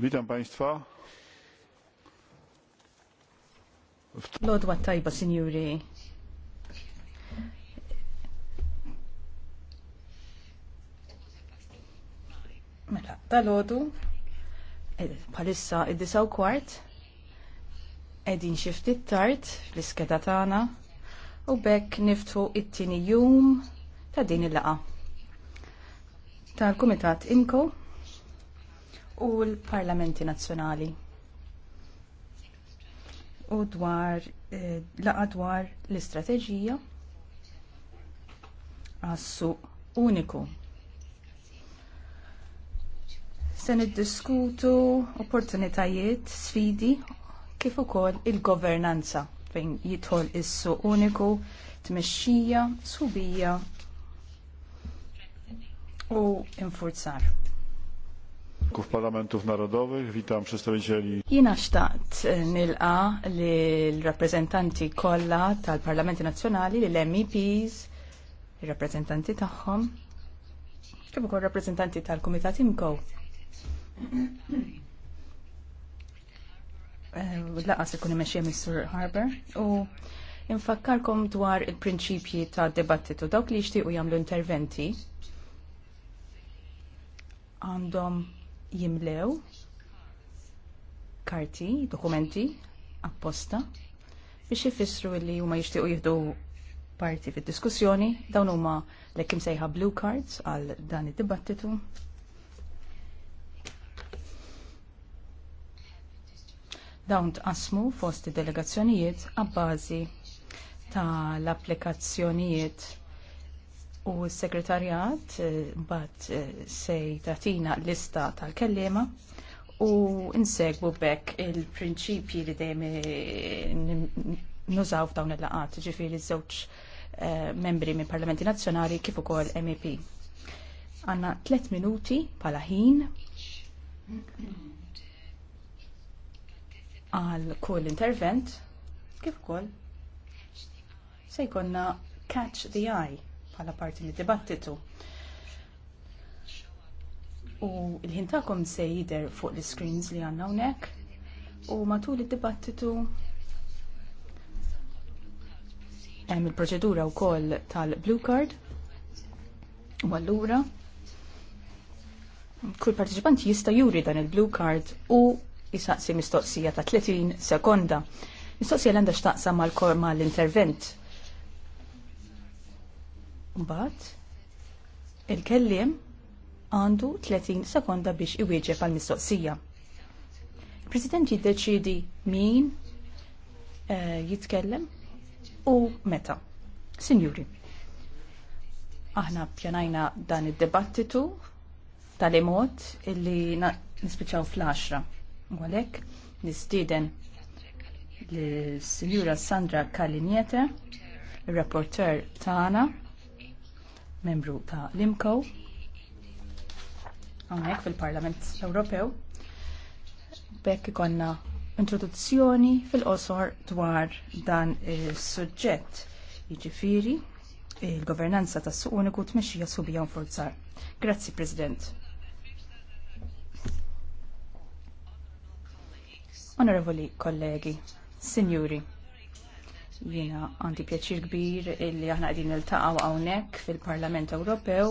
Witam Państwa. Lord tajba, sinjuri. Mela, dal-ħodu, eh, palissa id-disaw kwart, edin it tart l-iskeda tagħna u bekk niftu it-tieni jum ta' din il-laqa. Tal-Kumitat Inko u l-Parlamenti Nazzjonali u dwar eh, laqa dwar l-istrateġija għassu uniku. Se niddiskutu opportunitajiet, sfidi, kif ukoll il-governanza fejn jidħol issu uniku, tmexxija, subija u infurzar kuf Parlamentów narodowy, witam przedstawicieli. Jina eh, nil-a li l-rappresentanti kolla tal-Parlamenti nazjonali, li l-MEPs, il-rappresentanti taħħom, kif kol rappresentanti tal-Kumitat Imkow. Eh, laqas ikun imexxija Mr. Harbour u infakkarkom dwar il-prinċipji ta' debattitu dawk li jixtiequ jagħmlu interventi għandhom jimlew karti, dokumenti apposta biex jifissru li huma jixtiequ jieħdu parti fid-diskussjoni, dawn huma l-ekkim sejħa blue cards għal dan id-dibattitu. Dawn tqasmu fost id-delegazzjonijiet għabbażi tal-applikazzjonijiet u s-segretarjat eh, mbagħad eh, se l lista tal-kellima u insegwu bekk il-prinċipji li dejjem eh, nużaw f'dawn il-laqat, ġifieri żewġ membri minn Parlamenti Nazzjonali kif ukoll MEP. Għanna tliet minuti bħala ħin għal kull intervent kif ukoll se jkollna catch the eye bħala parti mid dibattitu U l-ħin ta'kom se jidher fuq l-screens li għandna hawnhekk u matul id-dibattitu hemm il-proċedura wkoll tal-blue card u allura kull partiċipant jista' juri dan il-blue card u jisaqsi mistoqsija ta' 30 sekonda. Mistoqsija l-għandha x'taqsam mal-intervent Mbagħad il-kelliem għandu 30 sekonda biex iwieġeb għal mistoqsija. Il-President jiddeċidi min eh, jitkellem u meta. Sinjuri, aħna pjanajna dan id-debattitu tal-imot illi nispiċaw fl axra Għalek, nistiden l-Sinjura Sandra Kaliniete, il-rapporter tana, membru ta' Limco għonek fil-Parlament Ewropew. Bekk konna introduzzjoni fil-qosor dwar dan il-sujġett jiġifieri il-governanza tas suq uniku tmexxija subija forzar. Grazzi, President. Onorevoli kollegi, Signori. Jiena għandi pjaċir kbir illi aħna nil niltaqgħu hawnhekk fil-Parlament Ewropew,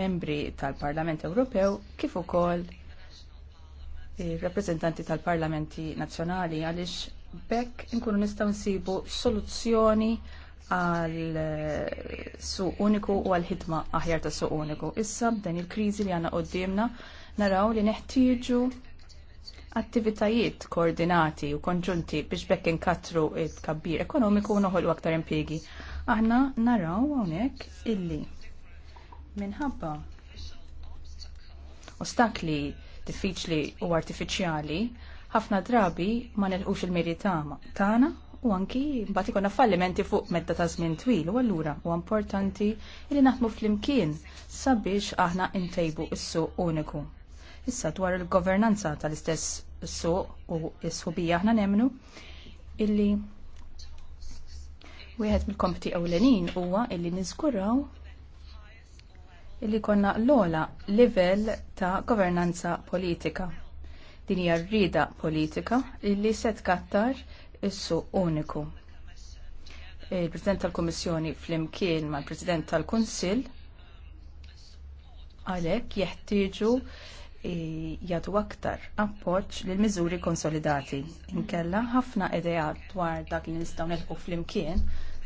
membri tal-Parlament Ewropew kif ukoll rappresentanti tal-parlamenti nazzjonali għaliex bekk inkunu nistgħu nsibu soluzzjoni għal suq uniku u għal ħidma aħjar ta' suq uniku. Issa b'dan il-kriżi li għandna qoddimna naraw li neħtieġu attivitajiet koordinati u konġunti biex bekk inkatru it-kabbir ekonomiku u u aktar impjiegi. Aħna naraw hawnhekk illi minħabba ostakli diffiċli u artifiċjali ħafna drabi ma nilqux il-miri tagħna u anki mbagħad ikollna fallimenti fuq medda ta' żmien twil u allura u importanti li naħdmu flimkien sabiex aħna ntejbu s-suq uniku. Issa dwar il-governanza tal-istess suq u s-subija aħna nemnu illi wieħed mill-kompti ewlenin huwa illi niżguraw illi konna l-ola livell ta' governanza politika. Din hija rrida politika illi se tkattar is-suq uniku. Il-President tal-Kummissjoni flimkien mal-President tal-Kunsill għalhekk jeħtieġu jagħtu aktar appoġġ lill miżuri konsolidati. Inkella ħafna idejat dwar dak li nistgħu nelħu flimkien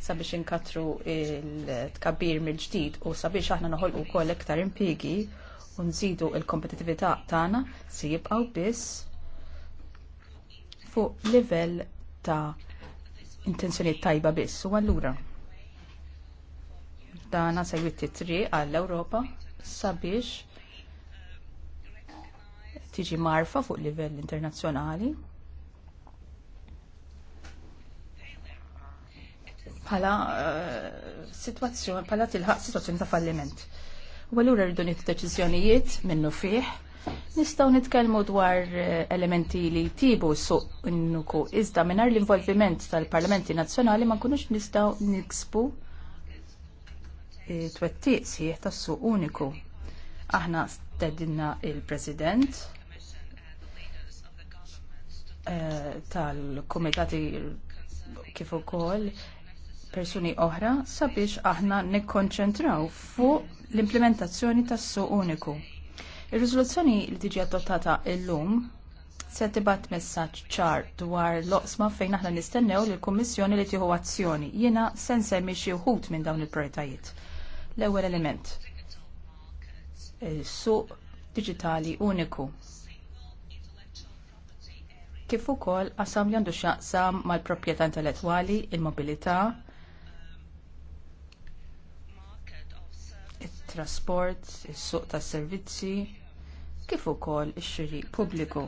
sabiex inkatru il-tkabbir mill-ġdid u sabiex aħna noħolqu wkoll iktar impjiegi u nżidu l-kompetitività tagħna se jibqgħu biss fuq livell ta' intenzjonijiet tajba biss. U allura dana se jwitti triq għall-Ewropa sabiex tiġi marfa fuq livell internazzjonali. Pala uh, situazzjoni, pala tilħaq situazzjoni ta' falliment. U għallura rridu nitt deċizjonijiet minnu fih. Nistaw nitkellmu dwar eh, elementi li tibu suq innuku iżda mingħajr l-involviment tal-parlamenti nazzjonali ma nkunux nistaw niksbu eh, twettiq sieħ tas suq uniku. Aħna stedinna il-President Eh, tal-komitati kif ukoll persuni oħra sabiex aħna nikkonċentraw fuq l-implementazzjoni tas-suq uniku. Ir-riżoluzzjoni li tiġi adottata llum se tibat messaġġ ċar dwar l-oqsma fejn aħna nistennew lill kummissjoni li tieħu azzjoni. Jiena se nsemmi xi wħud minn dawn il-prioritajiet. L-ewwel element. Is-suq diġitali uniku kif ukoll qasam li għandu x'jaqsam mal-proprjetà intellettwali, il-mobilità, it-trasport, is-suq tas-servizzi, kif ukoll ix-xiri pubbliku.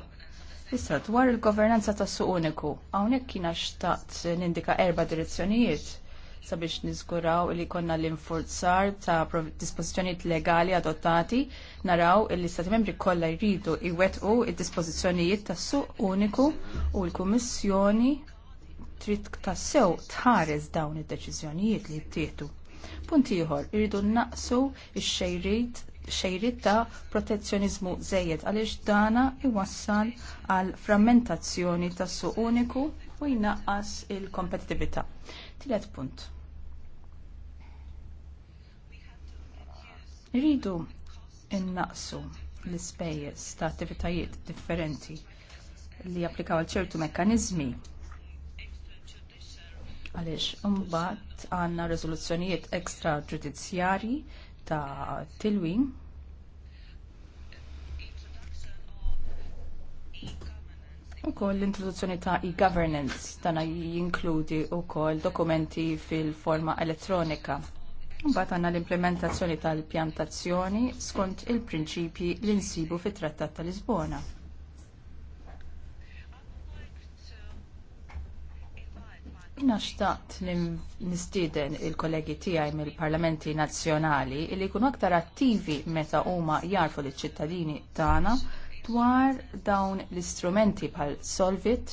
Issa dwar il-governanza tas-suq uniku, hawnhekk jiena xtaqt nindika erba' direzzjonijiet sabiex niżguraw li konna l-infurzar ta' dispożizzjonijiet legali adottati naraw li stati membri kollha jridu jwettqu id-dispożizzjonijiet tas-suq uniku u l-Kummissjoni trid tassew tħares dawn id-deċiżjonijiet li jittieħdu. Punt ieħor, iridu naqsu x-xejrid xejrid ta' protezzjonizmu żejjed għaliex dana iwassal għal frammentazzjoni tas suq uniku u jnaqqas il-kompetitività. Tilet punt. Rridu innaqsu l-ispejjeż ta' attivitajiet differenti li japplikaw ċertu mekkaniżmi għaliex imbagħad għandna riżoluzzjonijiet ekstra ġudizzjarji ta' tilwin U koll l-introduzzjoni ta' e-governance dana jinkludi u koll dokumenti fil-forma elettronika. Mbagħad għandna l-implementazzjoni tal-pjantazzjoni skont il-prinċipji li nsibu fit-Trattat ta' Lisbona. Jina xtaqt li nistieden il-kollegi tiegħi mill-parlamenti nazzjonali li jkunu aktar attivi meta huma jarfu l ċittadini tagħna dwar dawn l-istrumenti bħall Solvit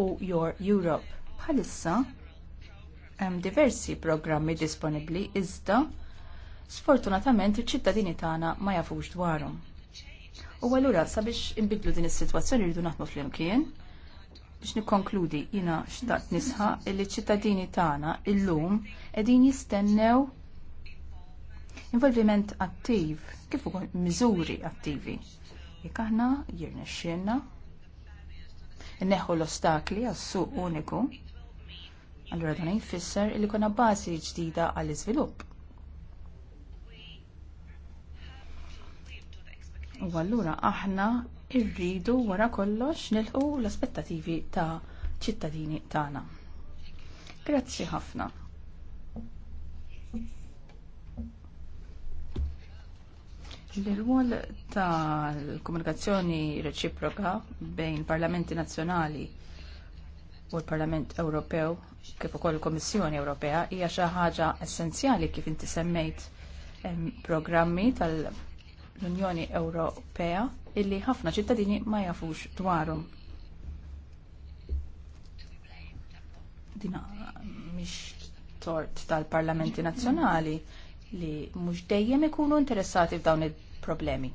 u Your Europe. Bħalissa hemm diversi programmi disponibbli iżda sfortunatament iċ-ċittadini tagħna ma jafux dwarhom. U allura sabiex inbidlu din is-sitwazzjoni rridu naħdmu flimkien biex nikkonkludi jiena xtaqt nisħa li ċ-ċittadini tagħna illum qegħdin jistennew involviment attiv, kif ukoll miżuri attivi. Jekk aħna jirnexxielna neħu l-ostakli għas-suq uniku, allura dan jfisser li kuna bażi ġdida għall-iżvilupp. U allura aħna rridu wara kollox nilħu l-aspettativi ta' ċittadini tagħna. Grazzi ħafna. L-rwol tal-komunikazzjoni reċiproka bejn parlamenti nazzjonali u l-Parlament Ewropew kif ukoll il-Kommissjoni Ewropea hija xi ħaġa essenzjali kif inti semmejt programmi tal-Unjoni Ewropea illi ħafna ċittadini ma jafux dwarhom. Dina mhix tort tal-Parlamenti Nazzjonali li mhux dejjem ikunu interessati f'dawn id problemi.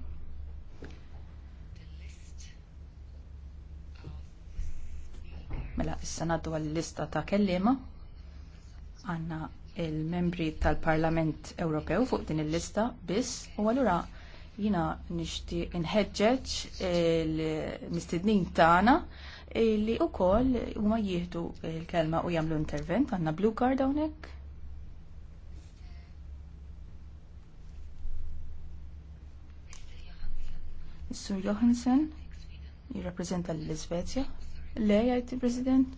Mela, issa naddu għall-lista ta' kellima. Għanna il-membri tal-Parlament Ewropew fuq din il-lista biss u għallura jina nishti nħedġeġ l-mistednin tagħna li u koll huma jieħdu l-kelma u jagħmlu intervent għandna blue card hawnhekk. Is-Sur Johansen jirrappreżenta l-Iżvezja. Le jgħid il-President.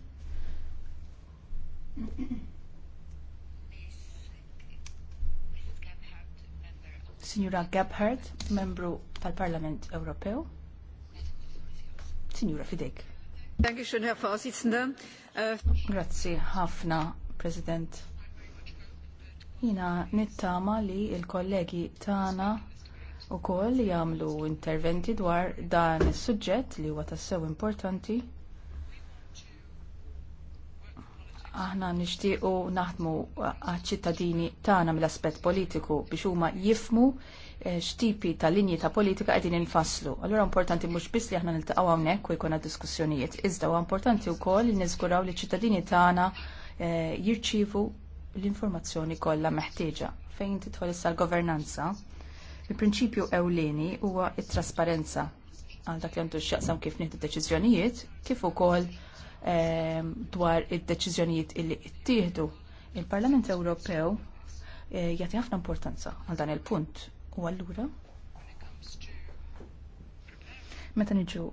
Signora Gebhardt, membru tal-Parlament Ewropew. Signora Fidek. Dankeschön, Herr Vorsitzende. Äh, Grazzi ħafna, President. Jina nittama li il-kollegi Tana kol li jagħmlu interventi dwar dan is-suġġett li huwa tassew importanti. Aħna nixtiequ naħdmu għaċ-ċittadini tagħna mill-aspett politiku biex huma jifmu eh, x'tipi ta' linji ta' politika qegħdin infasslu. Allura importanti mhux biss li aħna niltaqgħu hawnhekk u jkollna diskussjonijiet, iżda huwa importanti wkoll li niżguraw li ċittadini tagħna eh, jirċievu l-informazzjoni kollha meħtieġa fejn titħol issa l-governanza Il-prinċipju ewlieni huwa t trasparenza għal dak li għandu x'jaqsam kif nieħdu deċiżjonijiet, kif ukoll ehm, dwar id-deċiżjonijiet illi ttieħdu. Il-Parlament Ewropew eh, jagħti ħafna importanza għal dan il-punt. U allura meta niġu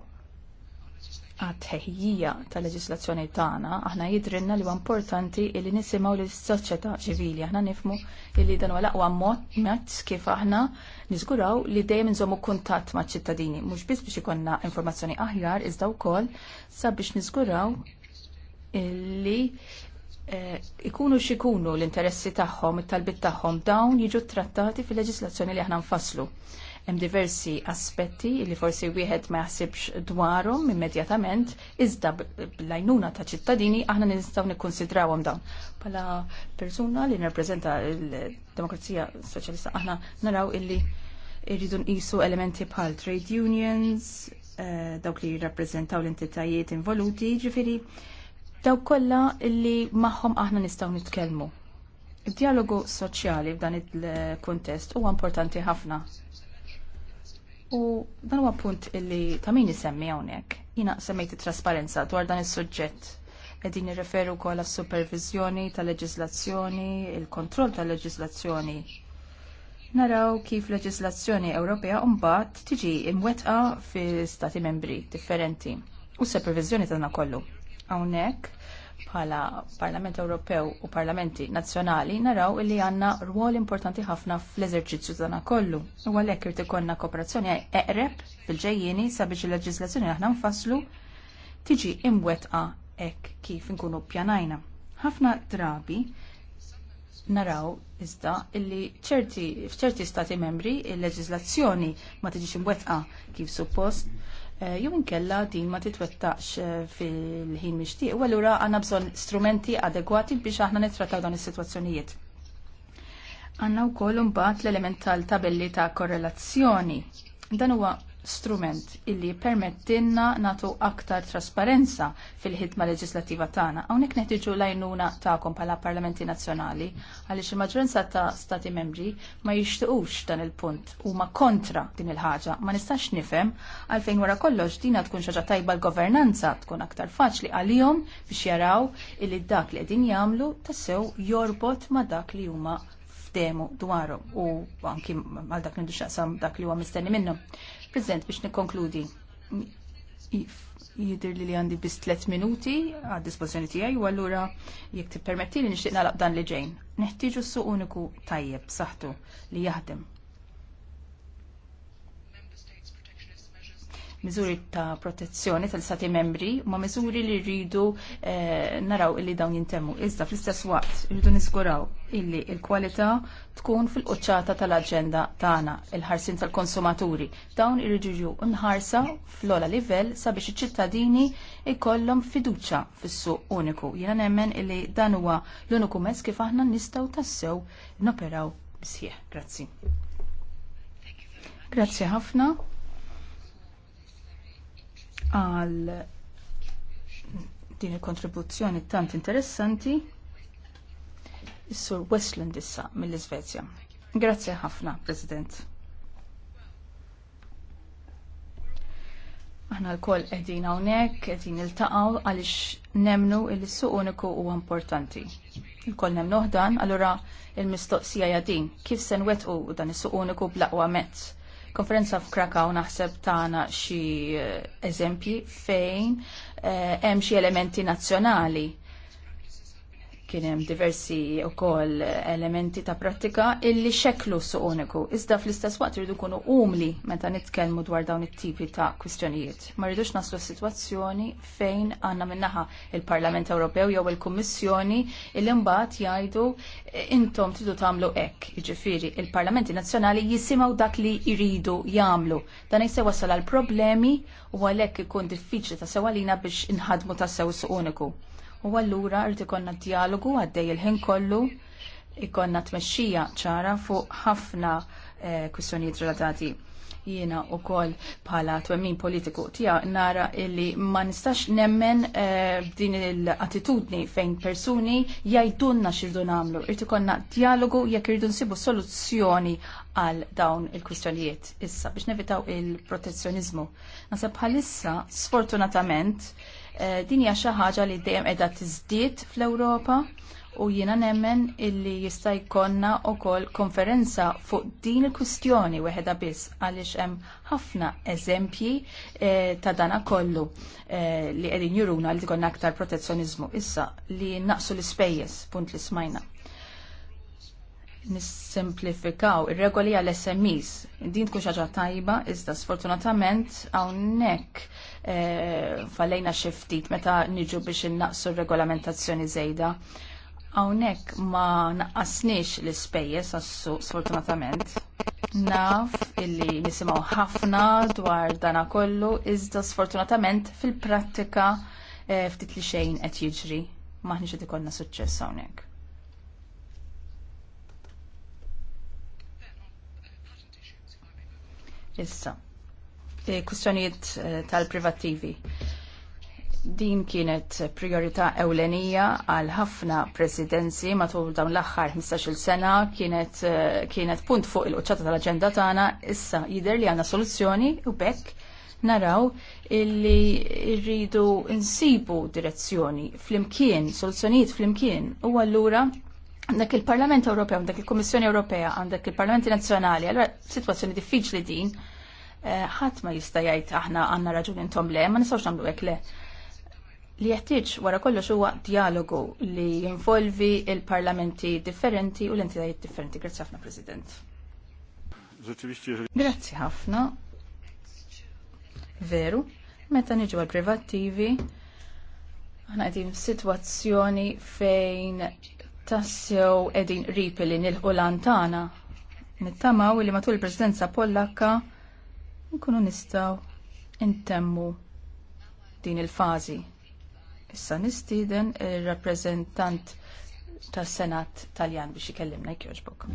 għat-teħjija tal leġislazzjoni tagħna, aħna jidrinna li huwa importanti li nisimgħu lis soċjetà ċivili. Aħna nifmu li dan huwa l-aqwa mod mezz kif aħna niżguraw li dejjem inżommu kuntatt maċ-ċittadini, mhux biss biex ikonna informazzjoni aħjar iżda wkoll sabiex niżguraw li eh, ikunu xikunu l-interessi tagħhom, it-talbit tagħhom dawn jiġu trattati fil-leġislazzjoni li aħna nfasslu. Hemm diversi aspetti li forsi wieħed ma jaħsibx dwarhom immedjatament, iżda bl-għajnuna ta' ċittadini aħna nistgħu nikkonsidrawhom dawn. Bħala persuna li nirrappreżenta l-Demokrazija Soċjalista aħna naraw illi irridu nqisu elementi bħal trade unions, eh, dawk li jirrappreżentaw l-entitajiet involuti, ġifieri dawk kollha li magħhom aħna nistgħu nitkellmu. Id-dialogu soċjali f'dan il-kontest huwa importanti ħafna U dan huwa punt illi ta' min isemmi hawnhekk. Jiena semmejt trasparenza dwar dan is-suġġett. Qegħdin nirreferu wkoll għas-supervizjoni tal-leġiżlazzjoni, il-kontroll tal-leġiżlazzjoni. Naraw kif leġiżlazzjoni Ewropea mbagħad tiġi imwetqa fi stati membri differenti u supervizjoni tagħna kollu. Hawnhekk bħala Parlament Ewropew u Parlamenti Nazzjonali naraw illi għandna rwol importanti ħafna fl-eżerċizzju tagħna kollu. U għalhekk irid ikollna kooperazzjoni eqreb fil-ġejjieni sabiex il-leġiżlazzjoni aħna nfasslu tiġi imwetqa hekk kif inkunu pjanajna. Ħafna drabi naraw iżda illi ċerti f'ċerti stati membri il-leġiżlazzjoni ma tiġix imwettqa kif suppost Eh, jew inkella din ma titwettaqx eh, fil-ħin mixtieq, u allura għandna bżonn strumenti adegwati biex aħna nittrattaw dan is-sitwazzjonijiet. Għandna wkoll imbagħad l elementa tal-tabelli ta' korrelazzjoni. Dan huwa strument illi permettinna natu aktar trasparenza fil-ħidma leġislattiva tagħna. Hawnhekk neħtieġu lajnuna tagħkom bħala Parlamenti Nazzjonali għaliex il-maġġoranza ta' stati membri ma jixtiequx dan il-punt huma kontra din il-ħaġa. Ma nistax nifhem għalfejn wara kollox din tkun xaġa tajba l-governanza tkun aktar faċli għalihom biex jaraw illi dak li qegħdin jagħmlu tassew jorbot ma' dak li huma f'demu dwaru u anki għal dak nindu xaqsam dak li huwa mistenni minnhom. Prezent biex nikkonkludi, jidir li li għandi bis 3 minuti għad dispożizzjoni tiegħi u allura jekk tippermettili nixtieq nagħlaq dan li ġejn. Neħtieġu suq uniku tajjeb saħtu li jaħdem miżuri ta' protezzjoni tal sati membri ma' miżuri li rridu eh, naraw illi dawn jintemmu. Iżda fl-istess waqt rridu nisguraw illi il-kwalità tkun fil-qoċċata tal-aġenda tagħna il-ħarsin tal-konsumaturi. Dawn irriġu nħarsa fl-ola livell sabiex iċ-ċittadini ikollhom fiduċja fis-suq uniku. Jiena nemmen illi dan huwa l-uniku mezz kif aħna nistgħu tassew noperaw bisħieħ. Grazzi. Grazzi ħafna għal din il-kontribuzzjoni tant interessanti is-sur Westland issa mill-Iżvezja. Grazzi ħafna, President. Aħna l-koll hawnhekk, qegħdin iltaqgħu għaliex nemnu il suq uniku huwa importanti. Il-koll nemnu ħdan, allura il-mistoqsija hija din kif se nwettqu dan is-suq uniku blaqwa mezz konferenza f'Krakaw naħseb tagħna xi eh, eżempji fejn eh, hemm xi elementi nazzjonali Kien hemm diversi wkoll elementi ta' prattika illi xeklu suq uniku. Iżda fl-istess waqt iridu jkunu umli meta nitkellmu dwar dawn it-tipi ta' kwistjonijiet. Ma rridux naslu situazzjoni fejn għandna minnaħa il-Parlament Ewropew jew il-Kummissjoni illi mbagħad jgħidu intom tridu tagħmlu hekk. Jiġifieri il-Parlamenti Nazzjonali jisimgħu dak li jridu jagħmlu. Dan jista' wasal għal problemi u għalhekk ikun diffiċli ta' sewalina biex inħadmu ta' sew suq uniku u allura rrid ikollna dialogu għaddej il-ħin kollu ikonna tmexxija ċara fuq ħafna eh, kwistjonijiet relatati jiena u kol bħala twemmin politiku tija nara illi ma nistax nemmen eh, din il-attitudni fejn persuni jajdunna xirdu namlu. Irti konna dialogu jekk irridu nsibu soluzzjoni għal dawn il-kwistjonijiet issa biex nevitaw il-protezzjonizmu. Nasa bħalissa sfortunatament Eh, din hija xi ħaġa li dejjem qiegħda tiżdied fl-Ewropa u jiena nemmen illi jista' jkollna wkoll konferenza fuq din il-kwistjoni weħeda biss għaliex hemm ħafna eżempji eh, ta' dana kollu eh, li qegħdin juruna li tkollna aktar protezzjoniżmu issa li naqsu l-ispejjeż punt li smajna nissimplifikaw ir-regoli għal SMEs. Din tkun xaġa tajba, iżda sfortunatament hawnhekk Eh, fallejna xi ftit meta niġu biex innaqsu regolamentazzjoni żejda. Hawnhekk ma naqqasniex l-ispejjeż għassu sfortunatament. Naf illi nisimgħu ħafna dwar dana kollu iżda sfortunatament fil-prattika eh, ftit li xejn qed jiġri. Maħniex qed ikollna suċċess hawnhekk. Issa, Eh, kwistjonijiet eh, tal-privattivi. Din kienet priorità ewlenija għal ħafna presidenzi matul dawn l-aħħar 15-il sena kienet, eh, kienet punt fuq il quċċata tal-aġenda tagħna issa jidher li għandna soluzzjoni u bekk naraw illi rridu insibu direzzjoni flimkien, soluzzjonijiet flimkien u allura għandek il-Parlament Ewropew, għandek il-Kommissjoni Ewropea, għandek il-Parlamenti Nazzjonali, għallura situazzjoni diffiċli din Eh, ħadd ma jista' jgħid aħna għandna raġun intom le, ma nistgħux nagħmlu hekk le. Li jeħtieġ wara kollox huwa dialogu li jinvolvi il-parlamenti differenti u l-entitajiet differenti. Grazzi ħafna, President. Grazzi ħafna. Veru, meta niġu għal privattivi, Għana għedin situazzjoni fejn tassew edin ripi li nilħu lantana. Nittamaw li matul il-prezidenza Pollakka nkunu nistaw intemmu din il-fazi. Issa nistiden il-rappresentant tas senat Taljan biex ikellimna jkjoġbok.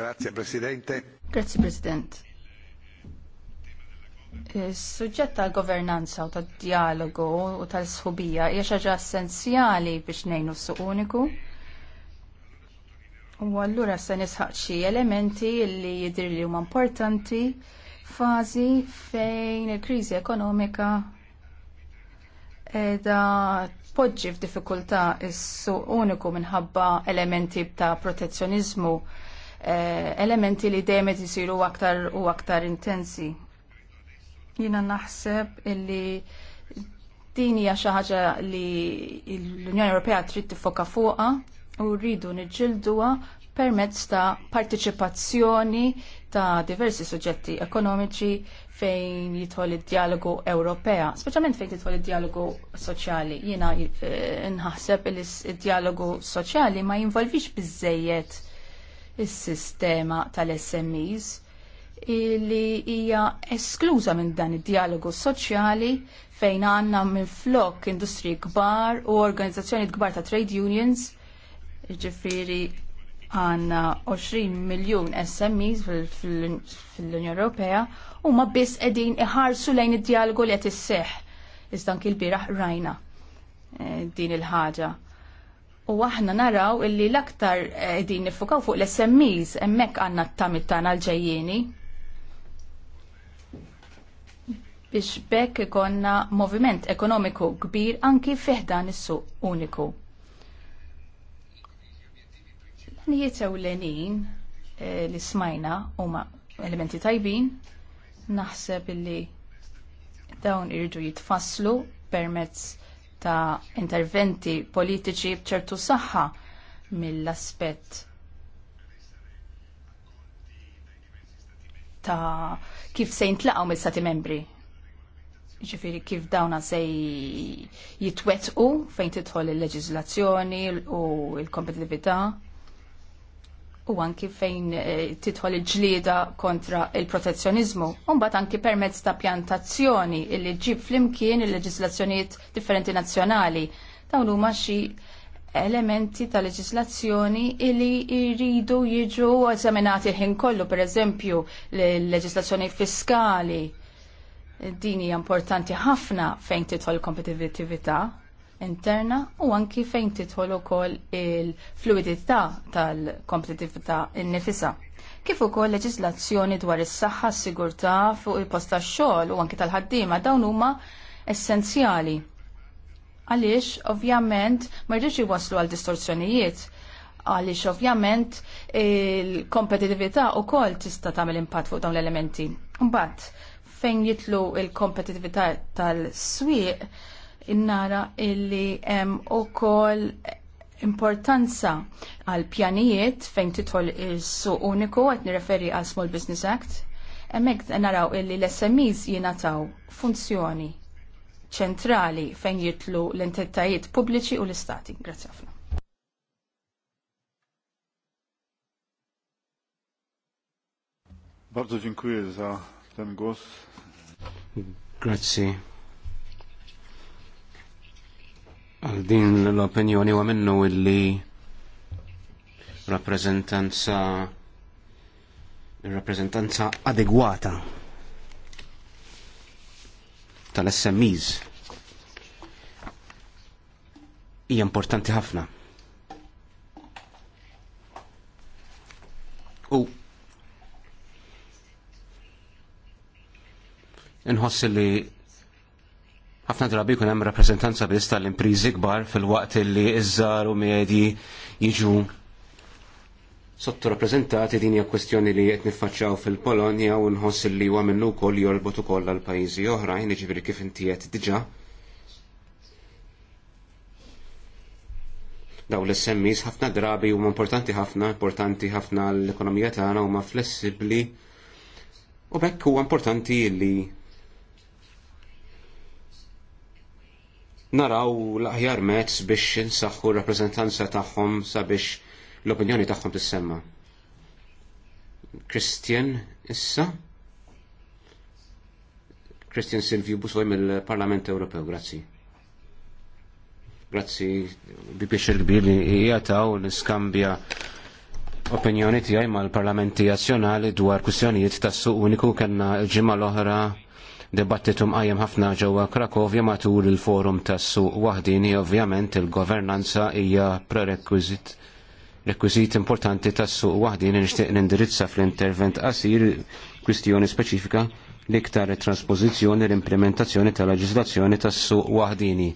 Grazie Presidente. Grazie President. Is-suġġett tal-governanza u tad-dialogu u tal-sħubija hija xi ħaġa essenzjali biex ngħinu s-suq uniku U allura se nisħaq xi elementi li jidhirli li huma importanti fażi fejn il-kriżi ekonomika edha poġġi f'diffikultà is-suq uniku minħabba elementi ta' protezzjonizmu, eh, elementi li dejjem qed isiru aktar u aktar intensi. Jiena naħseb illi din hija xi ħaġa li l-Unjoni Ewropea trid tiffoka fuqha u rridu niġġilduha permezz ta' partiċipazzjoni ta' diversi suġġetti ekonomiċi fejn jidħol id-dialogu Ewropea, speċjalment fejn jidħol id-dialogu soċjali. Jiena eh, nħaħseb li id-dialogu soċjali ma jinvolvix biżejjed is-sistema tal-SMEs li hija eskluża minn dan id-dialogu soċjali fejn għandna minflok industriji kbar u organizzazzjoni kbar ta' trade unions Ġifiri għanna 20 miljon SMEs fil-Unjoni Ewropea u ma biss edin iħarsu lejn id-dialogu li qed isseħ. Iżda anki l-biraħ rajna eh, din il-ħaġa. U aħna naraw illi l-aktar edin eh, nifukaw fuq l-SMEs hemmhekk għandna t-tamit tagħna l-ġejjieni. Biex bekk ikonna moviment ekonomiku kbir anki fiħdan is-suq uniku. L-anijiet ewlenin eh, li smajna huma elementi tajbin, naħseb illi dawn irridu jitfasslu permezz ta' interventi politiċi bċertu saħħa mill-aspett ta' kif se jintlaqgħu mill-stati membri. Ġifiri kif dawna se jitwetqu fejn tidħol il-leġizlazzjoni u l-kompetitività u anki fejn eh, titħol il-ġlieda kontra il-protezzjonizmu. Umbat anki permezz ta' pjantazzjoni illi ġib flimkien il-leġislazzjonijiet differenti nazzjonali. Dawn huma xi elementi ta' leġislazzjoni illi jridu jiġu eżaminati ħin kollu, per eżempju, l-leġislazzjoni fiskali. Din hija importanti ħafna fejn titħol kompetitività interna u anki fejn titħol ukoll il-fluidità tal-kompetitività innifisa. Kif ukoll leġislazzjoni dwar is-saħħa, s-sigurtà fuq il-post tax-xogħol u anki tal-ħaddiema dawn huma essenzjali. Għaliex ovvjament ma jridux iwaslu għal distorsjonijiet għaliex ovvjament il-kompetitività ukoll tista tagħmel impatt fuq dawn l-elementi. Mbagħad fejn jitlu il-kompetitività tal-swieq innara illi hemm ukoll importanza għal pjanijiet fejn titħol is-suq uniku qed nirreferi għal Small Business Act. Hemmhekk naraw illi l-SMEs jingħataw funzjoni ċentrali fejn jitlu l-entitajiet pubbliċi u l-istati. Grazzi ħafna. Bardzo dziękuję za ten głos. Grazie. Għal din l-opinjoni huwa minnu illi rappresentanza rappresentanza adegwata tal-SMEs hija importanti ħafna. U inħossi li ħafna drabi jkun hemm rappreżentanza biss tal-imprizi kbar fil-waqt li iżżar u medji jiġu sottorappreżentati din hija kwestjoni li qed niffaċċjaw fil-Polonja u nħoss li huwa minnu wkoll jorbot ukoll għal pajjiżi oħrajn, jiġifieri kif inti qed diġà daw l semmis ħafna drabi huma importanti ħafna, importanti ħafna l-ekonomija tagħna huma flessibbli u bekk huwa importanti li naraw l-aħjar mezz biex insaħħu r-rappreżentanza tagħhom sabiex l-opinjoni tagħhom tissemma. Christian issa. Christian Silvio Busoj mill-Parlament Ewropew, grazzi. Grazzi bi pieċer kbir li jgħataw l opinjoni tiegħi mal-parlamenti azzjonali dwar kwistjonijiet tas-suq uniku kellna l-ġimgħa l-oħra debattitum mqajjem ħafna ġewwa Krakovja matul il-forum tas-suq waħdini ovvjament il-governanza hija prerequisit rekwiżit importanti tas-suq waħdini nixtieq nindirizza fl-intervent qasir kwistjoni speċifika liktar iktar traspożizzjoni l-implementazzjoni tal-leġislazzjoni tas-suq waħdini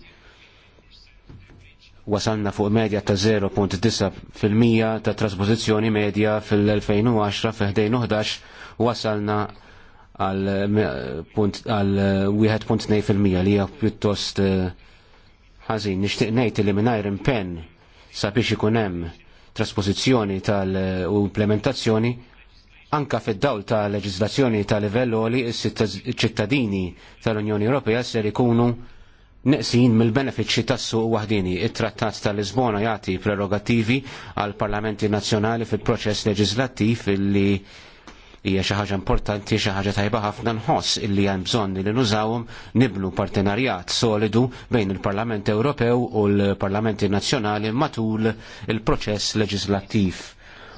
wasalna fuq medja ta' 0.9% ta' trasposizjoni medja fil-2010 fil 11 wasalna għal 1.2% li hija pjuttost eh, ħażin. Nixtieq ngħid li mingħajr impenn sabiex ikun hemm trasposizzjoni tal eh, u implementazzjoni anka fid-dawl ta' leġislazzjoni ta' livell li s-ċittadini tal-Unjoni Ewropea ser ikunu neqsin mill-benefiċċji tas-suq waħdini. It-Trattat tal-Lisbona jagħti prerogattivi għal parlamenti nazzjonali fil-proċess leġislattiv li hija xi ħaġa importanti, xi ħaġa tajba ħafna nħoss illi hemm bżonn li nużawhom nibnu partenarjat solidu bejn il-Parlament Ewropew u l-Parlamenti Nazzjonali matul il-proċess leġislattiv.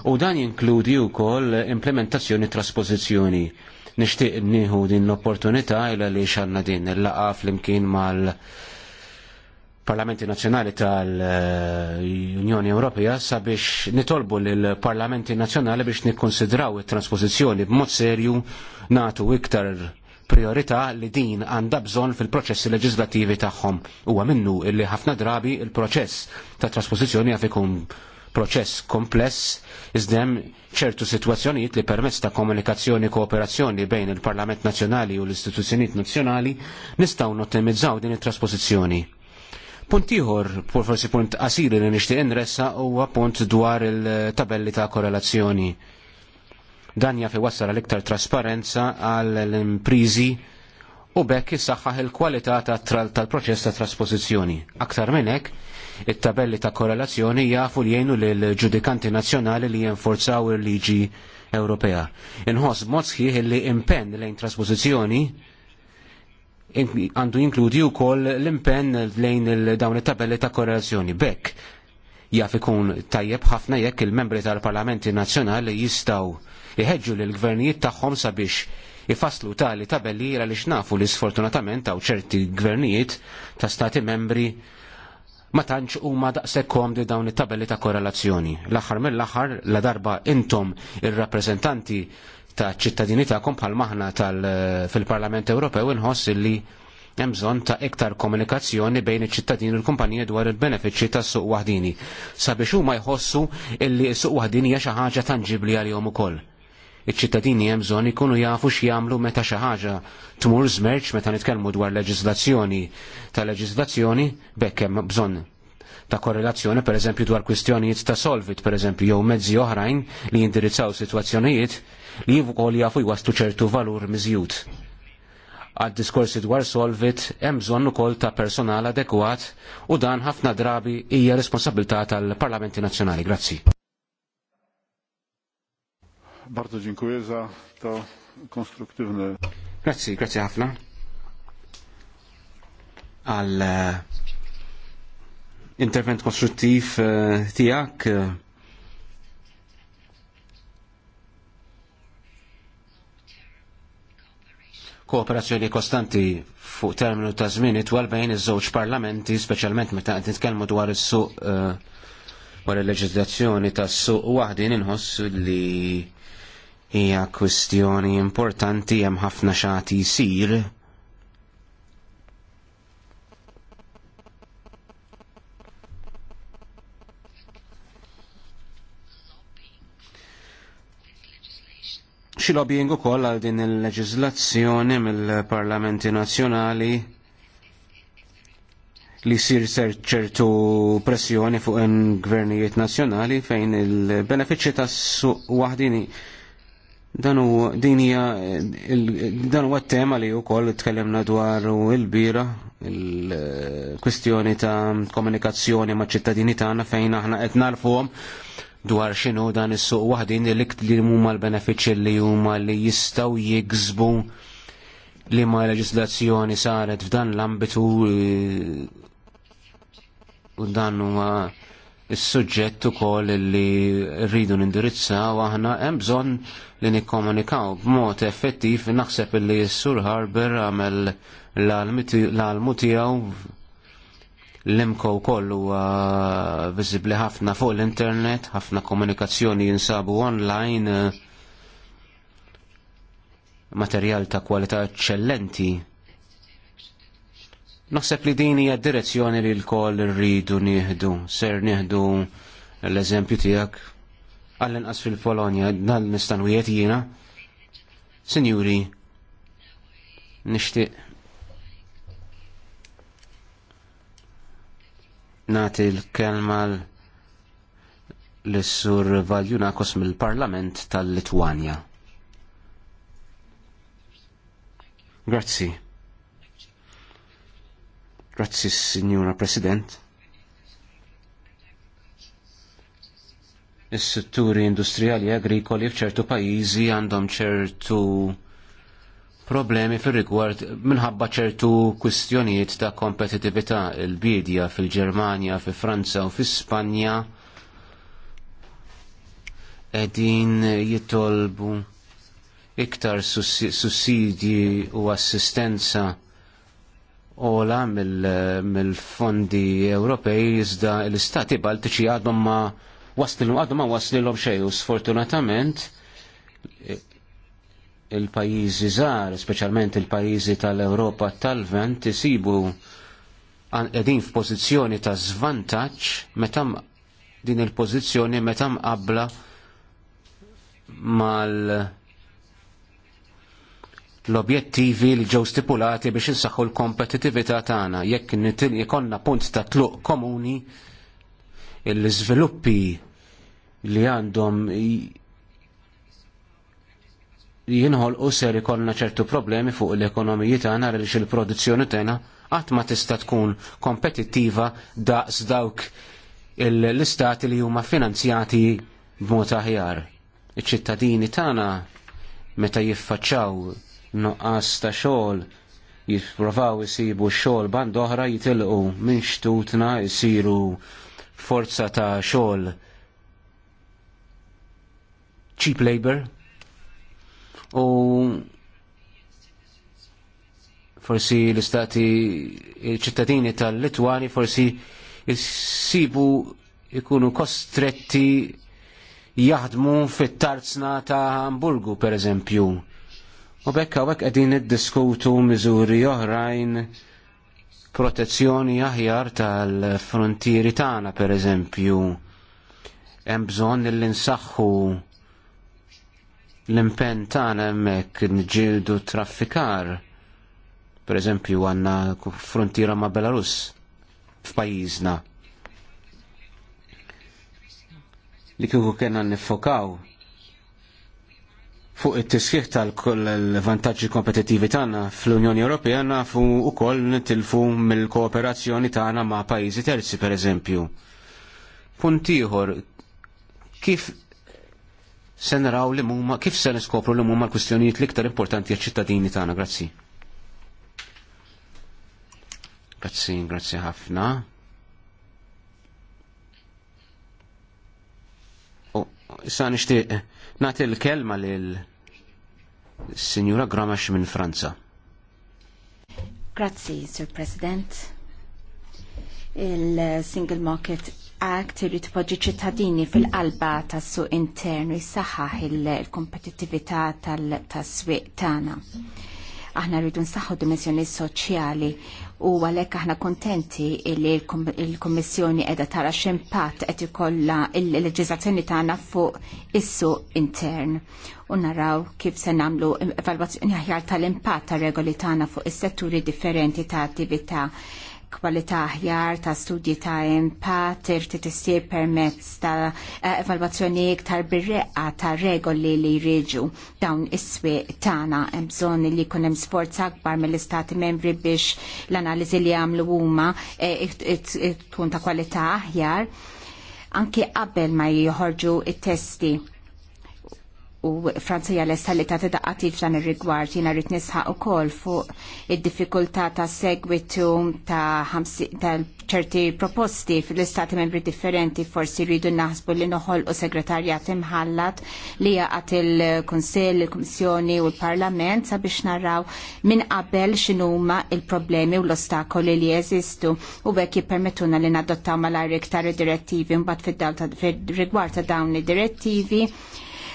U dan jinkludi wkoll implementazzjoni traspożizzjoni. Nixtieq nieħu din l-opportunità għal għaliex għandna din il-laqa flimkien mal- parlamenti nazzjonali tal-Unjoni Ewropea sabiex nitolbu lill parlamenti nazzjonali biex nikkonsidraw it-transpożizzjoni b'mod serju natu iktar priorità li din għandha bżonn fil-proċessi leġislattivi tagħhom. Huwa minnu li ħafna drabi il-proċess ta' trasposizzjoni għaf ikun proċess kompless iżdem ċertu sitwazzjonijiet li permezz ta' komunikazzjoni kooperazzjoni bejn il-Parlament Nazzjonali u l-istituzzjonijiet nazzjonali nistgħu nottimizzaw din it-trasposizzjoni. Punt ieħor, forsi punt qasir li nixtieq inressa huwa punt dwar il-tabelli ta' korrelazzjoni. Dan fi wassara l iktar trasparenza għal l-imprizi u bekk jissaxħaħ il-kwalità tal-proċess ta' trasposizjoni. Aktar minn hekk, it-tabelli ta' korrelazzjoni jafu li jgħinu l ġudikanti nazzjonali li jenforzaw il-liġi Ewropea. Inħoss mod sħiħ li impenn lejn trasposizjoni għandu jinkludi wkoll l-impenn lejn dawn it-tabelli ta' korrelazzjoni. Bekk jaf ikun tajjeb ħafna jekk il-membri tal-Parlamenti Nazzjonali jistgħu iħeġġu l gvernijiet tagħhom sabiex ifasslu tali tabelli li nafu li sfortunatament hawn ċerti gvernijiet ta' stati membri ma tantx huma daqshekk komdi dawn it-tabelli ta' korrelazzjoni. L-aħħar mill-aħħar la darba intom ir-rappreżentanti ta' ċittadini tagħkom bħal maħna eh, fil-Parlament Ewropew inħoss li hemm bżonn ta' iktar komunikazzjoni bejn iċ-ċittadini u l-kumpaniji dwar il-benefiċċji tas-suq waħdini sabiex huma jħossu illi s-suq waħdini hija xi ħaġa tanġibli għalihom ukoll. Iċ-ċittadini hemm bżonn ikunu jafu x'jagħmlu meta xi ħaġa tmur żmerġ meta nitkellmu dwar leġiżlazzjoni ta' leġiżlazzjoni b'hekk hemm bżonn ta' korrelazzjoni pereżempju dwar kwistjonijiet ta' solvit pereżempju jew mezzi oħrajn li jindirizzaw sitwazzjonijiet li wkoll jafu jwastu ċertu valur miżjud. Għad diskorsi dwar solvit hemm bżonn ukoll ta' personal adekwat u dan ħafna drabi hija responsabilità tal-Parlamenti Nazzjonali. Grazzi. Bardzo dziękuję za to konstruktywne. Grazzi, grazzi ħafna. Għal eh, intervent konstruttiv eh, tijak eh, kooperazzjoni kostanti fuq terminu ta' żmien itwal bejn iż-żewġ parlamenti, speċjalment meta qed nitkellmu dwar is-suq eh, wara l-leġiżlazzjoni tas-suq waħdin inħoss li hija kwistjoni importanti hemm ħafna xagħti jsir xi lobbying ukoll għal din il-leġiżlazzjoni mill-parlamenti nazzjonali li sir ċertu pressjoni fuq gvernijiet nazzjonali fejn il-benefiċċji tas-suq waħdini dan huwa dinja dan huwa tema li wkoll tkellimna dwar il-bira il-kwistjoni ta' komunikazzjoni ma' ċittadini tagħna fejn aħna qed narfuhom dwar xinu dan is-suq waħdin li li huma l-benefiċċji li huma li jistgħu jiksbu li ma leġislazzjoni saret f'dan l-ambitu eh, u dan huwa is-suġġett ukoll li rridu nindirizzaw aħna hemm bżonn li nikkomunikaw b'mod effettiv naħseb li s-Sur Harber għamel l-almu tiegħu l-imko kollu vizibli ħafna fuq l-internet, ħafna komunikazzjoni jinsabu online, eh, materjal ta' kwalità eccellenti. Naħseb li din hija direzzjoni li l-koll rridu nieħdu, ser nieħdu l-eżempju tiegħek għall-inqas fil-Polonja, dan nistanwijiet jiena. Sinjuri, nixtieq nati l-kelma l-sur Valjunakos mill-Parlament tal-Litwanja. Grazzi. Grazzi, Signora President. Is-setturi industrijali e agrikoli f'ċertu pajjiżi għandhom ċertu problemi fil rigward minħabba ċertu kwistjonijiet ta' kompetitività il-bidja fil-Ġermanja, fi Franza u fi Spanja edin jitolbu iktar sussidji u assistenza ola mill-fondi mil Ewropej iżda l-istati baltiċi għadhom ma waslilu għadhom ma waslilu xejn u sfortunatament il-pajizi żgħar, speċjalment il-pajizi tal-Ewropa tal-Vent, isibu qegħdin f'pożizzjoni ta' żvantaġġ meta din il-pożizzjoni meta mqabbla mal l-objettivi li ġew stipulati biex insaħħu l-kompetitività tagħna jekk ikonna punt ta' tluq komuni l-iżviluppi li għandhom jienħol u ser ikollna ċertu problemi fuq l-ekonomiji tagħna għaliex il-produzzjoni tagħna qatt ma tista' tkun kompetittiva daqs dawk l-istati li huma finanzjati b'mod aħjar. Iċ-ċittadini tagħna meta jiffaċċaw nuqqas ta' xogħol jippruvaw jisibu xogħol band oħra jitilqu minn xtutna jsiru forza ta' xogħol cheap labor u forsi l-istati il-ċittadini tal-Litwani forsi jissibu ikunu kostretti jaħdmu fit-tarzna ta' Hamburgu per eżempju. U bekka u din qegħdin iddiskutu miżuri oħrajn protezzjoni aħjar tal-frontieri tagħna per eżempju. Hemm bżonn l insaħħu l-impen tagħna hemmhekk nġildu traffikar. pereżempju għandna frontiera ma' Belarus f'pajjiżna. Li kieku kellna nifokaw fuq it-tisħiħ tal-koll l-vantaġġi kompetittivi tagħna fl-Unjoni Ewropea nafu wkoll nitilfu mill-kooperazzjoni tagħna ma' pajjiżi terzi pereżempju. Punt ieħor kif se naraw li mumma, kif se niskopru li mumma l-kustjonijiet liktar importanti għal-ċittadini tagħna, grazzi. Grazzi, grazzi ħafna. U issa nixtieq nagħti l-kelma lil Signora Gramax minn Franza. Grazzi, Sir President. Il-Single Market Act irid tpoġġi ċittadini fil-qalba tas-suq internu jsaħħaħ il-kompetittività tas-swieq tagħna. Aħna rridu nsaħħu dimensjoni soċjali u għalhekk aħna kontenti li l-Kummissjoni qiegħda tara x'impatt qed ikollha l-leġiżlazzjoni tagħna fuq is-suq intern u naraw kif se nagħmlu evalwazzjoni aħjar tal-impatt tar regoli tagħna fuq is-setturi differenti ta' attività kwalità aħjar ta' studji ta' impatt irti tissir permezz ta' evalwazzjoni iktar birreqqa ta' regoli li jriġu dawn is-swieq tagħna hemm bżonn li jkun hemm sforz akbar mill-istati membri biex l-analiżi li jagħmlu huma eh, tkun ta' kwalità aħjar anke qabel ma jħorġu it-testi u Franzija hija lesta li ta' daqqati f'dan ir-rigward jiena rrid nisħaq ukoll fuq id-diffikultà ta' segwitu ta' ċerti proposti fl-istati membri differenti forsi rridu naħsbu li noħolqu segretarjat imħallat li jaqat il konsell il-Kummissjoni u l-Parlament sabiex naraw minn qabel x'inhuma il-problemi u l-ostakoli li jeżistu u hekk jippermettuna li nadottaw malajr iktar direttivi mbagħad fid-rigward ta' dawn id-direttivi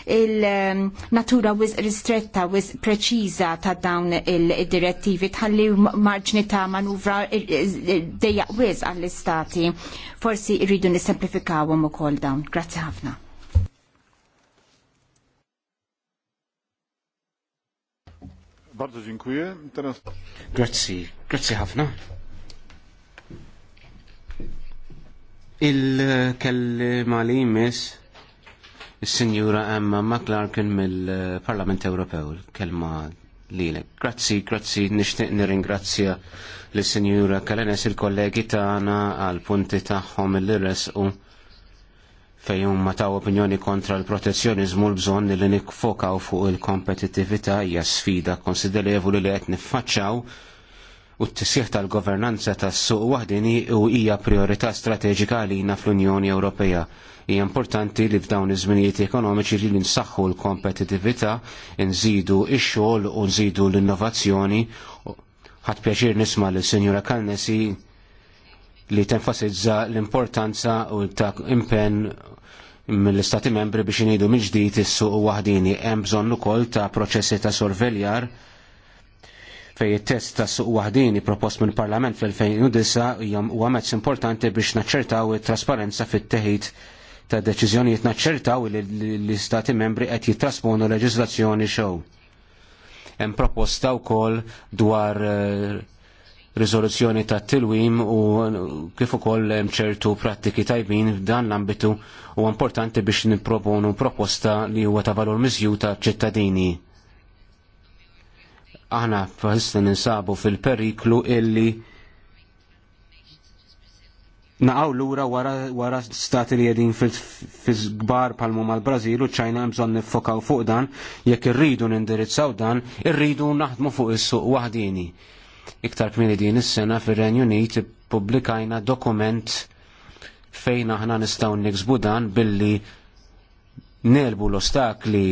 il-natura wis ristretta, wis preċiża ta' dawn il-direttivi tħalli marġni ta' manuvra dejja wis għall-istati. Forsi rridu u ukoll dawn. Grazzi ħafna. Bardzo dziękuję. Teraz... Grazie, grazie ħafna. Il-kellima li jmiss Is-Sinjura Emma McLarkin mill-Parlament Ewropew, kelma lilek. Grazzi, grazzi, nixtieq nirringrazzja l sinjura Kalenes il-kollegi tagħna għall punti tagħhom il u fejn huma taw opinjoni kontra l-protezzjonizmu l bżonn li nikfokaw fuq il-kompetittività hija sfida konsiderevoli li qed niffaċċaw u t-tisjeħ tal-governanza tas-suq waħdini u hija priorità strateġika għalina fl-Unjoni Ewropea. Hija importanti li f'dawn iż-żminijiet ekonomiċi li nsaħħu l-kompetitività, nżidu x-xogħol u nżidu l-innovazzjoni. Ħadd pjaċir nisma' lis sinjura Kannesi li tenfasizza l-importanza u ta' impenn mill-Istati membri biex inidu mill-ġdid is-suq waħdini hemm bżonn ukoll ta' proċessi ta' sorveljar fej it-test ta' suq waħdini propost mill parlament fl-2009 huwa mezz importanti biex naċċertaw it-trasparenza fit-teħid ta' deċiżjonijiet naċċertaw li l-istati membri qed jittrasponu leġiżlazzjoni xew. Hemm proposta wkoll dwar eh, riżoluzzjoni ta' tilwim u kif ukoll hemm ċertu prattiki tajbin f'dan l-ambitu u importanti biex nipproponu proposta li huwa ta' valur miżju ta' ċittadini aħna fħissin ninsabu fil-periklu illi naqaw lura wara, wara stati li jedin fil-gbar palmu mal-Brazil u ċajna mżon nifokaw fuq dan, jekk irridu nindirizzaw dan, irridu naħdmu fuq is-suq waħdini. Iktar kmini din is-sena fir-Renju Unit publikajna dokument fejn aħna nistgħu niksbu dan billi nelbu l-ostakli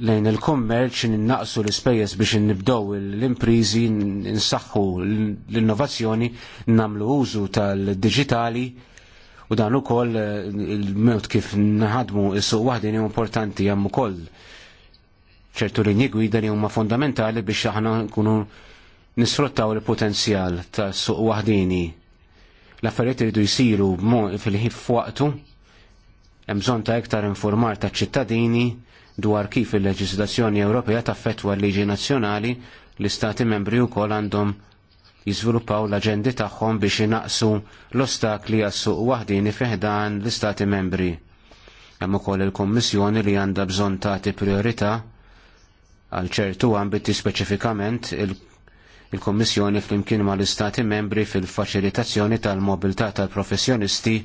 lejn il-kommerċ naqsu l-ispejjeż biex nibdow l-imprizi, nsaħħu l-innovazzjoni, namlu użu tal-digitali u dan ukoll eh, il-mod kif naħadmu is-suq waħdin importanti hemm ukoll ċertu linji gwida li huma fondamentali biex aħna nkunu nisfruttaw il-potenzjal tas suq waħdini. L-affarijiet iridu jsiru fil-ħif waqtu, hemm bżonn ta' iktar informar ta' ċittadini, dwar kif il-leġislazzjoni Ewropea taffetwa l-liġi nazzjonali l-istati membri wkoll għandhom jizvilupaw l-aġendi tagħhom biex inaqsu l-ostakli għas-suq waħdini feħdan l-istati membri. Hemm ukoll il-Kummissjoni li għandha bżonn tagħti priorità għal ċertu ambiti speċifikament il-Kommissjoni flimkien mal istati membri fil-faċilitazzjoni tal-mobilità tal-professjonisti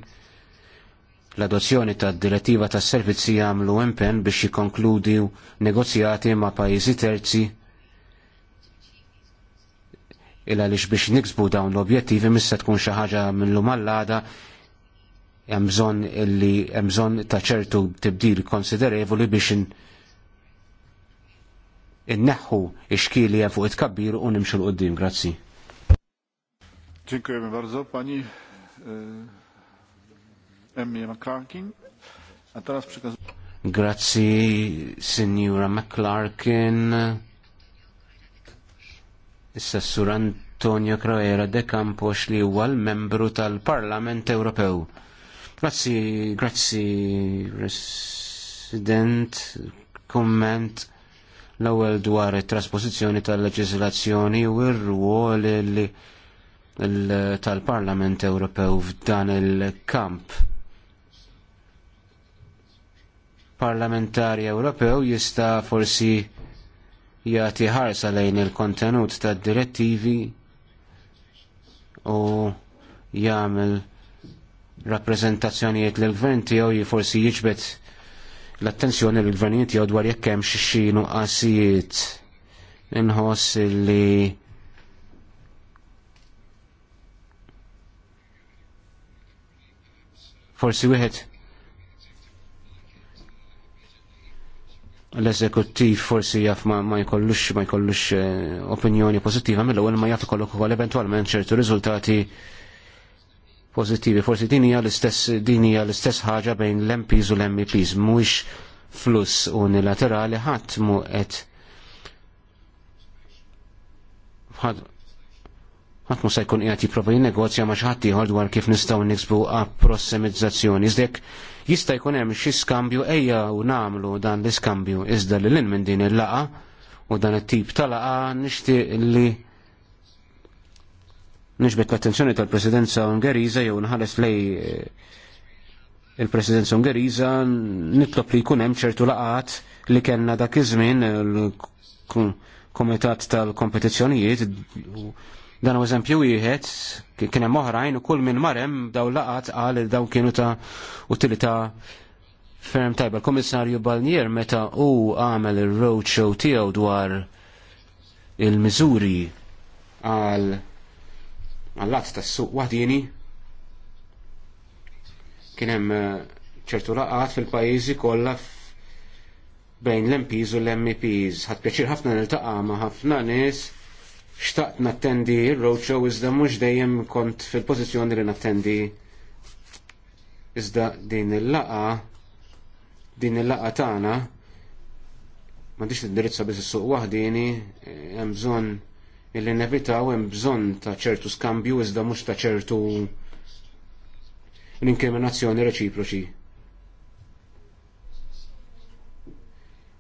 l-adozzjoni tad direttiva tas servizzi jagħmlu impenn biex jikkonkludi negozjati ma' pajjiżi terzi Illa għaliex biex niksbu dawn l-objettivi missa tkun xi ħaġa minnhom għall lada hemm bżonn illi hemm bżonn ta' ċertu tibdil konsiderevoli biex inneħħu ix-xkili fuq it-kabbir u nimxu l-qoddim. Grazzi. Dziękujemy bardzo pani e, Emmy McClarkin. A teraz przekazuję. Grazzi, Signora McClarkin. Issa sessur Antonio Croera de Campos li huwa l-membru tal-Parlament Ewropew. Grazzi, grazzi, President, komment l-ewwel dwar it-trasposizzjoni tal-leġiżlazzjoni u r-ruol tal-Parlament Ewropew f'dan il-kamp parlamentari Ewropew jista' forsi jagħti ħarsa lejn il-kontenut tad-direttivi u jagħmel rappreżentazzjonijiet lill gvern tiegħu forsi jiġbed l-attenzjoni l gvernijiet tiegħu dwar jekk hemm xi xi nuqqasijiet inħoss li forsi wieħed l-eżekuttiv forsi jaf ma, ma jkollux ma jkollux eh, opinjoni pozittiva mill-ewwel ma jaf ikollok ukoll eventwalment ċertu riżultati pozittivi. Forsi din hija l-istess din hija l-istess ħaġa bejn l-MPs u l-MEPs mhuwiex fluss unilaterali ħadd mu qed ħadd musa se jkun qiegħed jiprofa jinnegozja ma' xi ħadd ieħor dwar kif nistgħu niksbu approssimizzazzjoni. Izdek, jista' jkun hemm xi skambju ejja u nagħmlu dan l-iskambju iżda lil minn din il-laqa u dan it-tip tal-laqa nixtieq li nishbet l-attenzjoni tal-Presidenza Ungeriża jew nħalles lej eh, il-Presidenza Ungeriża nitlop li jkun hemm ċertu laqat li kellna dak iż-żmien il tal-Kompetizzjonijiet Dan u eżempju wieħed kien hemm oħrajn u kull minn marem daw laqat għal daw kienu ta' utilità ferm tajba. Komissarju Balnier meta u għamel il-roadshow tiegħu dwar il-miżuri għal għall-att tas-suq waħdini kien hemm eh, ċertu laqat fil-pajjiżi kollha bejn l-MPs u l-MEPs. Ħadd pjaċir ħafna niltaqa' ma' ħafna nies xtaqt nattendi il-roadshow iżda mhux dejjem kont fil-pożizzjoni li nattendi iżda din il-laqa din il-laqa tagħna m'għandix tindirizza biss is-suq waħdini hemm bżonn illi nevitaw hemm bżonn ta' ċertu skambju iżda mhux ta' ċertu l-inkriminazzjoni reċiproċi.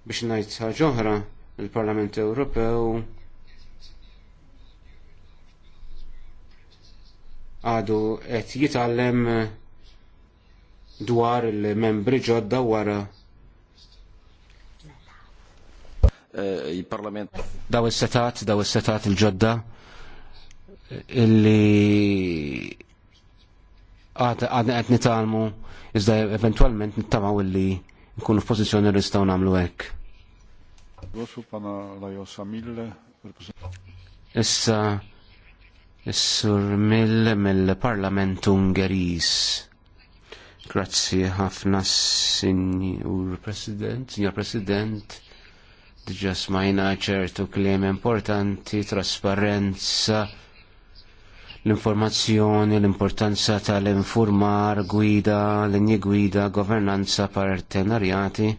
Biex ngħid ħaġa oħra, il-Parlament Ewropew għadu qed jitgħallem eh, dwar il-membri ġodda wara eh, il-parlament. Daw is-setat, daw is-setat il-ġodda illi għadna qed nitalmu iżda eventualment nittamaw illi nkunu f-pozizjoni f'pożizzjoni li nistgħu nagħmlu hekk. Issa Is-sur Mill mill-Parlament Ungeris. Grazzi ħafna, Sinjur President, Signor President diġa smajna ċertu kliem importanti, trasparenza, l-informazzjoni, l-importanza tal-informar, gwida, linji gwida, governanza, partenarjati.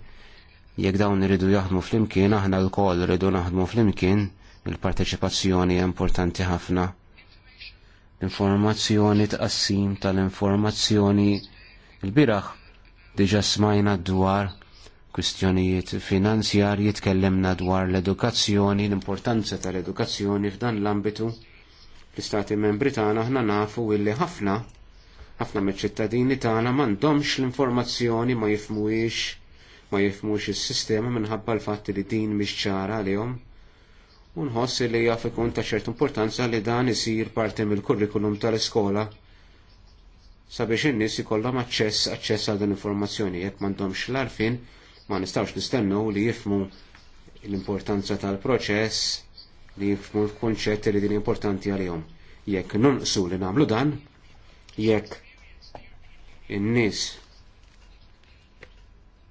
Jekk dawn iridu jaħdmu flimkien, aħna l-koll iridu naħdmu flimkien, il-parteċipazzjoni importanti ħafna informazzjoni tqassim tal-informazzjoni l biraħ diġa smajna dwar kwistjonijiet finanzjarji tkellimna dwar l-edukazzjoni, l-importanza tal-edukazzjoni f'dan l-ambitu. L-Istati Membri tagħna aħna nafu illi ħafna ħafna me ċittadini tagħna m'għandhomx l-informazzjoni ma jifmuwiex ma jifmux is-sistema minħabba l-fatt li din mhix ċara għalihom u nħoss li jaf ikun ta' ċert importanza li dan isir parti mill-kurrikulum tal-iskola sabiex in-nies ikollhom aċċess aċċess għal din informazzjoni jekk m'għandhomx l-arfin ma nistgħux nistennew li jifmu l-importanza tal-proċess li jifmu l kunċetti li din importanti għalihom. Jekk nonqsu li nagħmlu dan, jekk in-nies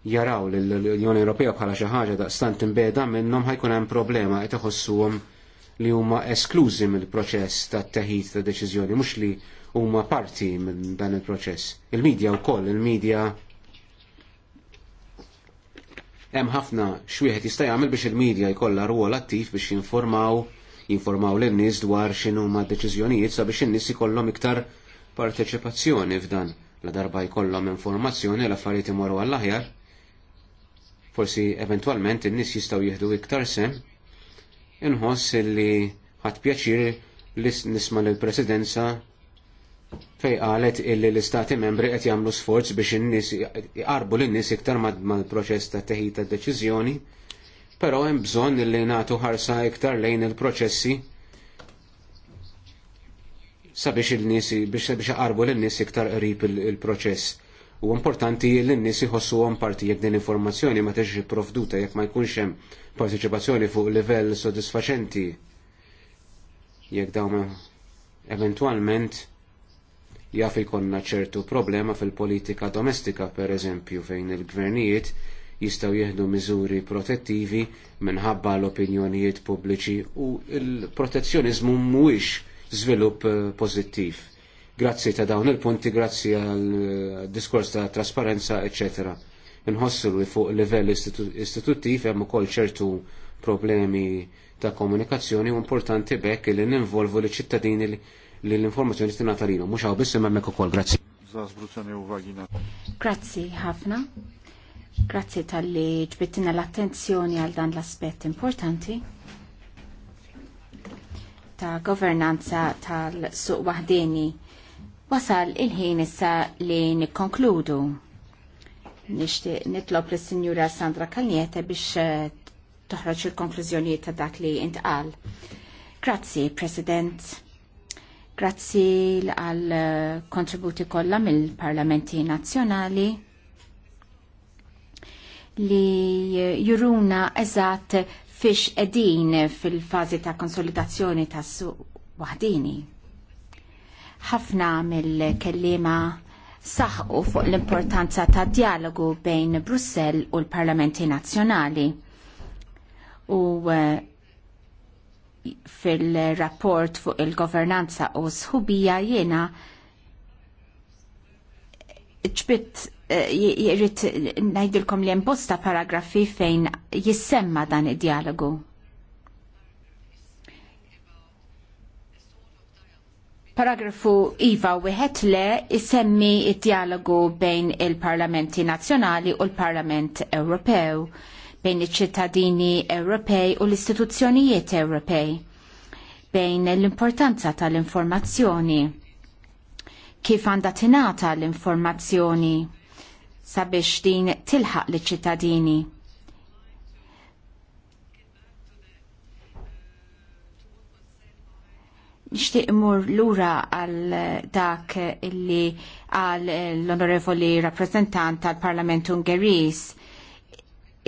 jaraw l-Unjoni Ewropea bħala xi ħaġa daqstant imbeda minnhom ħajkun hemm problema qed iħossuhom li huma esklużi mill-proċess tat teħid ta' deċiżjoni, mhux li huma parti minn dan il-proċess. Il-medja wkoll, il-medja hemm ħafna xwieħed jista' jagħmel biex il-medja jkollha rwol attiv biex jinformaw jinformaw lin-nies dwar x'inhu huma deċiżjonijiet sabiex in-nies ikollhom iktar parteċipazzjoni f'dan la darba jkollhom informazzjoni l-affarijiet imorru għall-aħjar forsi eventualment in-nies jistgħu jieħdu iktar sem, inħoss li ħadd pjaċir li nisma' lill-Presidenza fej qalet illi l-istati membri qed jagħmlu sforz biex in-nies jqarbu lin-nies iktar mal-proċess ta' teħid ta' deċiżjoni, però hemm bżonn illi nagħtu ħarsa iktar lejn il-proċessi sabiex il-nies biex jqarbu lin-nies iktar qrib il-proċess. U importanti li n-nies iħossuhom parti jekk din informazzjoni ma teġi profduta jekk ma jkunx hemm partiċipazzjoni fuq livell sodisfaċenti. Jekk dawn eventwalment jaf ikonna ċertu problema fil-politika domestika pereżempju fejn il-gvernijiet jistgħu jieħdu miżuri protettivi minħabba l-opinjonijiet pubbliċi u l protezzjoniżmu mhuwiex żvilupp eh, pożittiv Grazzi ta' dawn il-punti, grazzi għal eh, diskors ta' trasparenza, eccetera. Nħossu li fuq livell istitutiv hemm ukoll ċertu problemi ta' komunikazzjoni u importanti bekk li ninvolvu li ċittadini li l-informazzjoni tingħata lilhom. Mhux hawn biss hemmhekk ukoll, grazzi. Grazzi ħafna. Grazzi tal-li ġbittina l-attenzjoni għal dan l-aspett importanti ta' governanza tal-suq wahdini Wasal il-ħin issa li nikkonkludu. Nixtieq nitlob lis sinjura Sandra Kalnieta biex eh, toħroġ il-konklużjonijiet ta' dak li intqal. Grazzi, President. Grazzi għal eh, kontributi kollha mill-Parlamenti Nazzjonali li eh, juruna eżatt fiex edin fil-fazi ta' konsolidazzjoni tas-suq waħdini ħafna mill-kellima saħqu fuq l-importanza ta' dialogu bejn Brussell u l-Parlamenti Nazzjonali. U eh, fil-rapport fuq il-governanza u sħubija jiena Ċbitt eh, jirrit najdilkom li bosta paragrafi fejn jissemma dan id-dialogu Paragrafu Iva wieħed le isemmi d dialogu bejn il-Parlamenti Nazzjonali u l-Parlament Ewropew, bejn iċ-ċittadini Ewropej u l-istituzzjonijiet Ewropej, bejn l-importanza tal-informazzjoni, kif għandha tingħata l-informazzjoni sabiex din tilħaq liċ ċittadini Nixtieq imur lura għal dak illi għal l-onorevoli rappresentant tal-Parlament Ungeris.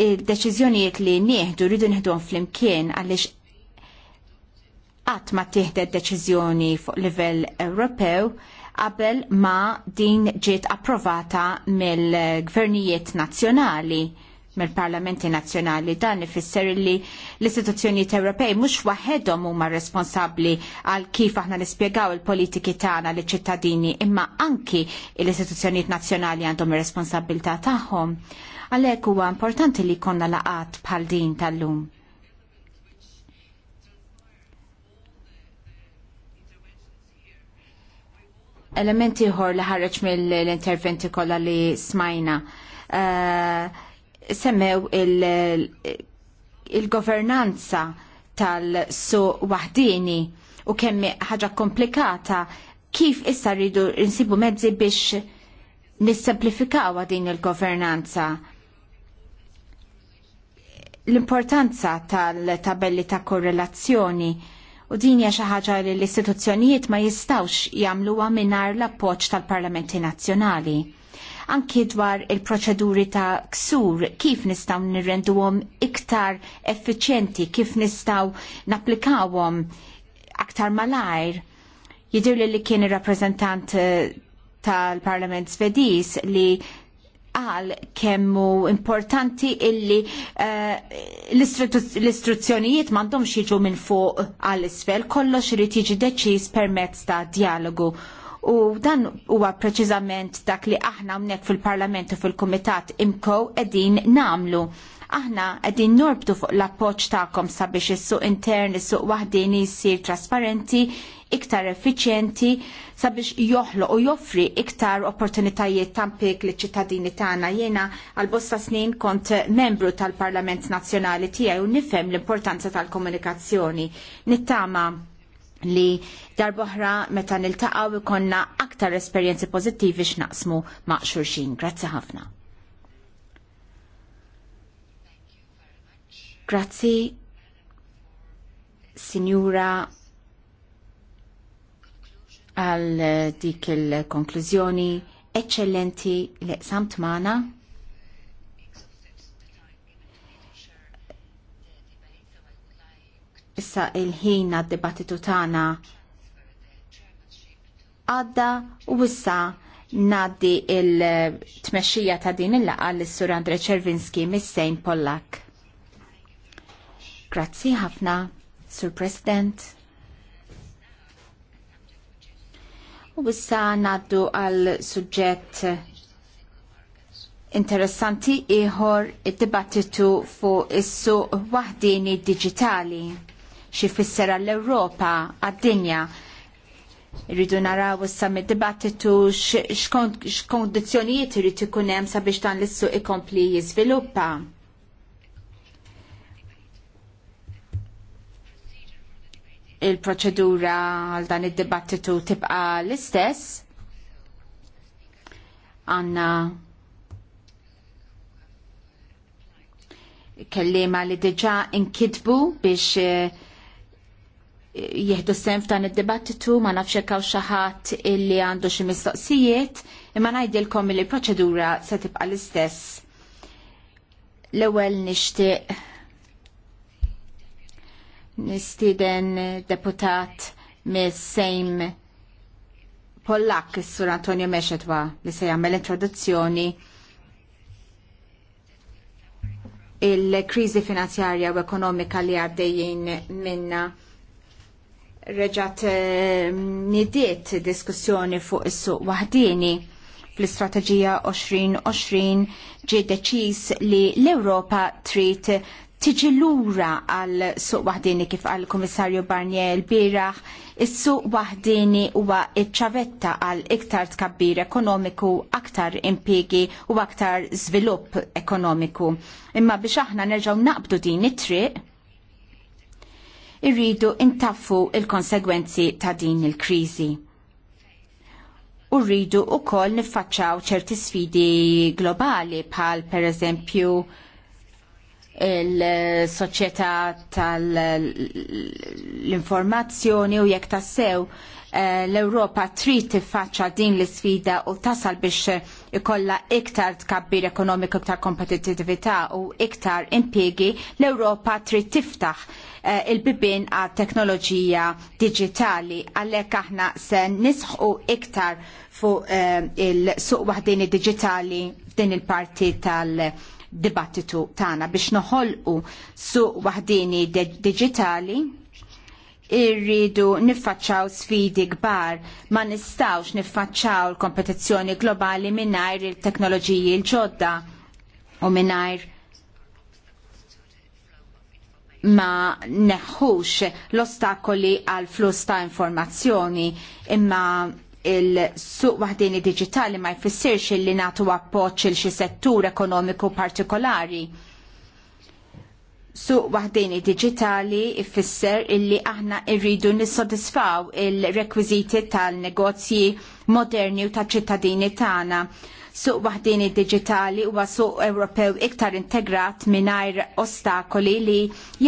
Il-deċiżjonijiet li nieħdu rridu nieħduhom flimkien għaliex qatt ma tieħdet deċiżjoni fuq livell Ewropew qabel ma din ġiet approvata mill-gvernijiet nazzjonali mill-parlamenti nazzjonali dan ifisser li l-istituzzjonijiet Ewropej mhux waħedhom huma responsabbli għal kif aħna nispjegaw il-politiki tagħna liċ ċittadini imma anki l-istituzzjonijiet nazzjonali għandhom ir-responsabilità tagħhom. Għalhekk huwa importanti li jkollna laqat bħal din tal-lum. Elementi ħor li ħareġ mill-interventi kollha li smajna. Uh, semmew il-governanza il tal-su wahdini u kemmi ħaġa komplikata kif issa rridu nsibu mezzi biex nissemplifikaw din il-governanza l-importanza tal-tabelli ta' korrelazzjoni u din hija xi ħaġa li l-istituzzjonijiet ma jistgħux jagħmluha mingħajr l-appoġġ tal-Parlamenti Nazzjonali anki dwar il-proċeduri ta' ksur, kif nistaw nirrenduhom iktar effiċjenti, kif nistaw naplikawhom aktar malajr. Jidir li li kien il-rappresentant eh, tal-Parlament Svedis li għal kemmu importanti illi uh, l-istruzzjonijiet mandom xieġu minn fuq għal isfel kollox irid jiġi deċiż permezz ta' dialogu u dan huwa preċiżament dak li aħna hawnhekk fil-Parlament u fil-Kumitat imko qegħdin namlu. Aħna qegħdin norbtu fuq l-appoġġ tagħkom sabiex is-suq intern is-suq waħdini jsir trasparenti, iktar effiċjenti sabiex joħloq u joffri iktar opportunitajiet tampik li ċittadini tagħna. Jiena għal bosta snin kont membru tal-Parlament Nazzjonali tiegħi u nifhem l-importanza tal-komunikazzjoni. Nittama' li darbohra meta niltaqaw ikonna aktar esperjenzi pozittivi x'naqsmu ma' xurxin. Grazzi ħafna. Grazzi, Signora, għal dik il-konklużjoni eccellenti li samt mana. Issa il-ħin għad-dibattitu tagħna għadda u issa naddi il-tmexxija ta' din il laqgħa lis sur Andre Ċervinski mis-Sejn Pollak. Grazzi ħafna, Sur President. U issa naddu għal suġġett interessanti ieħor id-dibattitu fuq is-suq waħdini digitali xi fissera l-Ewropa għad-dinja irridu naraw issa mid-dibattitu x'kondizzjonijiet irid ikun hemm sabiex dan l-issuq ikompli jiżviluppa. Il-proċedura għal dan id-dibattitu tibqa l-istess. Għanna kellima li diġa inkitbu biex eh, jihdu sem f'dan id-dibattitu ma nafx hekk xi ħadd illi għandu xi mistoqsijiet, imma ngħidilkom li l-proċedura se tibqa' l-istess. L-ewwel nixtieq nistieden deputat mis-sejm Pollak is-Sur Antonio Mexetwa li se jagħmel introduzzjoni il-kriżi finanzjarja u ekonomika li għaddejjin minna reġat eh, nidiet diskussjoni fuq is-suq wahdini fl-istrateġija 2020 ġie deċiż li l-Ewropa trid tiġi lura għal suq waħdini kif għal komissarju Barnier l-biraħ, is-suq waħdini huwa iċ-ċavetta għal iktar tkabbir ekonomiku, aktar impjegi u aktar żvilupp ekonomiku. Imma biex aħna nerġgħu naqbdu din it-triq, irridu intaffu il-konsegwenzi ta' din il-kriżi u rridu u koll nifacċaw ċerti sfidi globali pal per eżempju il-soċieta tal-informazzjoni u jekk tassew Eh, l-Ewropa trid tiffaċċa din l isfida u tasal biex ikollha iktar tkabbir ekonomiku, iktar kompetitività u iktar impjiegi, l-Ewropa trid tiftaħ eh, il-bibin għat teknoloġija digitali għalhekk aħna se nisħu iktar fuq eh, il-suq waħdini digitali f'din il-parti tal- dibattitu tagħna biex noħolqu suq waħdini digitali irridu niffaċċaw sfidi kbar, ma nistawx niffaċċaw l-kompetizzjoni globali mingħajr il-teknoloġiji l-ġodda u mingħajr ma neħħux l-ostakoli għal flus ta' informazzjoni imma il-suq waħdini digitali ma jfissirx li natu appoċ il xi settur ekonomiku partikolari Suq waħdini digitali ifisser illi aħna irridu nissodisfaw il-rekwiziti tal-negozji moderni u taċ ċittadini tagħna. Suq waħdini digitali huwa suq Ewropew iktar integrat mingħajr ostakoli li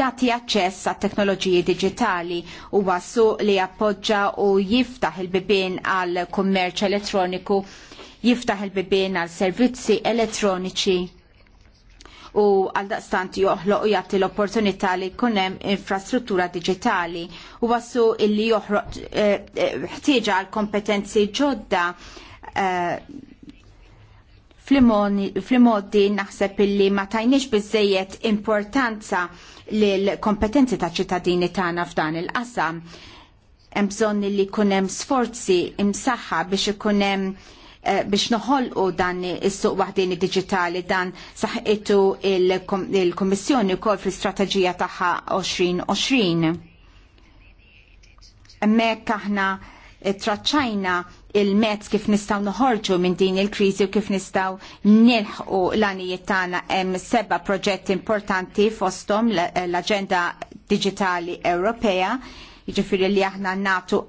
jagħti aċċess għat teknoloġiji digitali huwa suq li appoġġa u jiftaħ il-bibien għal kummerċ elettroniku, jiftaħ il-bibien għal servizzi elettroniċi u għaldaqstant joħloq u jagħti l-opportunità li jkun hemm infrastruttura digitali u wassu illi joħroq eh, eh, ħtieġa għal kompetenzi ġodda eh, fl-modi naħseb illi ma tajniex bizzejiet importanza lill kompetenzi ta' ċittadini tagħna f'dan il-qasam. Hemm bżonn li jkun hemm sforzi imsaħħa biex ikun hemm Eh, biex noħolqu dan is-suq waħdini digitali dan saħqitu il-Kommissjoni wkoll fl-istrateġija tagħha 2020. Hemmhekk aħna traċċajna il-mezz kif nistaw noħorġu minn din il-kriżi u kif nistaw nilħqu l-għanijiet tagħna hemm seba' proġett importanti fosthom l-Aġenda Digitali Ewropea, jiġifieri li aħna natu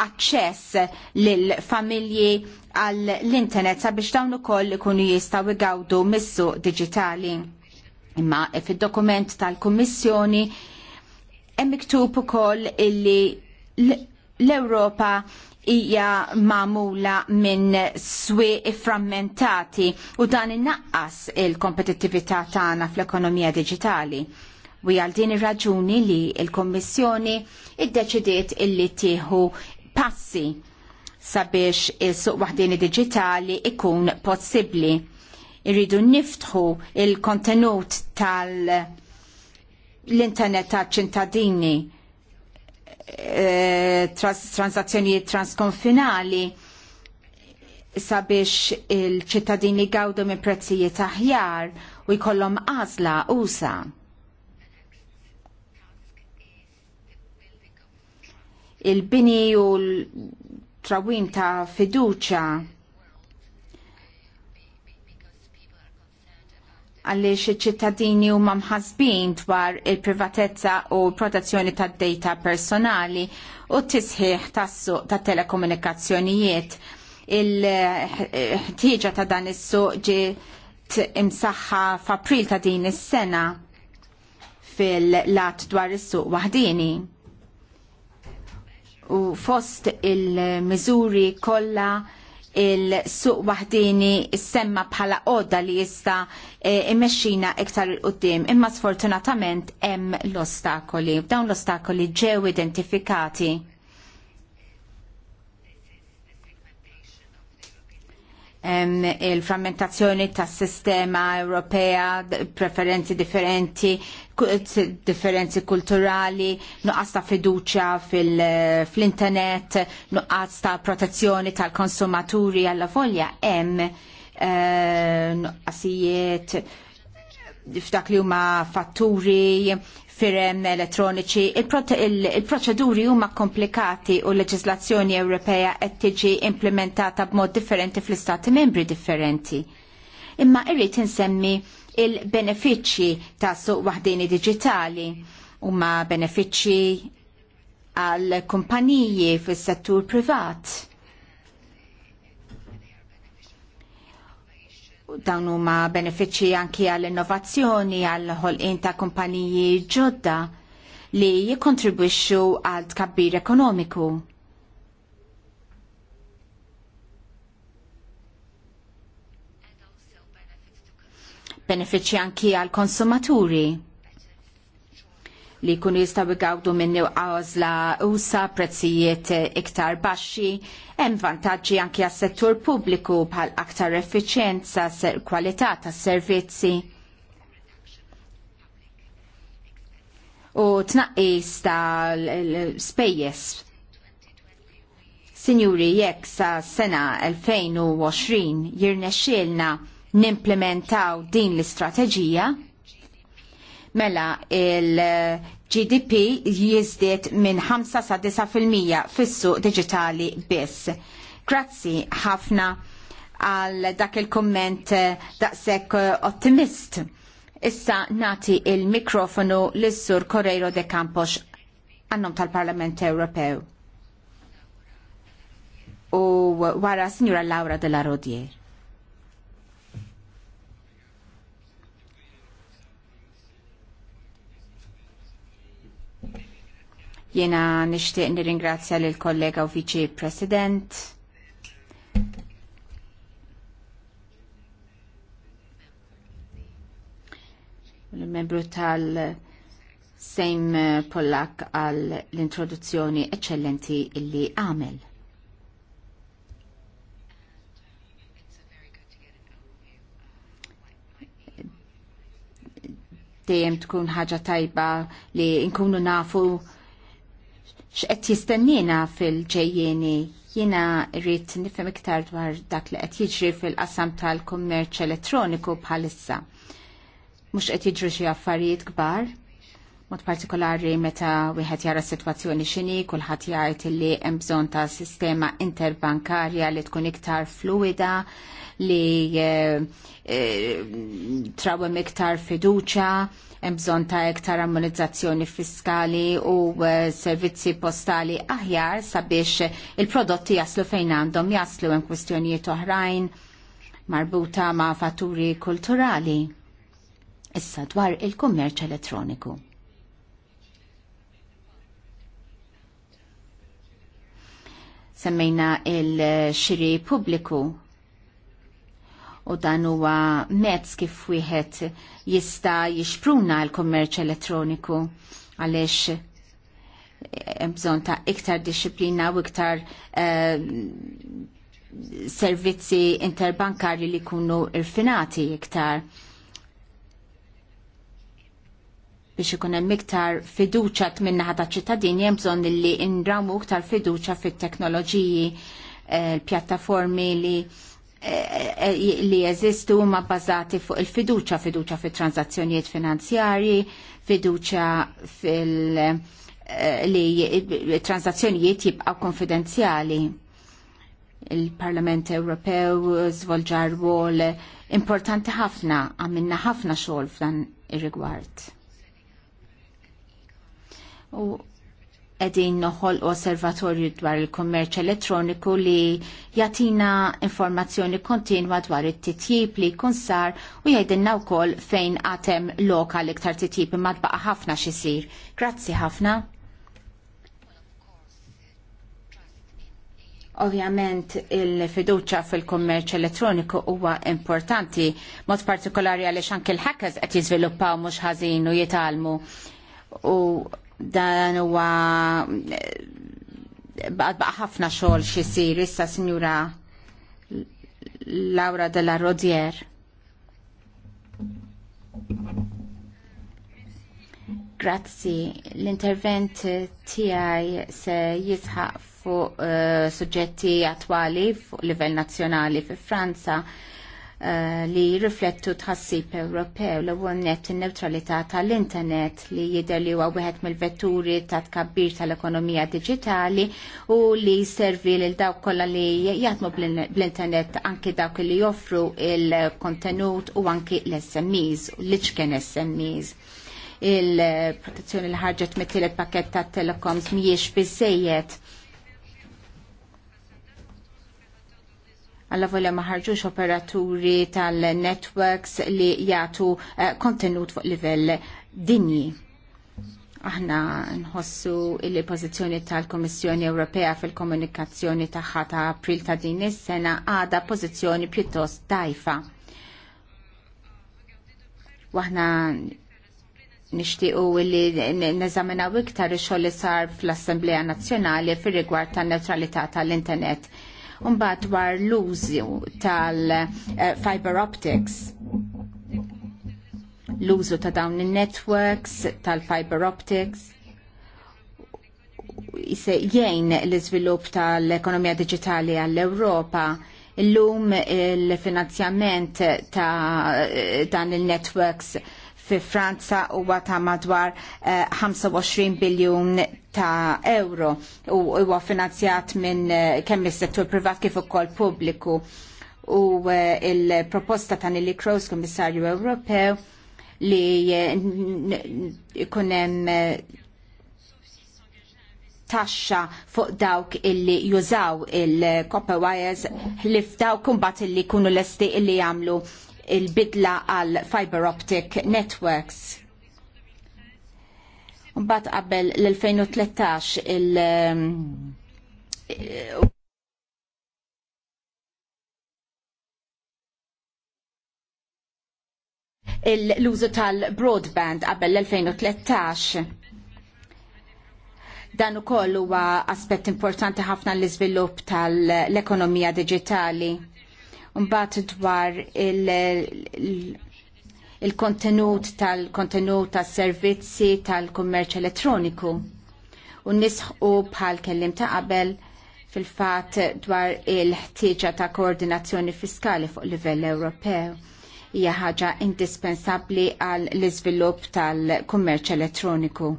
aċċess lil familji għall-internet sabiex dawn ukoll ikunu jistgħu igawdu missu diġitali. Imma fid-dokument tal-Kummissjoni hemm miktub ukoll illi l-Ewropa hija magħmula minn swieq frammentati u dan innaqqas il-kompetittività tagħna fl-ekonomija diġitali. U għal din ir-raġuni li l-Kommissjoni ddeċidiet illi tieħu passi sabiex il-suq waħdini digitali ikun possibbli. Irridu niftħu il-kontenut tal- internet ta' ċintadini eh, transazzjoni transazzjonijiet transkonfinali sabiex il-ċittadini gawdu minn prezzijiet aħjar u jkollhom għażla usa. il-bini u l-trawim ta' fiduċa għaliex ċittadini huma mħasbin dwar il-privatezza u protezzjoni tad data personali u t tisħiħ tas-suq tat telekomunikazzjonijiet. Il-ħtieġa ta' dan is-suq ġiet imsaħħa f'April ta' din is-sena fil-lat dwar is-suq waħdini u fost il-mizuri kolla il-suq wahdini semma bħala qodda li jista e, iktar il-qoddim imma sfortunatament hemm l-ostakoli dawn l-ostakoli ġew identifikati il-frammentazzjoni tas sistema Ewropea, preferenzi differenti, differenzi kulturali, nuqqas ta' fiduċja fil-internet, nuqqas ta' protezzjoni tal-konsumaturi għalla folja, hemm eh, nuqqasijiet f'dak li huma fatturi firem elettroniċi, il-proċeduri huma komplikati u l-leġislazzjoni Ewropea qed tiġi implementata b'mod differenti fl-istati membri differenti. Imma irrid insemmi il-benefiċċji ta' suq waħdini diġitali huma benefiċċji għal kumpaniji fis-settur privat. dawn huma benefiċċji anki għall innovazzjoni għall ħolqien ta' kumpaniji ġodda li jikkontribwixxu għal tkabbir ekonomiku. benefiċċji anki għall konsumaturi li jkunu jistgħu għawdu minn għażla usa prezzijiet iktar baxxi, hemm vantaġġi anki għas-settur pubbliku bħal aktar effiċjenza, kwalità tas-servizzi. U tnaqqis tal spejjes Sinjuri, jekk sa sena 2020 jirnexxilna nimplementaw din l-istrateġija, mela il-GDP jizdiet minn 5 sa 9% fissu digitali biss. Grazzi ħafna għal dak il-komment eh, daqsek eh, ottimist. Issa nati il-mikrofonu l-Sur Correiro de Campos għannom tal-Parlament Ewropew. U wara Signora Laura de la Rodier. Jena nishtiq nirringrazzja l kollega u viċi president. L-membru tal-Sejm Pollak għal l-introduzzjoni eccellenti illi għamel. Dejjem tkun ħaġa tajba li nkunu nafu x'qed jistennina fil-ġejjeni jiena rrid nifhem iktar dwar dak li qed jiġri fil-qasam tal-kummerċ elettroniku bħalissa. Mhux qed jiġru xi affarijiet kbar, mod partikolari meta wieħed jara s-sitwazzjoni x'inhi, kulħadd jgħid li hemm bżonn ta' sistema interbankarja li tkun iktar fluida, li e, e, trawem iktar fiduċja hemm bżonn ta' iktar armonizzazzjoni fiskali u eh, servizzi postali aħjar sabiex il-prodotti jaslu fejn għandhom jaslu hemm kwistjonijiet oħrajn marbuta ma' fatturi kulturali. Issa dwar il-kummerċ elettroniku. Semmejna il-xiri pubbliku u dan huwa mezz kif wieħed jista' jixpruna l-kummerċ elettroniku għaliex eh, hemm bżonn ta' iktar disciplina u iktar eh, servizzi interbankarji li kunu irfinati iktar biex ikun hemm iktar fiduċja tminnaħa ta' ċittadini hemm bżonn li nramu iktar fiduċja fit-teknoloġiji eh, l-pjattaformi li Eh, eh, li jeżistu huma bbażati fuq il-fiduċa, fiduċa fit transazzjonijiet finanzjarji, fiduċa fil- eh, li transazzjonijiet jibqaw konfidenzjali. Il-Parlament Ewropew żvolġa rwol importanti ħafna, għamilna ħafna xogħol f'dan ir-rigward. U edin noħol osservatorju dwar il-kommerċ elettroniku li jatina informazzjoni kontinwa dwar it-titjib li kun sar u jgħidinna wkoll fejn għatem lokal iktar titjib imma tbaqa ħafna xisir. Grazzi ħafna. Ovvjament il-fiduċa fil-kommerċ elettroniku huwa importanti, mod partikolari għaliex anke l-hackers qed jiżviluppaw mhux ħażin u jitalmu u dan huwa baqa ħafna xogħol jsir issa sinjura Laura della Rodier. Grazzi, l-intervent tiegħi se jisħaq fuq uh, suġġetti attwali fuq livell nazzjonali fi Franza Eh, li riflettu tħassib Ewropew l ewwel net in-neutralità tal-internet li jidher li huwa wieħed mill-vetturi ta' tkabbir tal-ekonomija diġitali u li jservi lil dawk kollha li jaħdmu bl-internet anki dawk li joffru il-kontenut u anki l-SMEs, l-iċken SMEs u iċken smes il protezzjoni l ħarġet mit-tielet pakket tat telecoms mhijiex bizzejiet għalla volja maħarġux operaturi tal-networks li jgħatu kontenut fuq livell dinji. Aħna nħossu il pożizzjoni tal-Komissjoni Ewropea fil-komunikazzjoni tagħha ta' April ta' din is-sena għadha pożizzjoni pjuttost dajfa. Waħna nixtiequ li neżaminaw iktar ix-xogħol li sar fl-Assembleja Nazzjonali fir-rigward tan-newtralità neutralità tal internet Umbat dwar l-użu tal-fiber eh, optics l-użu ta' dawn il-networks tal-fiber optics jise jgħin l-izvilup tal-ekonomija digitali għall-Europa illum il-finanzjament ta' dan il-networks fi Franza huwa ta' madwar 25 eh, biljun ta' euro u huwa finanzjat minn eh, kemm is-settur privat kif ukoll pubbliku u eh, il-proposta ta' Nili Kroos Kummissarju Ewropew li kunem taxxa fuq dawk illi jużaw il-copper wires li f'dawk kumbat illi kunu l-esti illi jamlu il-bidla għal fiber optic networks. Mbagħad qabel l-2013 um, il- l-użu tal-broadband qabel l-2013. Dan ukoll huwa aspett importanti ħafna l-iżvilupp tal-ekonomija diġitali Mbagħad dwar il-kontenut il tal-kontenut tas-servizzi tal-kummerċ elettroniku. U nisħu bħal kellim ta' qabel fil-fat dwar il-ħtieġa ta' koordinazzjoni fiskali fuq livell Ewropew hija ħaġa indispensabbli għal l-iżvilupp tal-kummerċ elettroniku.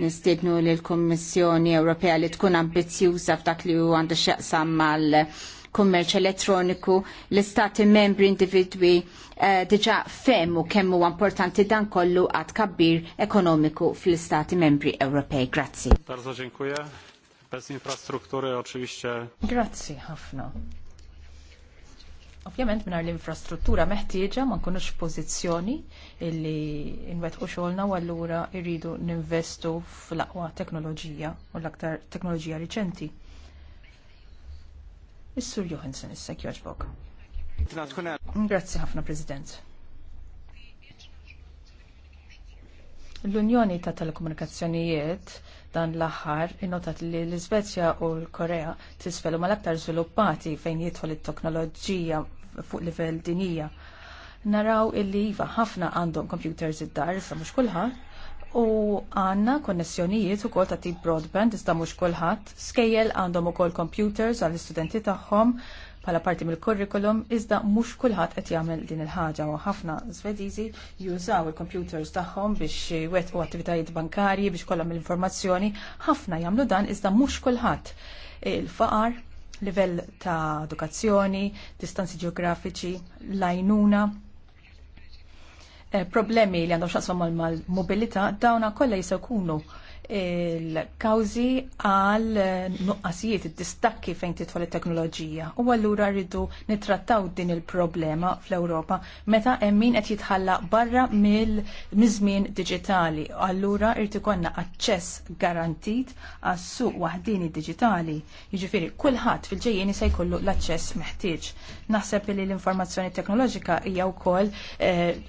Nistiednu l kummissjoni Ewropea li tkun ambizzjuża f'dak li għandu x'jaqsam mal kummerċ elettroniku l-istati membri individwi eh, diġa femu kemm huwa importanti dan kollu għad kabbir ekonomiku fl-istati membri Ewropej. Grazzi. Bardzo dziękuję. Bez infrastruktury oczywiście. Grazzi ħafna. Ovvjament minar l-infrastruttura meħtieġa ma nkunux pożizzjoni illi nwettqu xogħolna u allura irridu ninvestu fl-aqwa teknoloġija u l-aktar teknoloġija riċenti. Is-Sur Johansen, issa jogħġbok. Grazzi ħafna, President. L-Unjoni ta' Telekomunikazzjonijiet dan l-aħħar innotat li l-Iżvezja u l-Korea tisfelu mal-aktar żviluppati fejn jidħol it-teknoloġija fuq livell dinija. Naraw illi jiva ħafna għandhom computers id-dar, sa mhux kullħat, u għanna konnessjonijiet u kol ta' tip broadband iżda mhux kulħadd. Skejjel għandhom ukoll computers għall istudenti tagħhom bħala parti mill-kurrikulum iżda mhux kulħadd qed jagħmel din il-ħaġa u ħafna zvedizi jużaw il-computers tagħhom biex u attivitajiet bankarji biex kollhom l-informazzjoni. Ħafna jagħmlu dan iżda mhux kulħadd. Il-faqar, livell ta' edukazzjoni, distanzi ġeografiċi, lajnuna, Eh, problemi li għandhom xaqsam mal-mobilita dawna kollha jisakunu il-kawzi għal nuqqasijiet id-distakki fejn titħol it-teknoloġija. U allura rridu nitrattaw din il-problema fl-Ewropa meta hemm min qed jitħalla barra mill-miżmien diġitali. Allura rrid ikollna aċċess garantit għas suq waħdini digitali. Jiġifieri kulħadd fil ġejjeni se jkollu l-aċċess meħtieġ. Naħseb li l-informazzjoni teknoloġika hija wkoll eh,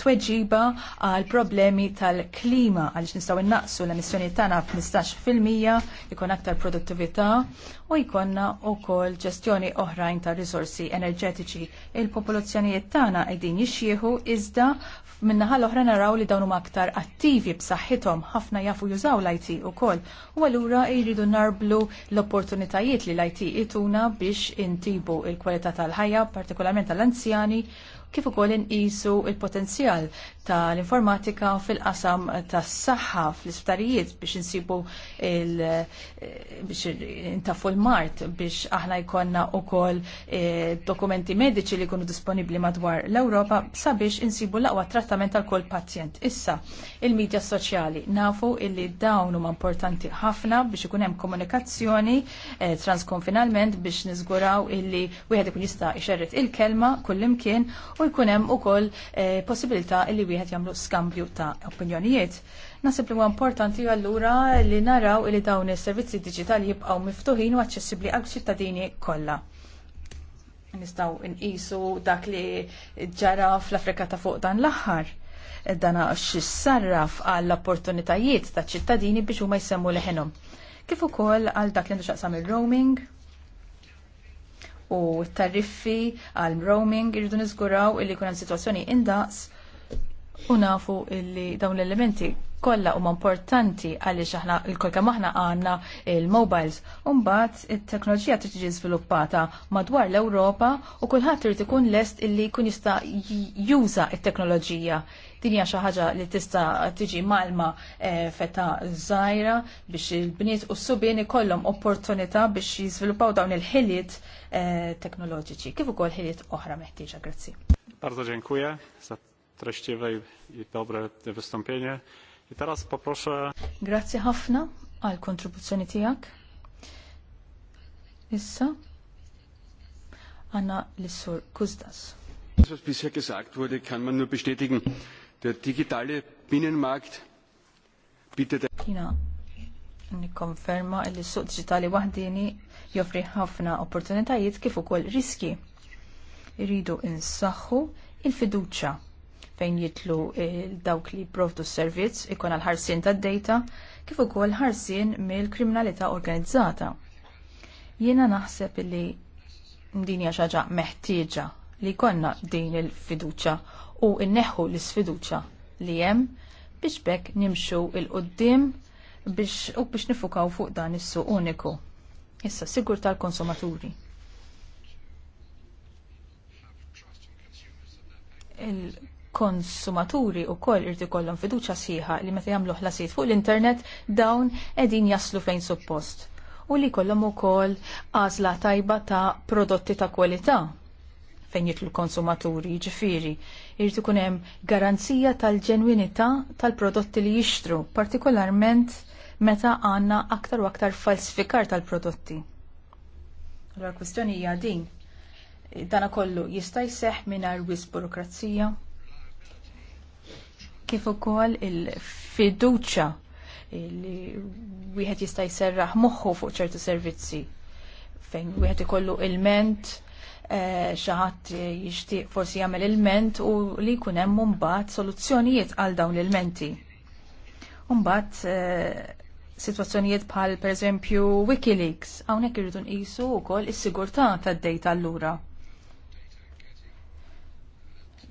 tweġiba għal problemi tal-klima għaliex nistgħu innaqsu l tal-emissjoni tagħna 15 fil-mija, jkun aktar produttività u jkollna wkoll ġestjoni oħrajn ta' risorsi enerġetiċi. Il-popolazzjonijiet tagħna qegħdin jixjieħu iżda minna l-oħra naraw li dawn huma aktar attivi b'saħħithom ħafna jafu jużaw l-IT kol. u allura jridu narblu l-opportunitajiet li l-IT ituna biex intibu il-kwalità tal-ħajja, partikolarment tal-anzjani kif ukoll inqisu il-potenzjal tal-informatika fil-qasam tas-saħħa fl-isptarijiet biex insibu il eh, biex intafu l-mart biex aħna jkollna ukoll eh, dokumenti mediċi li jkunu disponibbli madwar l-Ewropa sabiex insibu l-aqwa trattament tal kull pazjent. Issa, il-medja soċjali nafu illi dawn huma importanti ħafna biex ikun hemm komunikazzjoni eh, transkonfinalment biex niżguraw illi wieħed ikun jista' ixerret il-kelma kullimkien u jkun hemm ukoll eh, possibilità li wieħed jagħmlu skambju ta' opinjonijiet. Nasib li huwa importanti allura li naraw li dawn is-servizzi diġitali jibqgħu miftuħin u aċċessibbli għal ċittadini kollha. Nistgħu nqisu dak li ġara fl-Afrika ta' fuq dan l-aħħar dana x-sarraf għall-opportunitajiet ta' ċittadini biex huma jsemmu leħenhom. Kif ukoll għal dak li xaqsam il-roaming, u tariffi għal roaming irridu niżguraw illi kuna hemm sitwazzjoni indaqs u nafu illi dawn l-elementi kollha huma importanti għaliex aħna l-kol kemm aħna għandna il-mobiles. Umbat, il teknoloġija trid tiġi żviluppata madwar l-Ewropa u kulħadd irid ikun lest illi jkun jista' juża t teknoloġija Din hija xi ħaġa li tista' tiġi malma eh, feta żgħira biex il-bniet u s-subien ikollhom opportunità biex jiżviluppaw dawn il-ħiliet Eh, teknoloġiċi, kif ukoll ħiliet oħra meħtieġa. Grazzi. Bardzo dziękuję za treściwe i dobre wystąpienie. I teraz poproszę... Grazie ħafna għal kontribuzzjoni tiegħek. Issa għanna l-sur Kuzdas. Das, was bisher gesagt wurde, kann man nur bestätigen. Der digitale Binnenmarkt bietet... Jina, nikonferma l-sur digitali wahdini joffri ħafna opportunitajiet kif ukoll riski. Irridu insaħħu il-fiduċja fejn jitlu eh, dawk li provdu s-servizz ikun għal ħarsien tad-data kif ukoll ħarsien mill-kriminalità organizzata. Jiena naħseb li din hija xaġa meħtieġa li konna din il-fiduċa u inneħħu l-sfiduċa li hemm biex bekk nimxu il-qoddim biex u biex nifukaw fuq dan is-suq uniku. Issa, sigur tal-konsumaturi. Il-konsumaturi u koll irti kollon fiduċa siħa li meta jamlu ħlasijiet fuq l-internet dawn edin jaslu fejn suppost. U li kollom u koll għazla tajba ta' prodotti ta' kwalità fejn jitlu l-konsumaturi, ġifiri, irti kunem garanzija tal-ġenwinità tal-prodotti li jixtru, partikolarment meta għandna aktar u aktar falsifikar tal-prodotti. Allora kwistjoni hija din. Dana kollu jista' jseħħ mingħajr wis burokrazija. Kif ukoll il-fiduċja li wieħed jista' jserraħ moħħu fuq ċertu servizzi fejn wieħed ikollu il-ment eh, xi ħadd jixtieq forsi jagħmel ilment u li jkun hemm mbagħad soluzzjonijiet għal dawn l-ilmenti. Mbagħad eh, situazzjonijiet bħal per eżempju Wikileaks, hawnhekk irridu nqisu wkoll is-sigurtà tad-data allura.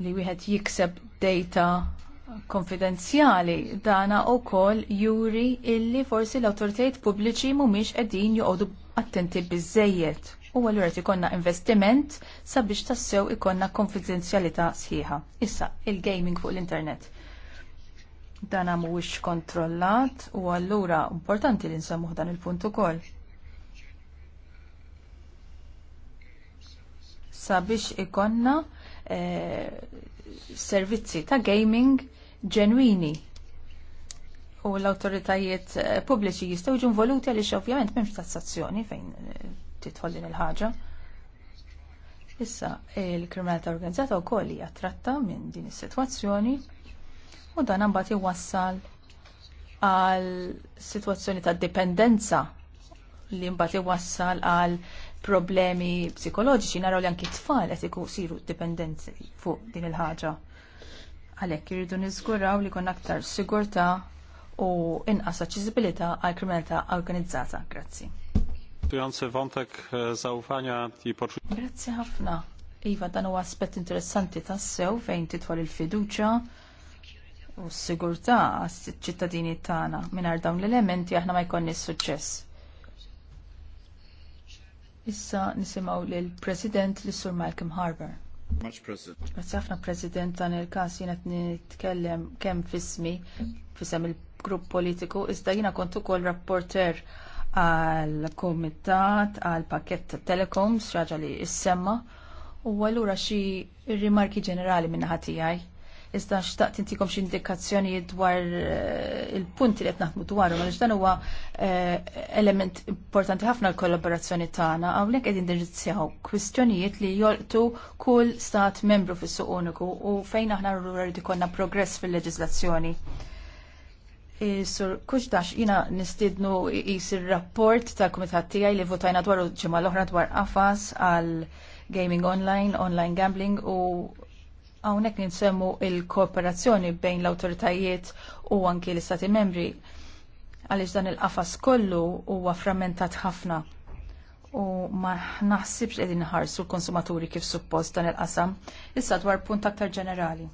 Li wieħed jikseb data konfidenzjali dana wkoll juri illi forsi l-awtoritajiet pubbliċi mhumiex qegħdin joqogħdu attenti biżżejjed u għallura ikonna investiment sabiex tassew ikonna konfidenzjalità sħiħa. Issa, il-gaming fuq l-internet. Dan mhuwiex kontrollat u allura importanti li nsemmuh dan il-punt ukoll. Sabiex ikonna eh, servizzi ta' gaming ġenwini u l-autoritajiet eh, pubbliċi jistgħu ġun voluti għaliex ovvjament m'hemmx tassazzjoni fejn eh, titħol din il-ħaġa. Issa, il-kriminalità organizzata wkoll hija tratta minn din is-sitwazzjoni u dan għambat iwassal għal sitwazzjoni ta' dipendenza li mbagħad iwassal għal problemi psikoloġiċi naraw li anki tfal qed siru dipendenzi fuq din il-ħaġa. Għalhekk irridu niżguraw li kon aktar sigurtà u inqas aċċessibilità għal kriminalità organizzata. Grazzi. E, Grazzi ħafna. Iva, dan huwa aspett interessanti tassew fejn titħol il-fiduċa u s-sigurtà għas-ċittadini tagħna mingħajr dawn l-elementi aħna ma jkollniex suċċess. Issa nisimgħu lill President li Sur Malcolm Harbour. Grazzi ħafna President dan il-każ jiena qed nitkellem kemm fismi fisem il-grupp politiku iżda jiena kont ukoll rapporter għal kumitat għal pakett telecoms xaġa li issemma u allura xi rimarki ġenerali minn ħatijaj iżda xtaqt intikom xi indikazzjoni dwar eh, il-punti li qed naħdmu dwarhom għaliex dan huwa eh, element importanti ħafna l-kollaborazzjoni tagħna hawnhekk qegħdin indirizzaw kwistjonijiet li jolqtu kull stat membru fis-suq uniku u fejn aħna rrid ikollna progress fil-leġiżlazzjoni. Eh, Sur kuxdax jina nistidnu jis il-rapport tal-komitat tijaj li votajna dwar ġimgħa l-oħra dwar afas għal gaming online, online gambling u Hawnhekk ninsemmu il-kooperazzjoni bejn l-awtoritajiet u anki l-Istati membri għaliex dan il-qafas kollu huwa frammentat ħafna u ma naħsibx qegħdin ħarsu l-konsumaturi kif suppost dan il-qasam. Issa dwar punt aktar ġenerali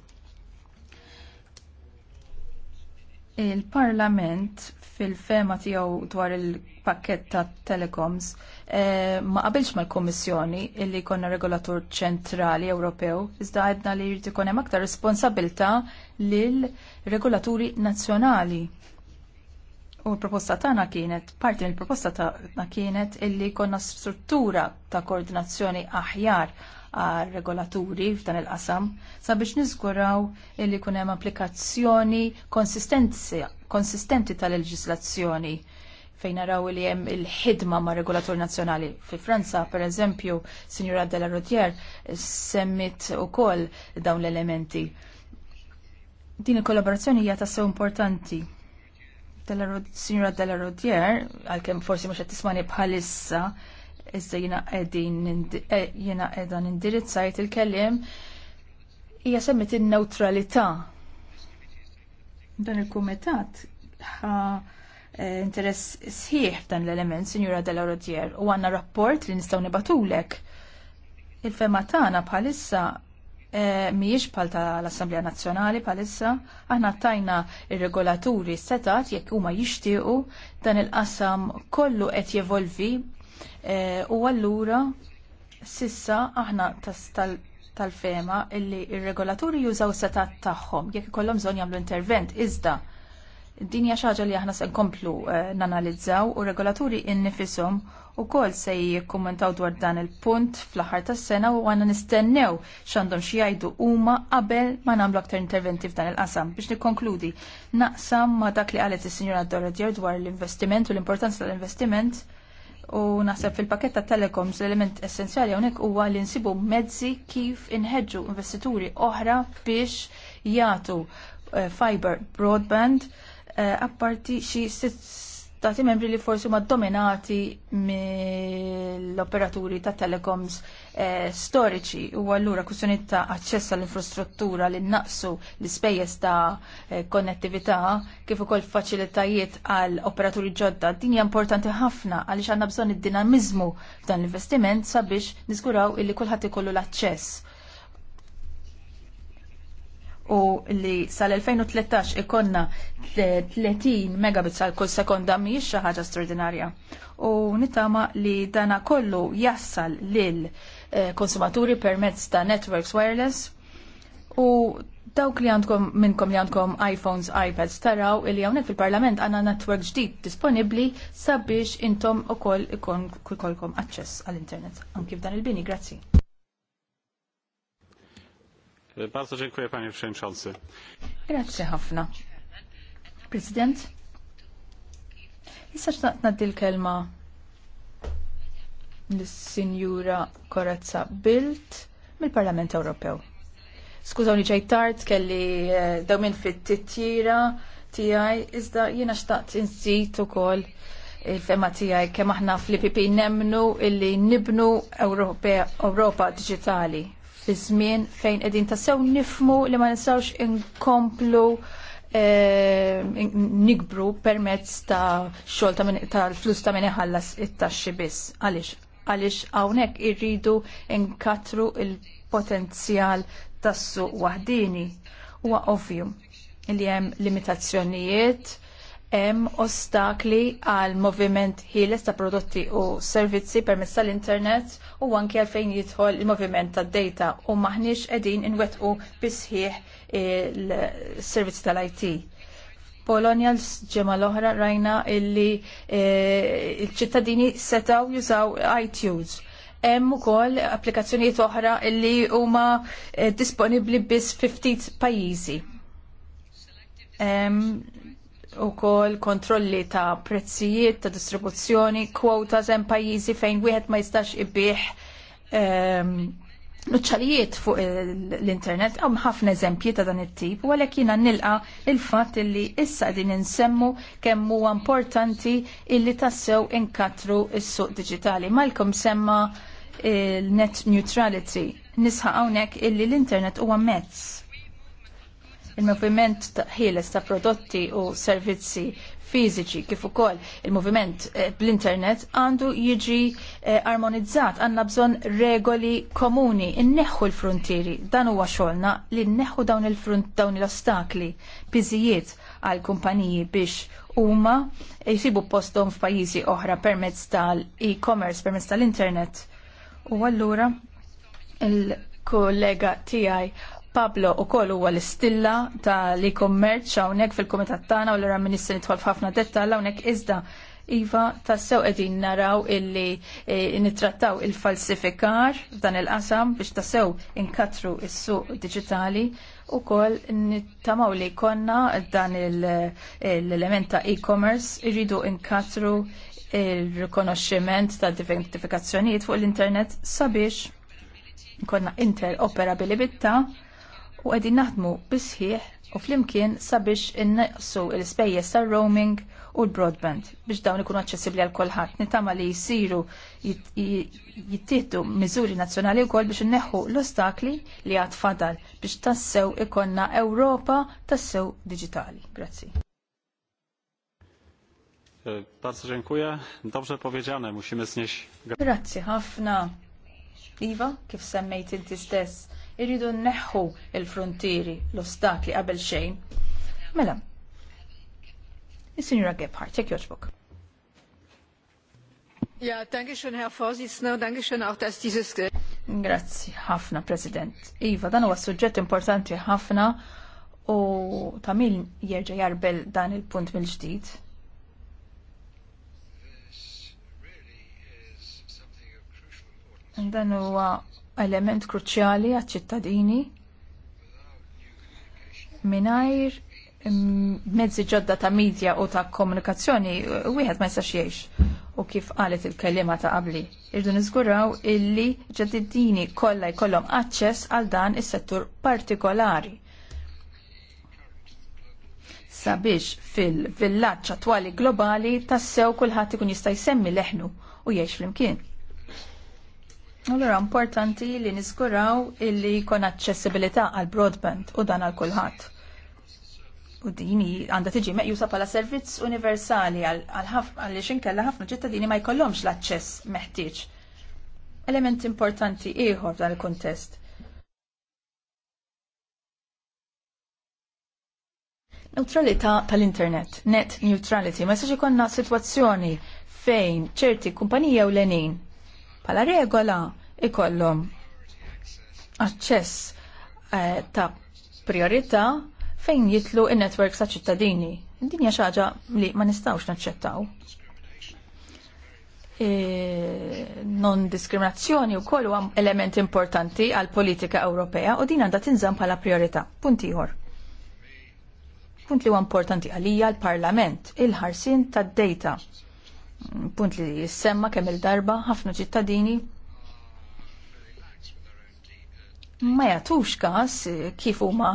Il-Parlament fil-fema tiegħu dwar il-pakket ta' telecoms eh, ma qabilx mal-Kommissjoni illi jkollna regolatur ċentrali Ewropew, iżda għedna li jrid ikun hemm aktar responsabilta lil regolaturi nazzjonali. U l-proposta tagħna kienet, parti mill-proposta tagħna kienet illi jkollna struttura ta' koordinazzjoni aħjar għal regolaturi f'dan il-qasam sabiex niżguraw li jkun hemm applikazzjoni konsistenti tal-leġislazzjoni fejn naraw li hemm il-ħidma ma' regolatur nazzjonali. Fi Franza, per eżempju, Signora Della Rodier semmit ukoll dawn l-elementi. Din il-kollaborazzjoni hija tassew importanti Signora Della Rodier, għalkemm forsi mhux qed tismani bħalissa, iżda jiena qegħdin eh, qiegħda indirizzajt il-kelliem hija semmet in-newtralità. Dan il-kumitat ħa eh, interess sħiħ f'dan l-element, Sinjura Della Rodier, u għanna rapport li nistgħu nibatulek. Il-fema tagħna bħalissa eh, mhijiex miex pal ta' l-Assemblea Nazzjonali palissa, aħna tajna ir-regolaturi setat jekk huma jixtiequ dan il-qasam kollu qed jevolvi Eh, u allura sissa aħna tal-fema illi ir-regolaturi jużaw setat tagħhom jekk ikollhom bżonn jagħmlu intervent iżda din hija xi ħaġa li aħna se nkomplu eh, nanalizzaw u regolaturi innifisom ukoll se jikkummentaw dwar dan il-punt fl-aħħar tas-sena u aħna nistennew x'għandhom xi jgħidu huma qabel ma nagħmlu aktar interventi f'dan il-qasam. Biex nikkonkludi, naqsam ma dak li qalet is-Sinjura Dorodier dwar l-investiment u l-importanza tal-investiment U naħseb fil-paketta telecoms l-element essenzjali hawnhekk huwa li nsibu mezzi kif inħeġġu investituri oħra biex jagħtu eh, fiber broadband eh, apparti xi stati membri li forsi ma dominati mill-operaturi ta' telecoms Eh, storiċi u allura kwistjoni ta' aċċess għall infrastruttura li naqsu l-ispejjeż ta' eh, konnettività kif ukoll faċilitajiet għal operaturi ġodda din hija importanti ħafna għaliex għandna bżonn id-dinamiżmu f'dan l-investiment sabiex niżguraw illi kulħadd ikollu l-aċċess u li sal-2013 ikonna 30 megabits għal kull sekonda mhijiex xi ħaġa straordinarja. U nittama li dana kollu jassal lil Eh, konsumaturi permezz ta' networks wireless u dawk li għandkom minnkom li għandkom iPhones, iPads taraw li hawnhekk fil-Parlament għandna network ġdid disponibbli sabiex intom ukoll ikon kolkom aċċess għall-internet anki f'dan il-bini. Grazzi. Bardzo dziękuję panie przewodniczący. Grazie ħafna. President. Issa xtaqt l-kelma l-Sinjura Korazza Bilt mill-Parlament Ewropew. Skużawni ġej tard kelli eh, daw minn fit-titjira tiegħi iżda jiena xtaqt insit ukoll il-fema tiegħi kemm aħna fl-IPP nemnu illi nibnu Ewropa Digitali fi żmien fejn qegħdin tassew nifmu li ma nistgħux inkomplu eh, nikbru permezz ta' xol tal-flus ta' minn iħallas it-taxxi biss. Għaliex, għaliex hawnhekk irridu nkatru il-potenzjal tas-suq waħdini. Huwa ovvju li hemm limitazzjonijiet, hemm ostakli għal moviment ħieles ta' prodotti u servizzi permezz tal-internet u anke għalfejn jidħol il-moviment tad data u maħniex qegħdin inwettqu bisħieħ il-servizzi tal-IT Polonja l ġemal l-oħra rajna illi eh, il-ċittadini setaw jużaw iTunes. Hemm ukoll applikazzjonijiet oħra illi huma eh, disponibbli biss fi ftit pajjiżi. U kol kontrolli ta' prezzijiet, ta' distribuzzjoni, kwotas hemm pajjiżi fejn wieħed ma jistax ibih ehm, Nuċċalijiet fuq l-internet għam ħafna eżempji ta' dan it-tip u għalhekk jiena nilqa il-fatt li issa din insemmu kemm huwa importanti illi tassew inkatru is-suq digitali. Malkom semma il-net neutrality. Nisħa hawnhekk illi l-internet huwa mezz il-moviment ta' ħieles ta' prodotti u servizzi fiżiċi kif ukoll il-moviment eh, bl-internet għandu jiġi eh, armonizzat għandna bżonn regoli komuni inneħħu l-frontieri dan huwa xogħolna li nneħħu dawn il-front dawn l-ostakli biżijiet għal kumpaniji biex huma jsibu postom f'pajjiżi oħra permezz tal-e-commerce permezz tal-internet. U allura il-kollega tiegħi Pablo u koll huwa l-istilla ta' li kummerċ hawnhekk fil-kumitat tagħna u l-ra ministri nidħol f'ħafna dettall hawnhekk iżda Iva, tassew qegħdin naraw illi eh, nittrattaw il-falsifikar f'dan il-qasam biex tassew inkatru is-suq diġitali u koll nittamaw li konna dan l-element ta' e-commerce irridu inkatru il-rikonoxximent ta' identifikazzjonijiet fuq l-internet sabiex konna interoperabilità u qegħdin naħdmu bisħiħ u flimkien sabiex innaqsu l-ispejjeż tar-roaming u l-broadband biex dawn ikunu aċċessibbli għal kulħadd. Nitama li jsiru jittieħdu miżuri nazzjonali wkoll biex inneħħu l-ostakli li għad fadal biex tassew ikonna Ewropa tassew diġitali. Grazzi. E, bardzo dziękuję. Dobrze powiedziane, musimy znieść... Grazie, ħafna. Iva, kif semmejt inti stess, irridu neħħu il-frontieri l-ostakli qabel xejn. Mela, il-Sinjura Gebhardt, your book. Ja, danke schön, Herr Vorsitzender, danke schön auch, dass dieses... Grazzi, ħafna, President. Iva, dan huwa suġġett importanti ħafna u tamil jerġa' jarbel dan il-punt mill-ġdid. Dan huwa element kruċjali għat ċittadini minajr mm, mezzi ġodda ta' media u ta' komunikazzjoni wieħed ma jistax jgħix u kif qalet il-kellima ta' qabli. Irdu niżguraw illi ġadidini kollha jkollhom aċċess għal dan is-settur partikolari. Sabiex fil-villaġġ attwali globali tassew kulħadd ikun jista' jsemmi leħnu u jgħix flimkien. Allora importanti li niskuraw illi jkun aċċessibilità għal broadband u dan għal kulħadd. U dini għandha tiġi meqjusa bħala servizz universali għal xinkella ħafna ċittadini ma jkollhomx l-aċċess meħtieġ. Element importanti ieħor dan il-kuntest. Neutralità tal-internet, net neutrality, ma jistax ikonna sitwazzjoni fejn ċerti kumpanija u lenin pala regola ikollhom aċċess eh, ta' priorità fejn jitlu in-networks ta' ċittadini. Dinja hija xaġa li ma nistgħux naċċettaw. E, non-diskriminazzjoni wkoll huwa element importanti għal politika Ewropea u din għandha tinżamm bħala priorità. Punt ieħor. Punt li huwa importanti għalija l-Parlament, il-ħarsin tad-data punt li jissemma kemm il-darba ħafna ċittadini ma jagħtux każ kif huma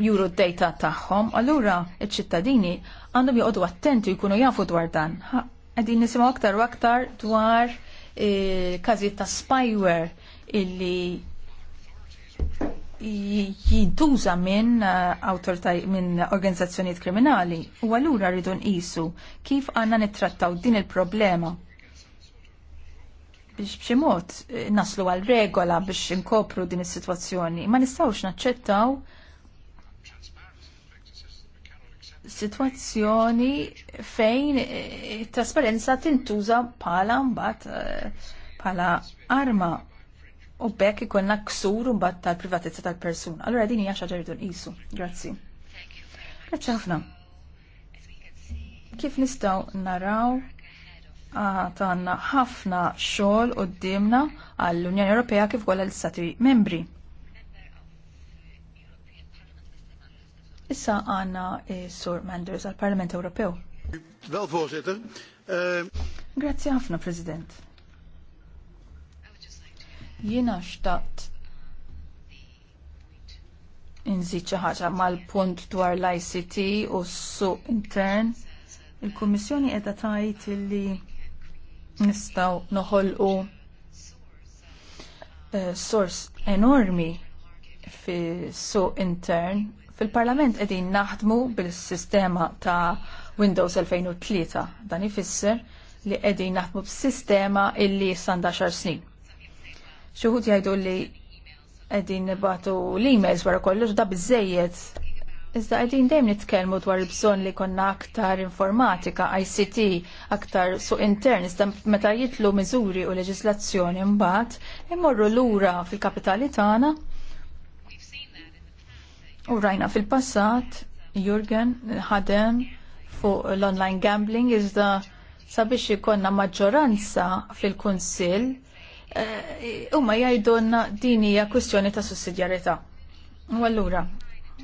juru d-dejta tagħhom, allura iċ-ċittadini għandhom joqogħdu attenti jkunu jafu dwar dan. Qegħdin nisimgħu aktar u aktar dwar eh, każijiet ta' spyware illi jintuża minn eh, minn organizzazzjonijiet kriminali u allura rridu nqisu kif għandna nittrattaw din il-problema biex b'xi mod eh, naslu għal regola biex inkopru din is-sitwazzjoni. Ma nistgħux naċċettaw sitwazzjoni fejn it-trasparenza eh, tintuża bħala mbagħad bħala arma u bekk ikonna ksur mbagħad tal-privatezza tal-persuna. Allora din hija xi ħaġa rridu nqisu. Grazzi. Grazzi ħafna. Kif nistgħu naraw għandna ħafna xogħol qudiemna għall-Unjoni Ewropea kif ukoll għall-Stati Membri. Issa għandna eh, Sur Manders għall-Parlament Ewropew. voorzitter. Eh, Grazzi ħafna, President. Jiena xtaqt inżid xi ħaġa mal-punt dwar l-ICT u s-suq intern. Il-Kummissjoni qiegħda tgħid li nistgħu noħolqu eh, sors enormi fis-suq intern. Fil-Parlament qegħdin naħdmu bil-sistema ta' Windows 2003 dan ifisser li qegħdin naħdmu b'sistema illi xar snin Xuħut jgħidu li għedin nibatu l-emails wara kollu, da bizzejiet. Iżda għedin dejjem nitkellmu dwar il-bżonn li konna aktar informatika, ICT, aktar suq intern, iżda meta jitlu miżuri u leġislazzjoni mbagħad imorru lura fil-kapitali tagħna U rajna fil-passat, Jurgen ħadem fuq l-online gambling iżda sabiex ikonna maġġoranza fil-Kunsill Eh, huma jgħidulna din hija kwistjoni ta' sussidjarità. U allura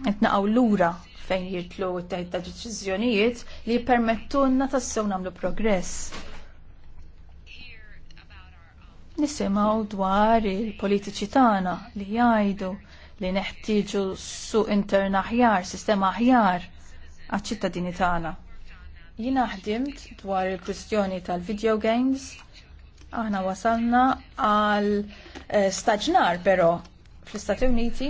qed naqgħu lura fejn jitlu t-teħid ta' deċiżjonijiet li jippermettulna tassew nagħmlu progress. Nisimgħu dwar il-politiċi tagħna li jgħidu li neħtieġu su intern aħjar, sistema aħjar għaċ-ċittadini tagħna. Jina ħdimt dwar il-kwistjoni tal-video games Aħna wasalna għal eh, staġnar però fl-Istati Uniti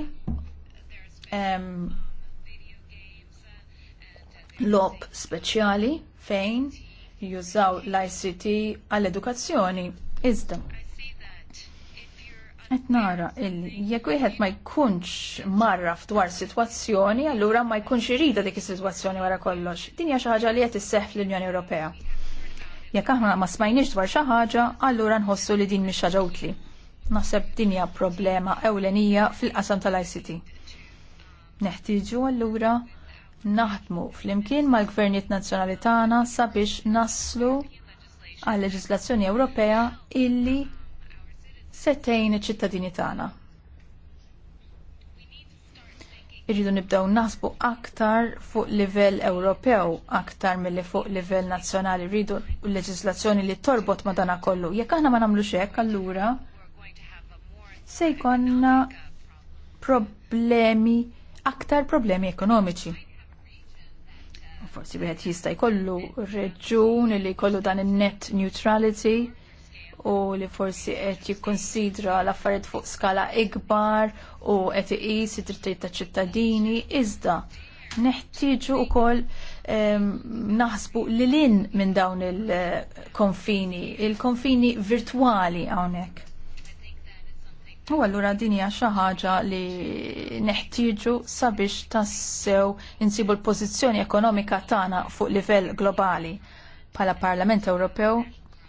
lob speċjali fejn jużaw l-ICT għall-edukazzjoni iżda. Qed nara illi jekk wieħed ma jkunx marra f'dwar sitwazzjoni, allura ma jkunx irida dik is-sitwazzjoni wara kollox. Din hija xi ħaġa li qed isseħħ fl-Unjoni Ewropea. Jekk aħna ma smajniex dwar xi ħaġa, allura nħossu li din mhix ħaġa utli. Naħseb din hija problema ewlenija fil-qasam tal-ICT. Neħtieġu allura naħdmu flimkien mal-gvernijiet nazzjonali tagħna sabiex naslu għal leġislazzjoni Ewropea illi se tgħin iċ-ċittadini tagħna irridu nibdew naħsbu aktar fuq livell Ewropew aktar milli fuq livell nazzjonali rridu l-leġislazzjoni li torbot ma dana kollu. Jekk aħna ma nagħmlux hekk allura se jkollna problemi aktar problemi ekonomiċi. Forsi wieħed jista' jkollu reġun li jkollu dan in-net neutrality u li forsi qed jikkonsidra l-affarijiet fuq skala ikbar u qed iqis it-trittijiet ċittadini iżda neħtieġu wkoll ehm, naħsbu lilin minn dawn il-konfini, il-konfini virtwali hawnhekk. U allura din hija xi ħaġa li neħtieġu sabiex tassew insibu l-pożizzjoni ekonomika tagħna fuq livell globali. Bħala Parlament Ewropew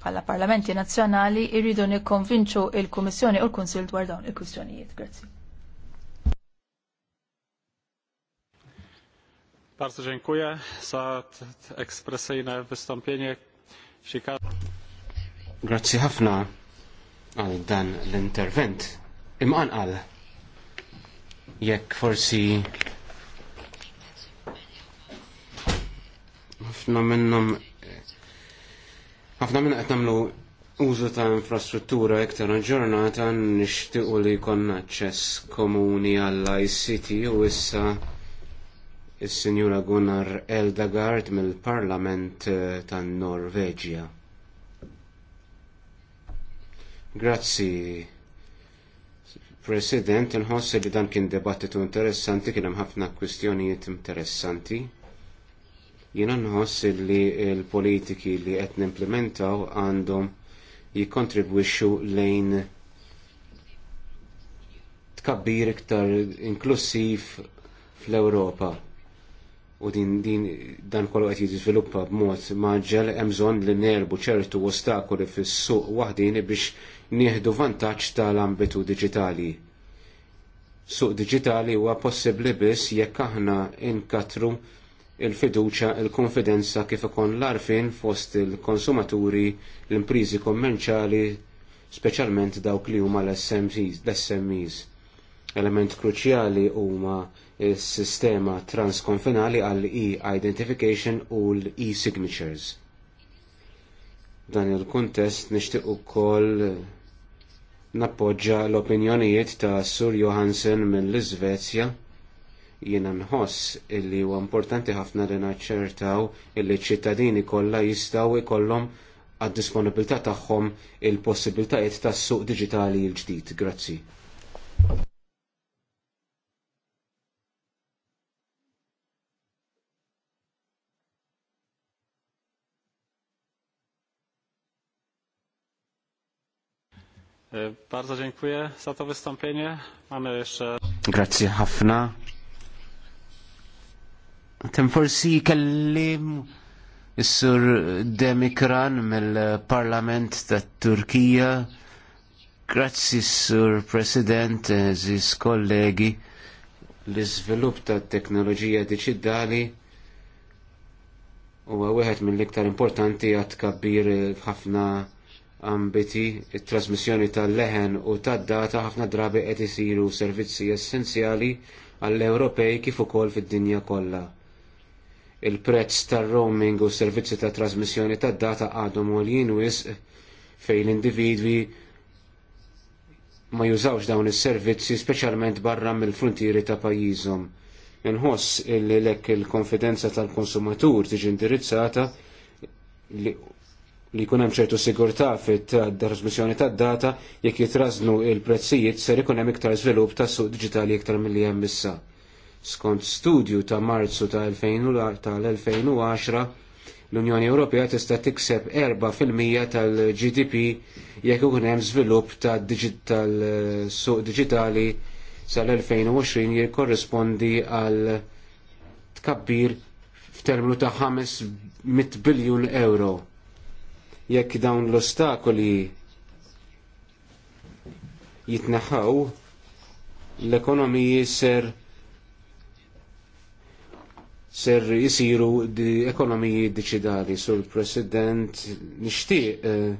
bħala parlamenti nazzjonali irridu nikkonvinċu il-Kummissjoni u l-Kunsil dwar dawn il-kwistjonijiet. Grazzi. Bardzo dziękuję za ekspresyjne wystąpienie. Grazzi ħafna għal dan l-intervent. Imqan għal jekk forsi ħafna minnhom ħafna minn qed nagħmlu użu ta' infrastruttura iktar ġurnata nixtiequ li jkollna aċċess komuni għall-ICT u issa is-Sinjura Gunnar Eldagard mill-Parlament eh, tan-Norveġja. Grazzi. President, nħossi li dan kien debattitu interessanti, kien hemm ħafna kwistjonijiet interessanti. Jiena nħoss li l-politiki li qed nimplementaw għandhom jikkontribwixxu lejn tkabbir iktar inklusiv fl-Ewropa. U din, din dan kollu qed jiżviluppa b'mod maġġel hemm bżonn li nerbu ċertu ostakoli fis-suq waħdin biex nieħdu vantaġġ tal-ambitu diġitali. Suq diġitali huwa possibbli biss jekk aħna inkatru il-fiduċa, il-konfidenza kif ikon l-arfin fost il-konsumaturi, l-imprizi kommerċali, speċjalment dawk li huma l-SMEs. Element kruċjali huma s-sistema transkonfinali għall e-identification u l-e-signatures. Dan il-kuntest nixtieq ukoll nappoġġa l-opinjonijiet ta' Sur Johansen mill-Iżvezja jiena nħoss illi huwa importanti ħafna li naċċertaw illi ċittadini kollha jistgħu jkollhom għad-disponibilità tagħhom il-possibilitajiet tas-suq diġitali l-ġdid. Grazzi. E, bardzo dziękuję za to wystąpienie. Mamy jeszcze... Grazie ħafna Tem forsi kellim Is-sur Demikran mill-Parlament tat Turkija. Grazzi sur President, ziz kollegi, l-iżvilupp tat teknoloġija diċidali huwa wieħed mill-iktar importanti għat kabbir ħafna ambiti, il trasmissjoni tal-leħen u tad-data ħafna drabi qed isiru servizzi essenzjali għall-Ewropej kif ukoll fid-dinja kollha il-prezz tar-roaming u s-servizzi ta' trasmissjoni tad data għadhom u l-jinwis fej l-individwi ma jużawx dawn is-servizzi speċjalment barra mill fruntieri ta' pajjiżhom. Inħoss li lek il-konfidenza tal-konsumatur tiġi indirizzata li jkun hemm ċertu sigurtà fit-trasmissjoni tad-data jekk jitrażnu il-prezzijiet ser ikun hemm iktar żvilupp tas-suq diġitali iktar milli hemm issa. Skont studju ta' Marzu ta' 2010 l-Unjoni Ewropea tista' tikseb 4% tal-GDP jekk ikun hemm żvilupp ta' digital suq digitali sal-2020 jikkorrispondi għal tkabbir f'terminu ta' 500 biljun euro. Jekk dawn l-ostakoli jitneħħaw l-ekonomiji ser ser jisiru di ekonomiji diċidali sul president nixtieq eh,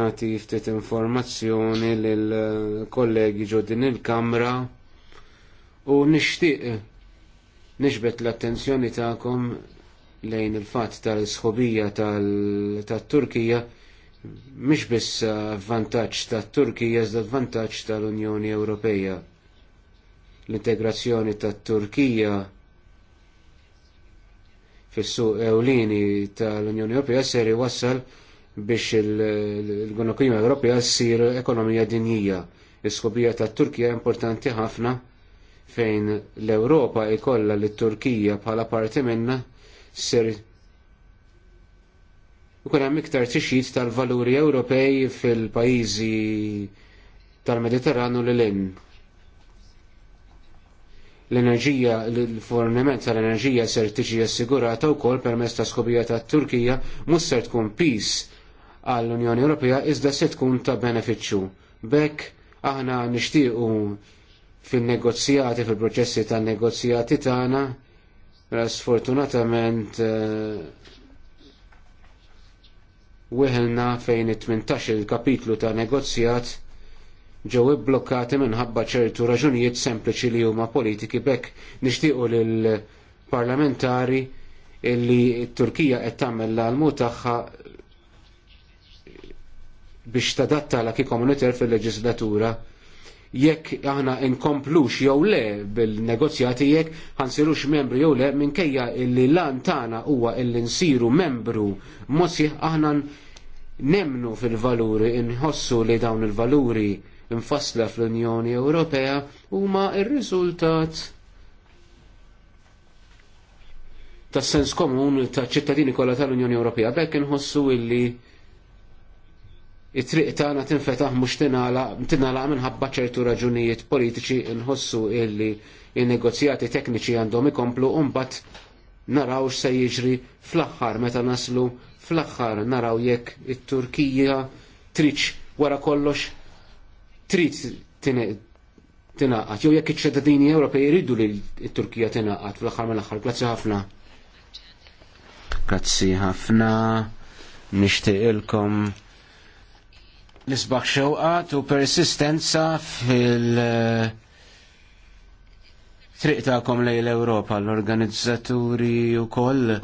nati ftit informazzjoni lil eh, kollegi ġo din il-kamra u nixtieq nishbet eh, l-attenzjoni tagħkom lejn il-fatt tal-sħobija tal-Turkija mhix biss vantaċ tat-Turkija iżda vantaġġ tal-Unjoni Ewropea L-integrazzjoni tat Turkija fis-suq ewlieni tal-Unjoni Ewropea ser iwassal biex il-ekonomija Ewropea ssir ekonomija dinjija. Is-skobija ta' Turkija importanti ħafna fejn l-Ewropa jkollha lit turkija bħala parti minnha ser ikun hemm iktar tixjid tal-valuri Ewropej fil-pajjiżi tal-Mediterranu -l hinn. L-enerġija, l-forniment tal-enerġija ser tiġi assigurata wkoll permezz ta' skobija tat Turkija mhux ser tkun pis għall-Unjoni Ewropea iżda se tkun ta' benefiċċju. Bekk aħna nixtiequ fil-negozjati, fil-proċessi tan negozjati tagħna, mela, sfortunatament eh, weħelna fejn it-18 il-kapitlu ta' negozjat ġew blokkati minħabba ċertu raġunijiet sempliċi li huma politiki bekk nixtiequ lil parlamentari illi t-Turkija qed tagħmel l-almu tagħha biex tadatta la ki komuniter fil-leġislatura jekk aħna inkomplux jew le bil-negozjati jekk ħansirux membri jew le minkejja illi lan tagħna huwa illi nsiru membru mod aħna nemnu fil-valuri, inħossu li dawn il-valuri imfassla fl-Unjoni Ewropea huma r-riżultat tas sens komun ta' ċittadini kollha tal-Unjoni Ewropea. Bekk inħossu illi it-triq tagħna tinfetaħ mhux tingħalaq minħabba ċertu raġunijiet politiċi nħossu illi in-negozjati tekniċi għandhom ikomplu u mbagħad naraw se jiġri fl-aħħar meta naslu fl-aħħar naraw jekk it-Turkija triċ wara kollox trid tingħaqad jew jekk iċ-ċittadini Ewropej jridu li t-Turkija tingħaqad fl-aħħar mill-aħħar. Grazzi ħafna. Grazzi ħafna. Nixtieqilkom l-isbaħ xewqat u persistenza fil- triq tagħkom lejn l-Ewropa l-organizzaturi wkoll.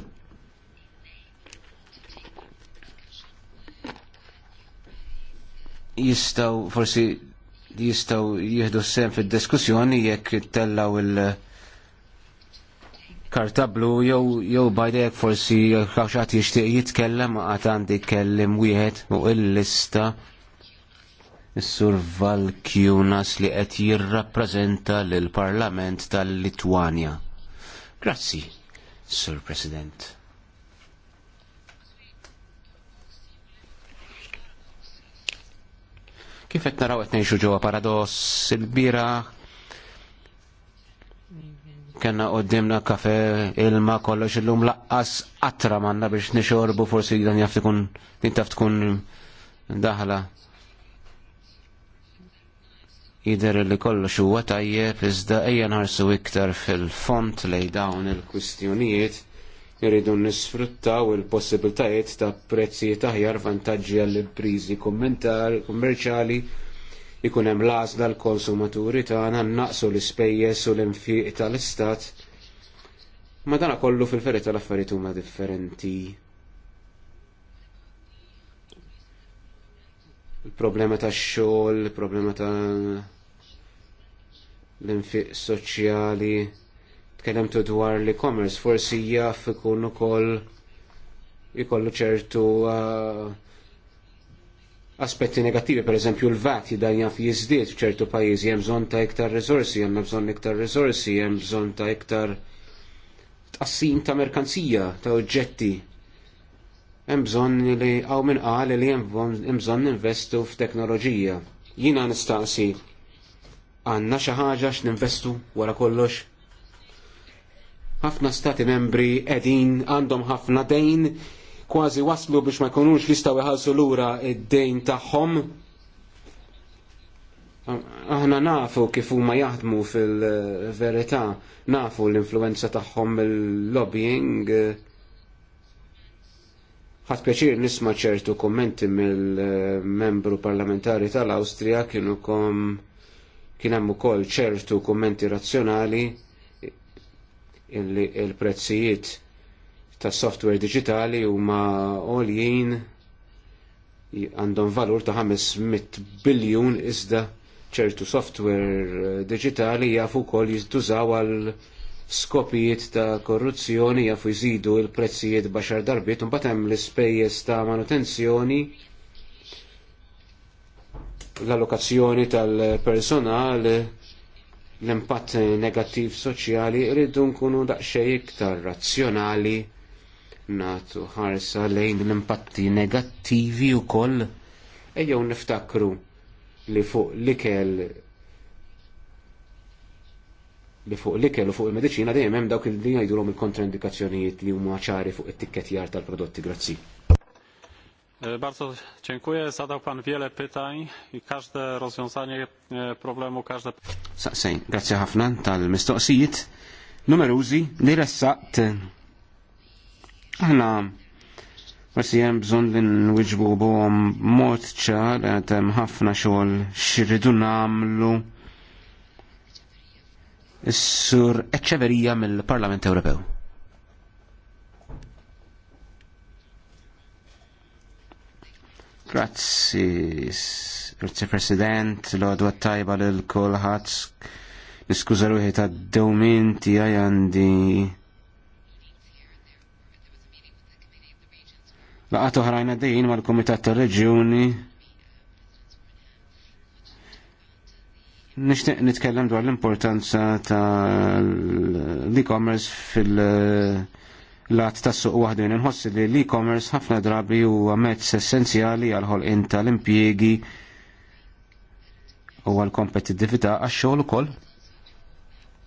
jistaw forsi jistaw jihdu sem fil-diskussjoni jekk tellaw il- karta blu jew jew bajdek forsi xaxat jixtieq jitkellem għad għandi kellim wieħed u il lista is-sur Valkjunas li qed jirrappreżenta lill-Parlament tal-Litwanja. Grazzi, Sur President. Kif qed naraw qed ngħixu ġewwa paradoss il-bira kena qoddimna kafe ilma kollox illum laqqas qatra manna biex nixorbu forsi dan jaf tkun tintaf tkun daħla. Jider li kollox huwa tajjeb iżda ejja nħarsu iktar fil-font lej dawn il-kwistjonijiet Irridu nisfruttaw il-possibiltajiet ta' prezzi aħjar vantaġġi għall-imprizi kummerċali ikun hemm l-għażla l-konsumaturi tagħna naqsu l-ispejjeż u l-infiq tal-istat. Ma dana kollu fil-verità l-affarijiet huma differenti. il-problema tax xogħol, il-problema ta' l-infiq soċjali, tkellimtu dwar l-e-commerce, forsi hija ikun ukoll ikollu ċertu uh, aspetti negattivi, per eżempju l-vat jidan jaf jizdiet f'ċertu pajjiżi, hemm bżonn ta' iktar resorsi, hemm bżonn iktar risorsi, hemm bżonn ta' iktar tqassim ta' merkanzija, ta' oġġetti. Hemm bżonn li hawn min qal li hemm bżonn investu f'teknoloġija. Jina nistaqsi għandna xi ħaġa x'ninvestu wara kollox? ħafna stati membri edin għandhom ħafna dejn kważi waslu biex ma jkunux jistgħu jħallsu lura id-dejn tagħhom. Aħna nafu kif huma jaħdmu fil-verità, nafu l-influenza tagħhom il lobbying Ħadd pjaċir nisma' ċertu kummenti mill-membru parlamentari tal-Awstrija kienu kom kien hemm ukoll ċertu kummenti razzjonali illi il-prezzijiet ta' software digitali huma għoljien għandhom valur ta' 500 biljun iżda ċertu software digitali jafu kol jizdużaw għal skopijiet ta' korruzzjoni jafu jżidu l prezzijiet baxar darbiet un hemm l-ispejjeż ta' manutenzjoni l-allokazzjoni tal-personal l-impatt negattiv soċjali rridu nkunu daqsxejn iktar razzjonali natu ħarsa lejn l-impatti negattivi wkoll ejjew niftakru li fuq l-ikel li fuq l-ikel u fuq il-medicina dejjem hemm dawk il-dinja jgħidulhom il-kontraindikazzjonijiet li huma ċari fuq it-tikketjar tal-prodotti grazzi. E, bardzo dziękuję. Zadał Pan wiele pytań i każde rozwiązanie e, problemu, każde... Saqsejn, grazie ħafna tal-mistoqsijiet numerużi li ressaqt aħna forsi hemm bżonn li nwiġbu bhom mod ċar qed ħafna xogħol xirridu nagħmlu is-sur Eċċeverija mill-Parlament Ewropew. Grazzi, grazzi President, l-għadu għattajba l-kolħat. Niskuza ruħi ta' d-dewmin Laqatu ħrajna d uħrajna ma' l komitat ta' reġjuni Nishtiq nitkellem dwar l importanza ta' l tal-e-commerce fil- lat ta' suq waħdin. Nħossi li l-e-commerce ħafna drabi huwa mezz essenzjali għal ħolqien tal-impjiegi u għal kompetittività għax-xogħol ukoll.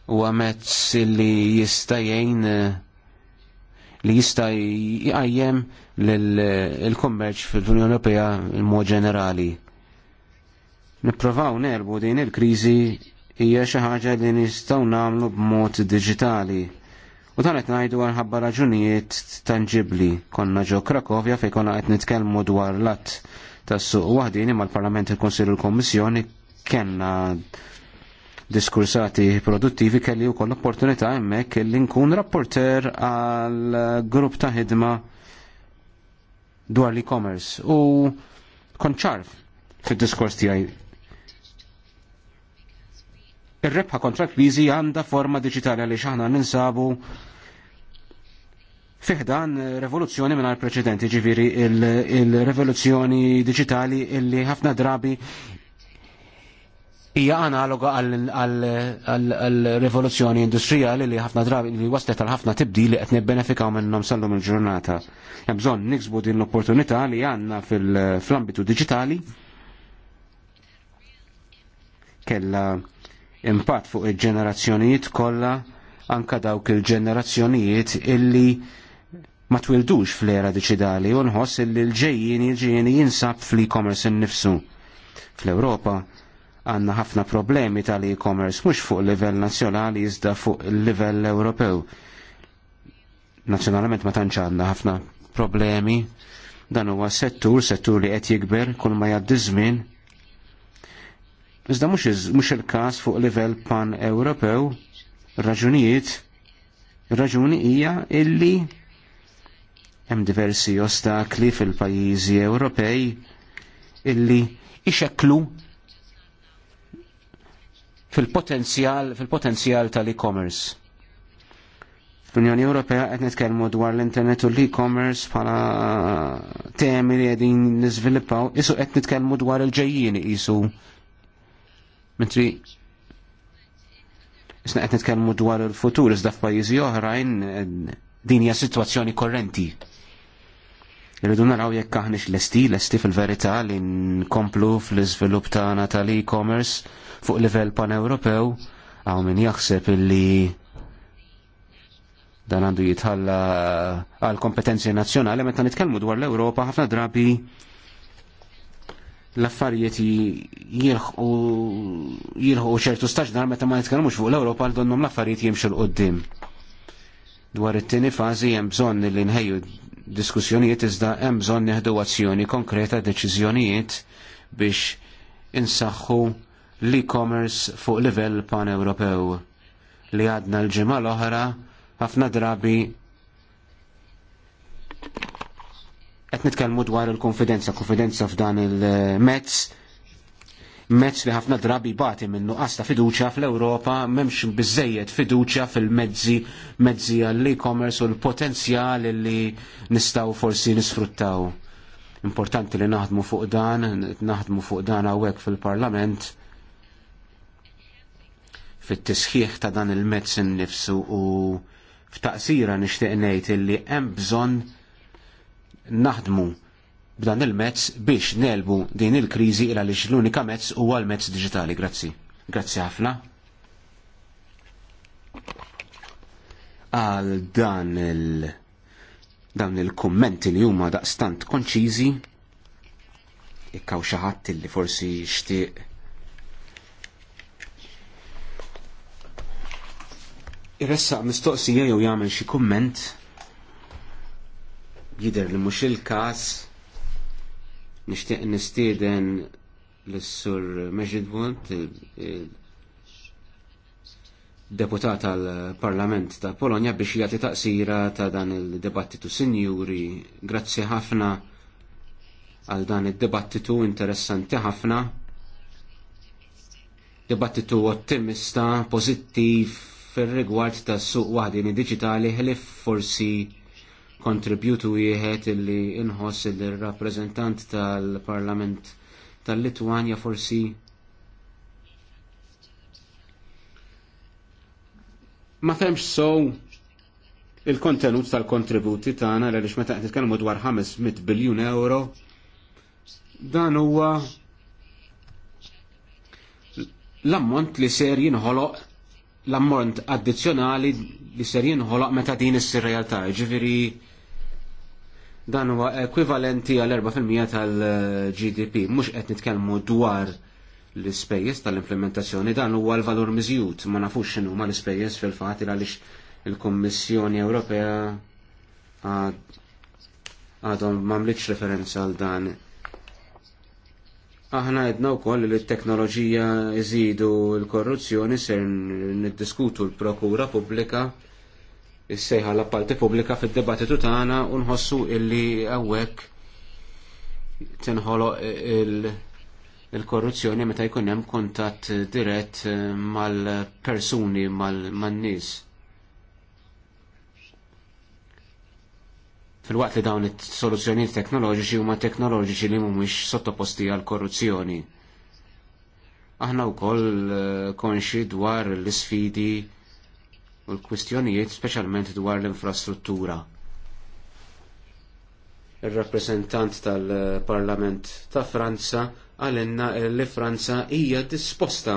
Huwa mezz li jista' jgħin li jista' jqajjem l kommerċ fil-Unjoni Ewropea mod ġenerali. Nipprovaw nerbu din il-kriżi hija xi ħaġa li nistgħu nagħmlu b'mod diġitali U dan qed ngħidu għalħabba raġunijiet tanġibli konna ġo Krakovja fejn konna qed nitkellmu dwar lat tas-suq waħdini imma l-Parlament il-Konsil u l-Kommissjoni kellna diskursati produttivi kelli u koll opportunità hemmhekk li nkun rapporter għal grupp ta' ħidma dwar l-e-commerce u konċarf fil-diskors tijaj ir-rebħa kontra l-kriżi għandha forma diġitali għaliex aħna ninsabu fiħdan revoluzzjoni minn preċedenti ġiviri il-revoluzzjoni il digitali illi ħafna drabi hija analoga għal-revoluzzjoni industrijali li ħafna drabi li waslet għal ħafna li qed nibbenefikaw minnhom sallum il-ġurnata. Hemm bżonn niksbu din l-opportunità li għandna fil-ambitu digitali kella impatt fuq il-ġenerazzjonijiet kollha anka dawk il-ġenerazzjonijiet illi ma twildux fl-era diċidali u nħoss illi l-ġejjini ġejjini jinsab fl-e-commerce innifsu. Fl-Ewropa għanna ħafna problemi tal-e-commerce mhux fuq livell nazzjonali iżda fuq livell Ewropew. Nazzjonalment ma tantx għandna ħafna problemi dan huwa settur, settur li qed jikber kull ma jgħaddi żmien Iżda mhux il-każ fuq livell pan-Ewropew, raġunijiet, raġuni hija illi hemm diversi ostakli fil-pajjiżi Ewropej illi ixeklu fil-potenzjal fil-potenzjal tal-e-commerce. L-Unjoni Ewropea qed nitkellmu dwar l-internet u l-e-commerce bħala temi li qegħdin niżviluppaw, isu qed nitkellmu dwar il-ġejjieni qisu Mentri isna qed nitkellmu dwar il-futur iżda f'pajjiżi oħrajn din hija sitwazzjoni korrenti. Irridu naraw jekk aħniex lesti, lesti fil-verità li nkomplu fl-iżvilupp tagħna tal-e-commerce fuq livell pan-Ewropew hawn min jaħseb illi dan għandu jitħalla għal kompetenzi nazzjonali meta nitkellmu dwar l-Ewropa ħafna drabi l-affarijiet jilħu ċertu staġnar meta ma nitkellmux fuq l-Ewropa għal donnom l-affarijiet jimxu l qoddim Dwar it-tieni fażi hemm bżonn li nħejju diskussjonijiet iżda hemm bżonn neħdu azzjoni konkreta deċiżjonijiet biex insaħħu l-e-commerce fuq livell pan-Ewropew li għadna l-ġimgħa l-oħra ħafna drabi qed nitkellmu dwar il-konfidenza, konfidenza f'dan il-mezz, mezz li ħafna drabi bati minnu qasta fiduċa fl-Ewropa m'hemmx biżejjed fiduċa fil-mezzi mezzi għall-e-commerce u l-potenzjal li nistgħu forsi nisfruttaw. Importanti li naħdmu fuq dan, naħdmu fuq dan hawnhekk fil-Parlament fit-tisħiħ ta' dan il-mezz innifsu u f'taqsira nixtieq ngħid li hemm bżonn naħdmu b'dan il-mezz biex nelbu din il-kriżi il għaliex l-unika mezz huwa l-mezz digitali Grazzi. Grazzi ħafna. Għal dan il- dawn il-kummenti li huma daqstant konċiżi ikkaw xi ħadd li forsi ir irressaq mistoqsija jew jagħmel xi kumment jider li mhux il-każ nixtieq nistieden l-Sur Meġid Bunt, deputat tal parlament tal Polonja biex jagħti taqsira ta' dan il debattitu sinjuri. Grazzi ħafna għal dan id debattitu interessanti ħafna. Debattitu ottimista, pożittiv fir rigward tas suq waħdini digitali ħlif forsi kontributu wieħed illi inħoss il rappreżentant tal-Parlament tal-Litwanja forsi ma femx sow il-kontenut tal-kontributi tagħna għaliex meta qed nitkellmu dwar 500 biljun euro dan huwa l-ammont li ser jinħoloq l-ammont addizzjonali li ser jinħoloq meta din is-realtà, ġifieri Dan huwa ekwivalenti għal 4% tal-GDP, mhux qed nitkellmu dwar l-ispejjeż tal-implementazzjoni, dan huwa l-valur miżjud, ma nafux x'inhu ma l-ispejjeż fil-fatt għaliex il-Kummissjoni Ewropea għadhom m'għamlitx referenza għal dan Aħna għedna u koll li t-teknoloġija jżidu l-korruzzjoni ser niddiskutu l-prokura pubblika sejħa l-appalti pubblika fid-dibattitu tagħna u nħossu illi hawnhekk tinħoloq il-korruzzjoni meta jkun hemm kuntatt dirett eh, mal-persuni mal-nies. fil-waqt li dawn it-soluzzjonijiet teknoloġiċi huma teknoloġiċi li mhumiex sottoposti għal korruzzjoni. Aħna wkoll eh, konxi dwar l-isfidi u l-kwistjonijiet speċjalment dwar l-infrastruttura. Ir-rappreżentant tal-Parlament ta' Franza għalenna li Franza hija disposta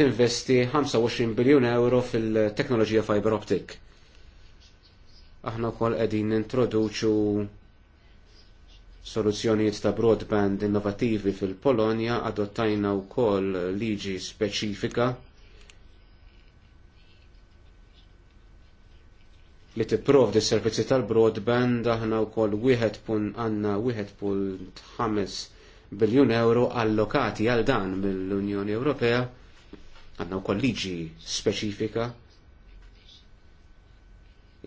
tinvesti 25 biljun euro fil-teknoloġija fiber optic. Aħna kol qegħdin introduċu soluzzjonijiet ta' broadband innovativi fil-Polonja adottajna wkoll liġi speċifika li tipprovdi servizzi tal-broadband aħna wkoll wieħed pun għandna wieħed biljun euro allokati għal dan mill-Unjoni Ewropea għandna wkoll liġi speċifika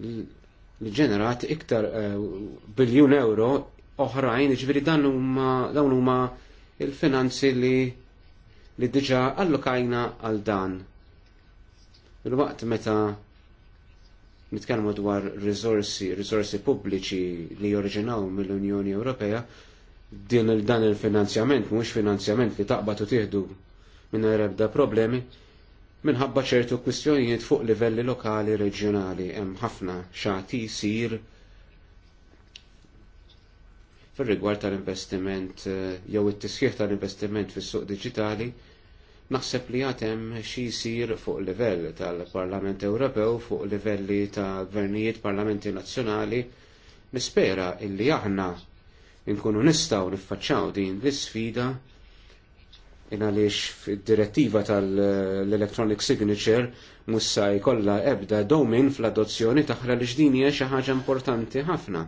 li ġenerat iktar eh, biljun euro oħrajn, ġviri dan huma dawn huma il-finanzi li li diġa allokajna għal dan. Il-waqt meta nitkellmu dwar risorsi, risorsi pubbliċi li jorġinaw mill-Unjoni Ewropea, din dan il-finanzjament mhux finanzjament li taqbad u tieħdu minn ebda problemi minħabba ċertu kwistjonijiet fuq livelli lokali reġjonali hemm ħafna xati sir fir rigward tal-investiment eh, jew it-tisħiħ tal-investiment fis-suq diġitali Naħseb li għatem xi jsir fuq livell tal-Parlament Ewropew, fuq livelli ta' gvernijiet parlamenti nazzjonali, nispera illi aħna nkunu nistaw niffaċċaw din l-sfida in għaliex fid-direttiva tal-electronic signature mussa jkollha ebda domin fl-adozzjoni taħra li ġdini xi ħaġa importanti ħafna.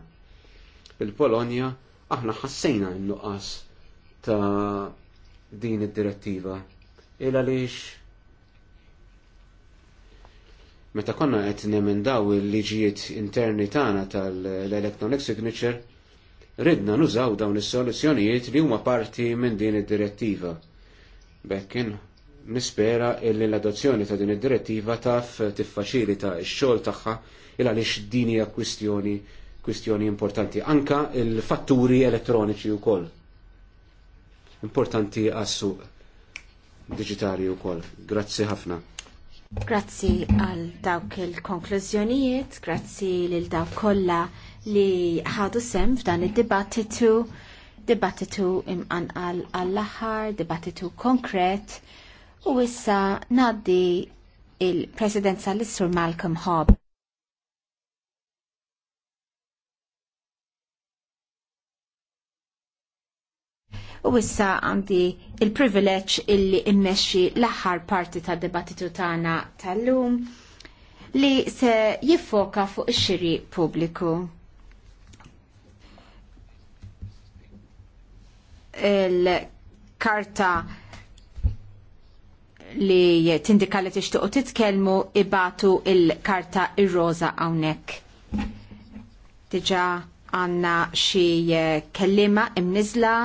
il polonja aħna ħassejna n-nuqqas ta' din id-direttiva il għaliex meta konna qed nemendaw il-liġijiet interni tagħna tal-electronic signature, ridna nużaw dawn is-soluzzjonijiet li huma parti minn din id-direttiva. Bekkin nispera illi l-adozzjoni ta' din id-direttiva taf tiffaċilita x-xogħol tagħha il għaliex din hija kwistjoni kwistjoni importanti anka il-fatturi elettroniċi wkoll. Importanti għas-suq digitali u kol. Grazzi ħafna. Grazzi għal dawk il-konklużjonijiet, grazzi lil dawk kollha li ħadu sem f'dan id-dibattitu, dibattitu imqan għall-aħħar, dibattitu konkret u issa naddi il-presidenza l-Sur Malcolm Hobb. u issa għandi il-privileġġ illi immexxi l-aħħar parti tad-dibattitu tagħna tal-lum li se jiffoka fuq ix-xiri pubbliku. Il-karta li tindika li tixtuqu titkellmu ibatu il-karta ir-roża hawnhekk. Diġà għandna xi kellima imnizla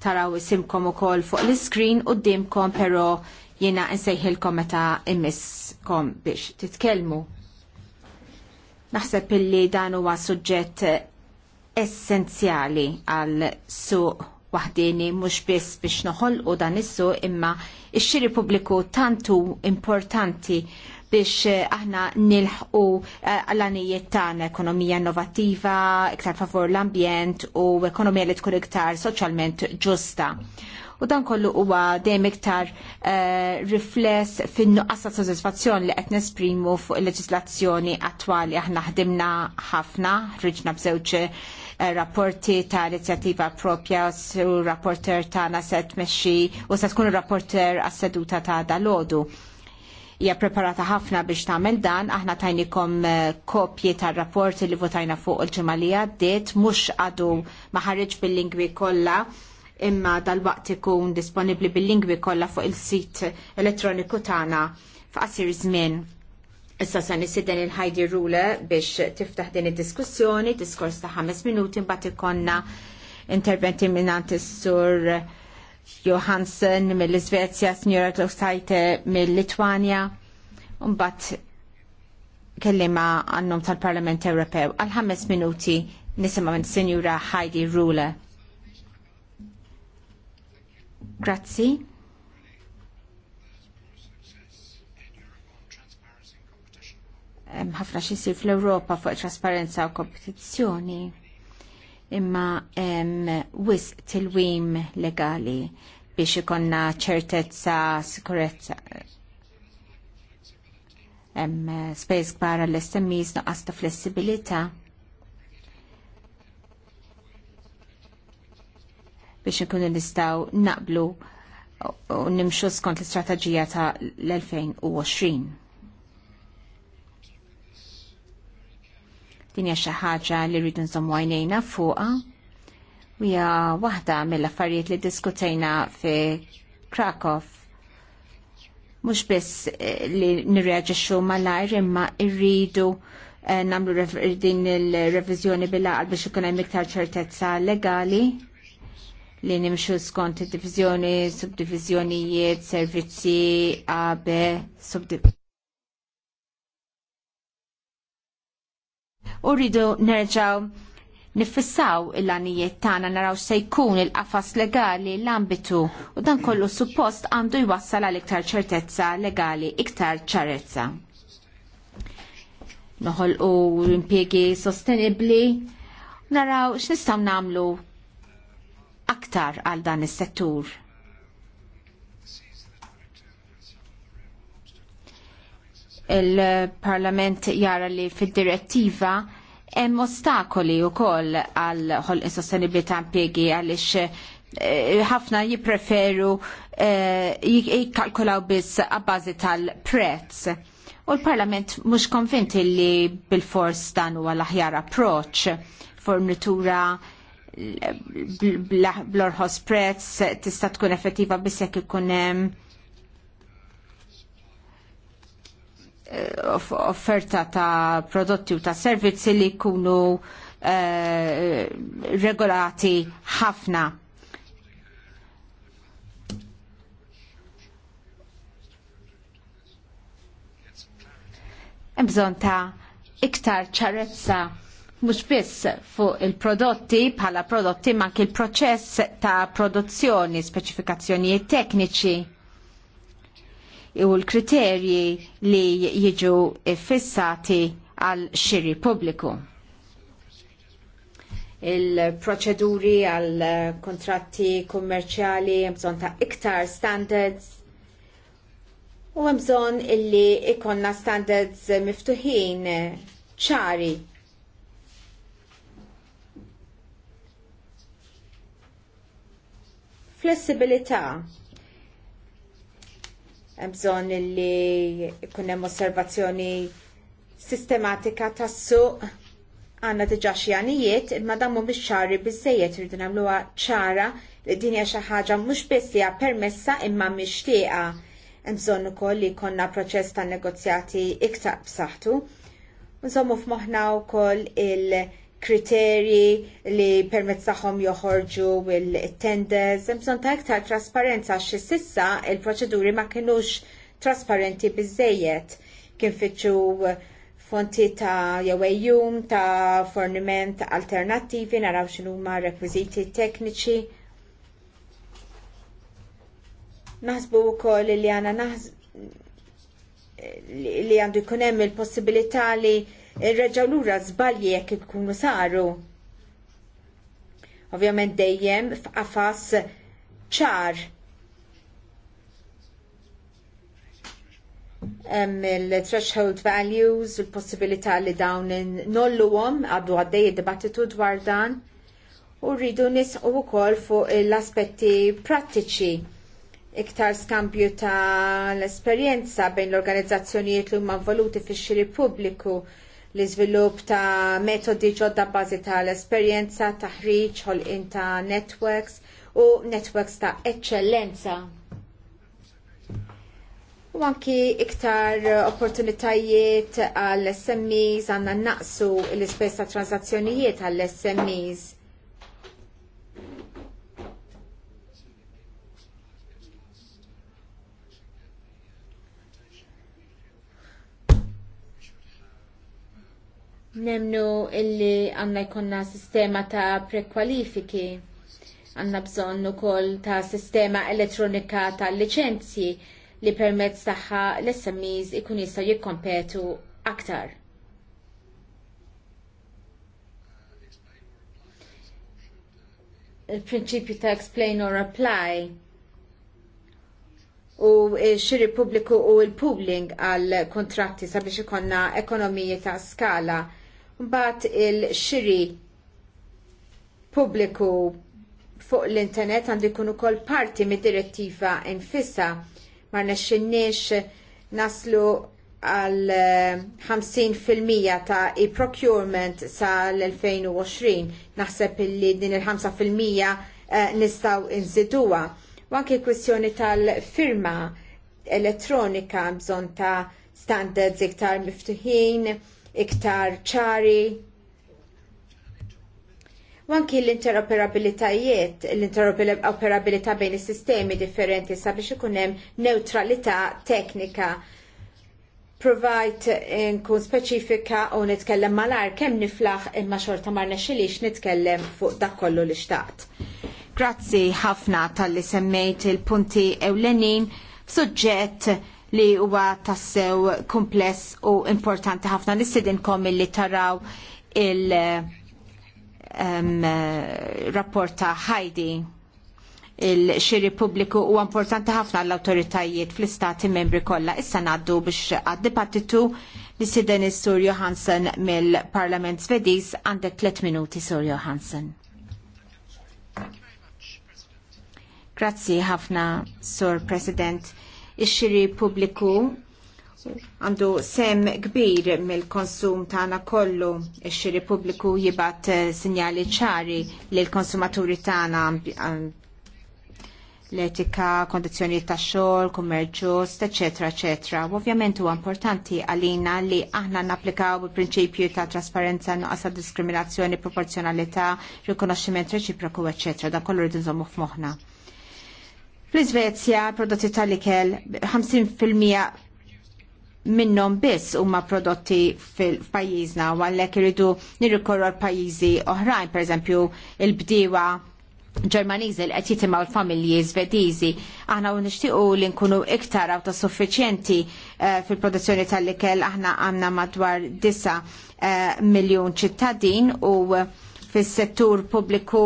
taraw isimkom ukoll fuq l-screen u dimkom pero jena nsejħilkom meta immiskom biex titkellmu. Naħseb illi dan huwa suġġett essenzjali għal suq waħdini mhux biss biex noħolqu dan is-suq imma x xiri pubbliku tantu importanti biex eh, aħna nilħqu eh, għall-għanijiet tagħna ekonomija innovattiva, iktar favor l-ambjent u ekonomija li tkun iktar soċjalment ġusta. U dan kollu huwa dejjem iktar eh, rifless fin-nuqqas ta' soddisfazzjon li qed nesprimu fuq il-leġislazzjoni attwali aħna ħdimna ħafna, ħriġna bżewġ rapporti ta' inizjattiva propja u rapporter ta' naset meċi u se tkun rapporter għas-seduta ta' dalodu hija preparata ħafna biex tagħmel dan, aħna tajnikom eh, kopji tar-rapporti li votajna fuq il-ġimgħa li għaddiet, mhux għadu ma ħarriġ bil-lingwi kollha imma dal-waqt ikun disponibbli bil-lingwi kollha fuq il-sit elettroniku tagħna f'qasir żmien. Issa se nisidden il-ħajdi rule biex tiftaħ din id-diskussjoni, diskors ta' ħames minuti mbagħad ikonna interventi minn sur Johansson mill-Svezja, Signora Klaustajte mill-Litwanja, unbat kellima għannum tal-Parlament Ewropew. Għal ħames minuti nisima minn Signora Heidi Rule. Grazzi. ħafna xisir fl-Europa fuq trasparenza u kompetizzjoni imma hemm wisq tilwim legali biex ikonna ċertezza, sikurezza. Hemm spejs kbar l smes noqqas ta' flessibilità. biex nkunu nistaw naqblu u nimxu skont l-istrateġija ta' l-2020. Din hija xi ħaġa li rridu nżommu għajnejna fuqha. Hija waħda mill-affarijiet li diskutejna fi Krakow Mhux biss eh, li mal ajr imma rridu eh, nagħmlu din il reviżjoni bil-għal biex ikun hemm iktar ċertezza legali li nimxu skont id-divizjoni, subdivizjonijiet, servizzi, AB, subdivizjoni u rridu nerġaw nifissaw il-għanijiet tagħna naraw se jkun il-qafas legali l-ambitu u dan kollu suppost għandu jwassal għal iktar ċertezza legali iktar ċarezza. Noħol u impiegi sostenibli naraw x'nistgħu nagħmlu aktar għal dan is-settur. il-Parlament jara li fil-direttiva hemm ostakoli wkoll għal ħol is ta' impjegi għaliex eh, ħafna jippreferu eh, jikkalkulaw biss għabbażi tal-prezz. U l-Parlament mhux konvinti li bil-fors dan huwa l-aħjar approċ fornitura bl-orħos prezz tista' tkun effettiva biss jekk ikun hemm Eh, offerta ta' prodotti u ta' servizzi li jkunu eh, regolati ħafna. Bżon ta' iktar ċarezza mhux biss fuq il-prodotti bħala prodotti ma' il-proċess ta' produzzjoni, speċifikazzjonijiet tekniċi u l-kriterji li jiġu fissati għal xiri pubbliku. Il-proċeduri għal kontratti kummerċjali jemżon ta' iktar standards u jemżon illi ikonna standards miftuħin ċari flessibilità bżon li kunem osservazzjoni sistematika tas-suq għanna diġa xjanijiet imma dan mhumiex ċari biżejjed irridu nagħmluha ċara li dinja xaħġa xi ħaġa mhux biss hija permessa imma mixtieqa. Hemm bżonn ukoll li jkollna proċess ta' negozjati iktar b'saħħtu. Nżommu u wkoll il- kriterji li permezz tagħhom joħorġu il-tenders, bżonn ta' iktar trasparenza għax sissa il-proċeduri ma kinux trasparenti biżejjed kien fitxu fonti ta' jewejjum ta' forniment alternattivi naraw x'inhuma rekwiżiti tekniċi. Naħsbu wkoll li li għandu jkun hemm il-possibilità li irreġgħu lura żbalji jekk ikunu saru. Ovvjament dejjem f'qafas ċar hemm il-threshold values, il-possibilità li dawn nolluhom għaddu għaddej id-dibattitu dwar dan u rridu u wkoll fuq l-aspetti prattiċi iktar skambju ta' l-esperjenza bejn l-organizzazzjonijiet li huma voluti fix-xiri pubbliku l-iżvilupp ta' metodi ġodda bażi tal-esperjenza, taħriġ, ħolqien ta' networks u networks ta' eċċellenza. U anki iktar opportunitajiet għall smes għandna naqsu l-ispess ta' transazzjonijiet għall smes Nemnu illi għanna jkonna sistema ta' prekwalifiki għanna bżonn ukoll ta' sistema elettronika ta' liċenzji li permezz tagħha l-SMEs ikun jistgħu jikkompetu aktar. Il-prinċipju ta' explain or apply u xiri pubbliku u l-pooling għal kontratti sabiex ikonna ekonomiji ta' skala Mbagħad il-xiri pubbliku fuq l-internet għandu jkun ukoll parti mid-direttiva infissa ma nexxinniex naslu għal 50% eh, ta' i procurement sa' l-2020. Naħseb illi din il-5% eh, nistaw inżiduwa. U anke kwestjoni tal-firma elettronika bżon ta' standards iktar miftuħin, iktar ċari. U anki l-interoperabilitajiet, l-interoperabilità bejn is-sistemi differenti sabiex ikun hemm neutralità teknika. Provajt eh, nkun speċifika u nitkellem malar kemm niflaħ imma xorta ma nexxilix nitkellem fuq dak kollu li xtaqt. Grazzi ħafna tal-li semmejt il-punti ewlenin suġġett li huwa tassew kompless u importanti ħafna nistidinkom li taraw il-rapport um, ta' Heidi il-xiri pubbliku huwa importanti ħafna l awtoritajiet fl-istati membri kollha. Issa naddu biex għad-dibattitu nisiden is-Sur Johansen mill-Parlament Svediż għandek tliet minuti Sur Johansen. Grazzi ħafna, Sur President ix-xiri pubbliku għandu sem kbir mill-konsum tagħna kollu ix-xiri pubbliku jibat eh, sinjali ċari lil konsumaturi tagħna eh, l-etika, kondizjoni ta' xogħol, kummerċ etc. eċetera, Ovvjament huwa importanti għalina li aħna napplikaw il-prinċipju ta' trasparenza, nuqqas diskriminazzjoni, proporzjonalità, rikonoxximent reċiproku, etc. Dan kollu rridu nżommu f'moħħna. Fl-Iżvezja prodotti tal-ikel 50% minnhom biss huma prodotti f'pajjiżna u għalhekk iridu nirrikorru għal pajjiżi oħrajn, pereżempju il-bdiewa Ġermaniżi li qed jitimgħu l-familji Zvediżi, aħna nixtiequ li nkunu iktar autosuffiċjenti eh, fil-produzzjoni tal-ikel aħna għandna madwar 9 eh, miljun ċittadin u fis-settur pubbliku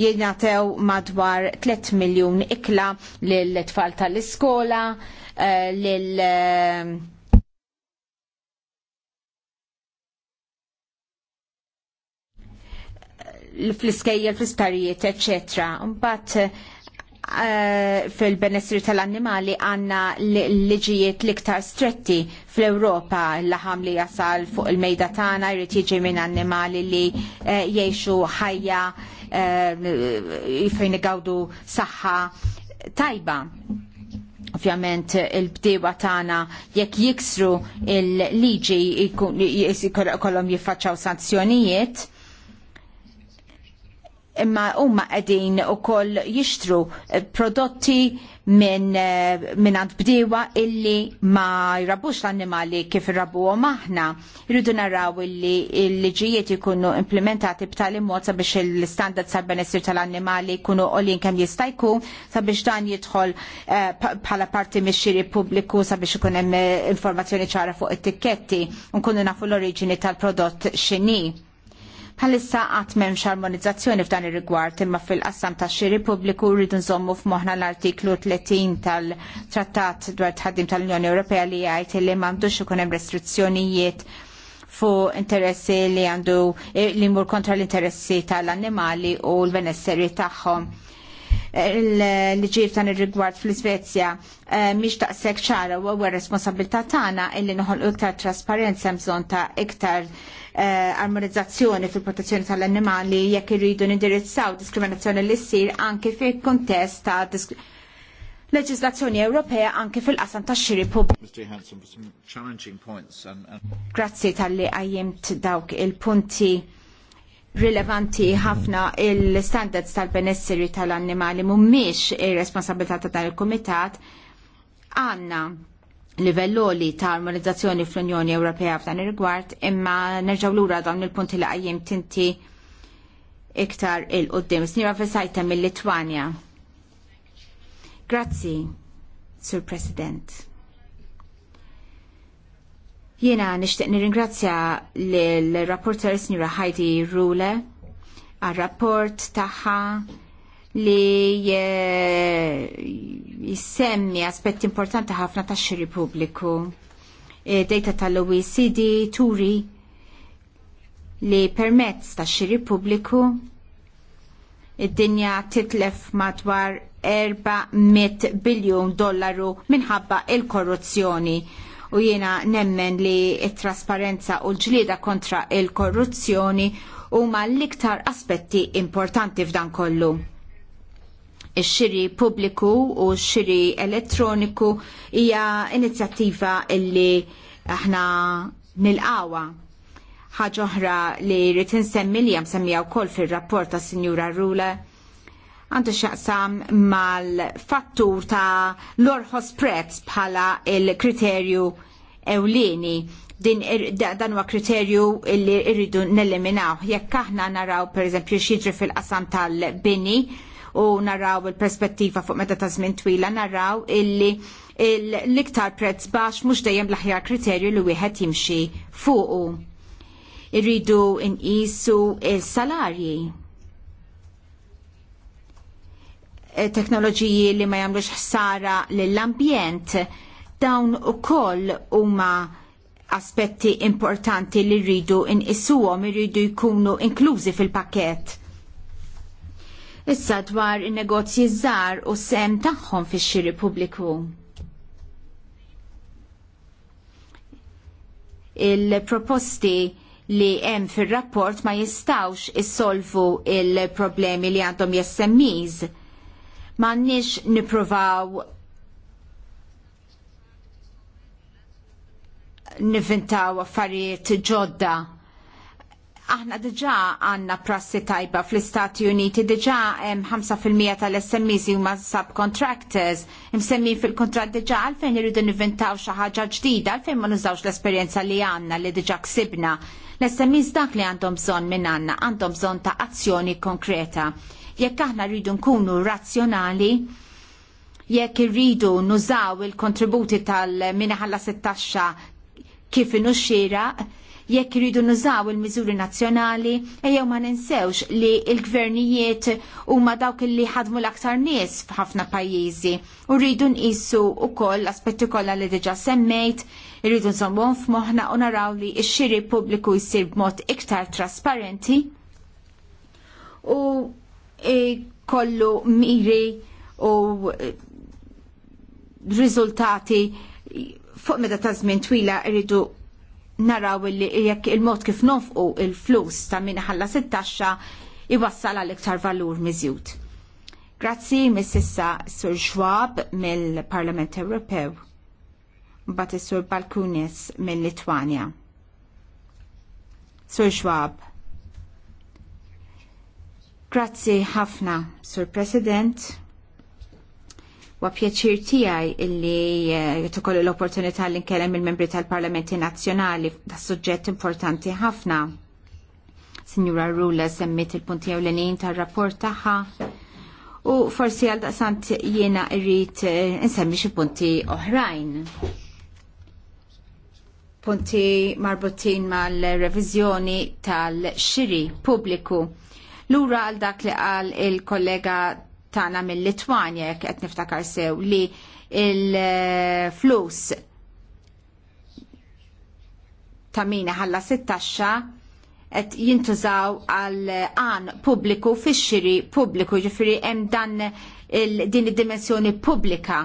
jingħataw madwar 3 miljun ikla eh, lill tfal tal-iskola, lil fl-iskejjel, fl-isparijiet, eccetera. Mbagħad eh, fil-benessri tal-annimali għanna liġijiet l-iktar stretti fl-Ewropa l-laħam li jasal fuq il-mejda tagħna jrid jiġi minn annimali li eh, jgħixu ħajja eh, fejn igawdu saħħa tajba ovvjament il-bdewa tagħna jekk jiksru il-liġi kollhom jiffaċċaw sanzjonijiet imma huma qegħdin ukoll jixtru prodotti minn eh, min għand bdiewa illi ma jrabux l-annimali kif irrabuhom aħna. Rridu naraw illi l-liġijiet ikunu implementati b'tali mod sabiex il-standard tal benessir tal-annimali jkunu għolin kemm jista' jkun sabiex dan jidħol eh, bħala parti mix-xiri pubbliku sabiex ikun hemm informazzjoni ċara fuq it-tikketti u nkunu nafu l-oriġini tal-prodott x'inhi Bħalissa qatt m'hemmx armonizzazzjoni f'dan ir-rigward imma fil-qassam tax xiri pubbliku rridu nżommu f'moħħna l-artiklu 30 tal-Trattat dwar tħaddim tal-Unjoni Ewropea li jgħid li m'għandux ikun hemm restrizzjonijiet fuq interessi li għandu eh, li mur kontra l-interessi tal-annimali u l-benesseri tagħhom l-ġir tan il rigward fl-Svezja eh, miex taqsek ċara u għu responsabilta' tagħna illi noħolqu iktar trasparenza mżon ta' iktar eh, armonizzazzjoni fil-protezzjoni tal animali jekk irridu nindirizzaw diskriminazzjoni li ssir anke fi kontest ta' leġislazzjoni Ewropea anke fil-qasam ta' xiri pubbliku. Grazzi tal-li għajjimt dawk il-punti rilevanti ħafna il-standards tal-benessiri tal-annimali mhumiex ir-responsabilità ta' dan il-Kumitat għanna livelloli ta' armonizzazzjoni fl-Unjoni Ewropea f'dan ir-rigward imma nerġaw lura dawn il-punti li qajjim tinti iktar il-qoddim. Snira Vesajta mill-Litwanja. Grazzi, Sur President. Jena nishtiq nirringrazzja l-rapporter Sinjura Heidi Rule għal-rapport taħħa li eh, jissemmi aspetti importanti ħafna ta' xiri pubbliku. Eh, data tal-OECD turi li permezz ta' xiri pubbliku id-dinja titlef madwar 400 biljun dollaru minħabba il-korruzzjoni u jiena nemmen li t trasparenza u l-ġlieda kontra il-korruzzjoni huma l-iktar aspetti importanti f'dan kollu. Ix-xiri pubbliku u x-xiri elettroniku hija inizjattiva illi aħna nilqawa ħaġa oħra li rrid insemmi li hija semmija wkoll fir-rapport tas Sinjura Rule għandu xaqsam mal-fattur ta' l-orħos prezz bħala il-kriterju ewlieni din dan huwa kriterju li rridu neliminaw. Jekk aħna naraw pereżempju x'jiġri fil-qasam tal-bini u naraw il-perspettiva fuq meta ta' żmien twila naraw illi l-iktar prezz baxx mhux dejjem l-aħjar kriterju li wieħed jimxi fuqu. Irridu nqisu il-salarji teknoloġiji li ma jagħmlux ħsara lill-ambjent, dawn ukoll huma aspetti importanti li rridu inqisuhom rridu jkunu inklużi fil pakket Issa dwar in-negozji żgħar u sem tagħhom fix-xiri pubbliku. Il-proposti li hemm fir-rapport ma jistawx issolvu il-problemi li għandhom SMEs m'għandniex nippruvaw nifintaw affarijiet ġodda aħna diġa għanna prassi tajba fl-Istati Uniti, diġa 5% tal-SMEs huma subcontractors, imsemmin fil-kontrat diġa għalfejn irridu nivintaw xi ħaġa ġdida, għalfejn ma nużawx l-esperjenza li għanna li diġa ksibna. L-SMEs dak li għandhom bżonn minn għanna, għandhom bżonn ta' azzjoni konkreta jekk aħna rridu nkunu razzjonali, jekk irridu nużaw il-kontributi tal-minaħalla 16 kif inu xira, jekk irridu nużaw il-miżuri nazzjonali, jew ma ninsewx li l-gvernijiet huma dawk li ħadmu l-aktar nies f'ħafna pajjiżi. U rridu nqisu wkoll l-aspetti kollha li diġà semmejt, irridu nżommhom f'moħħna u naraw li x-xiri pubbliku jsir b'mod iktar trasparenti. U kollu miri u eh, riżultati fuq meta ta' żmien twila rridu naraw li jekk il-mod kif nofqu il-flus ta' min ħalla sittaxxa iwassal għal iktar valur miżjud. Grazzi mis-sissa Sur Schwab mill-Parlament Ewropew mbagħad is-Sur Balkunis mill-Litwanja. Sur Schwab. Grazzi ħafna, Sur President. Wa pjaċir tiegħi illi uh, l-opportunità li nkellem il-membri tal-Parlamenti Nazzjonali da' suġġett importanti ħafna. Signora Rula semmit il-punti għawlenin tar-rapport tagħha u forsi għal daqsant jiena uh, insemmi xi punti oħrajn. Punti marbutin mal-reviżjoni tal-xiri pubbliku Lura għal dak li qal il-kollega tagħna mill-Litwanja jek qed niftakar sew li il-flus ta' min ħalla sittaxxa qed jintużaw għal għan pubbliku fix-xiri pubbliku ġifieri hemm dan din id-dimensjoni pubblika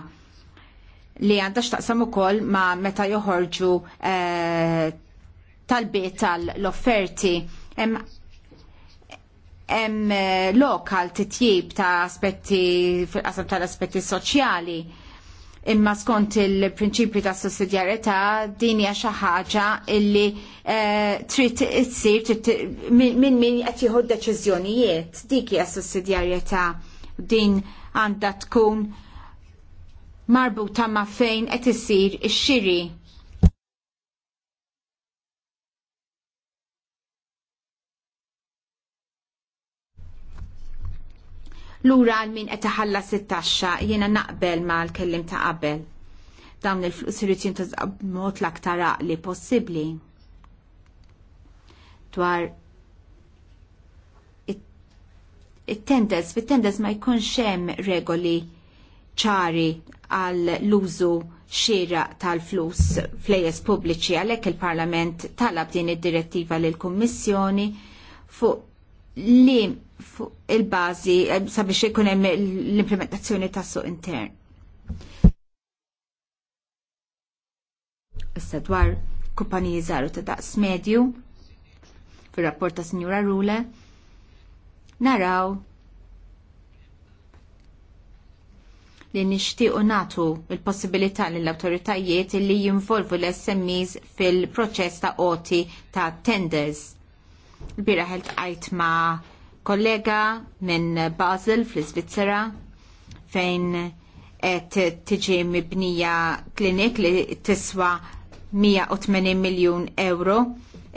li għandha x'taqsam ukoll ma' meta joħorġu eh, tal-bit tal-offerti. Hemm hemm eh, lokal titjib ta' aspetti fil-qasam tal-aspetti soċjali. Imma skont il-prinċipju ta' sussidjarjetà din hija xi ħaġa illi eh, trid issir minn min qed jieħu deċiżjonijiet dik hija sussidjarjetà din għandha tkun marbuta ma' fejn qed isir ix-xiri lura għal min qed iħallas taxxa jiena naqbel mal-kellim ta' qabel. Dawn il-flus irid jintuż b'mod l-aktar aqli possibbli. Dwar it tendez fit tendez ma jkunx hemm regoli ċari għal l-użu xira tal-flus flejes pubbliċi għalhekk il-Parlament talab din id-direttiva lill kummissjoni fuq li il-bazi eh, sabiex ikun hemm l-implementazzjoni tas-suq intern. Issa dwar kumpaniji żgħar ta' daqs medju fir-rapport ta' Sinjura Rule naraw li nixtiequ nagħtu l possibilità lill awtoritajiet li jinvolvu l-SMEs fil-proċess ta' oti ta' tenders. Bira ħelt għajt ma' kollega minn Basel fl-Svizzera fejn qed tiġi mibnija klinik li tiswa 180 miljun euro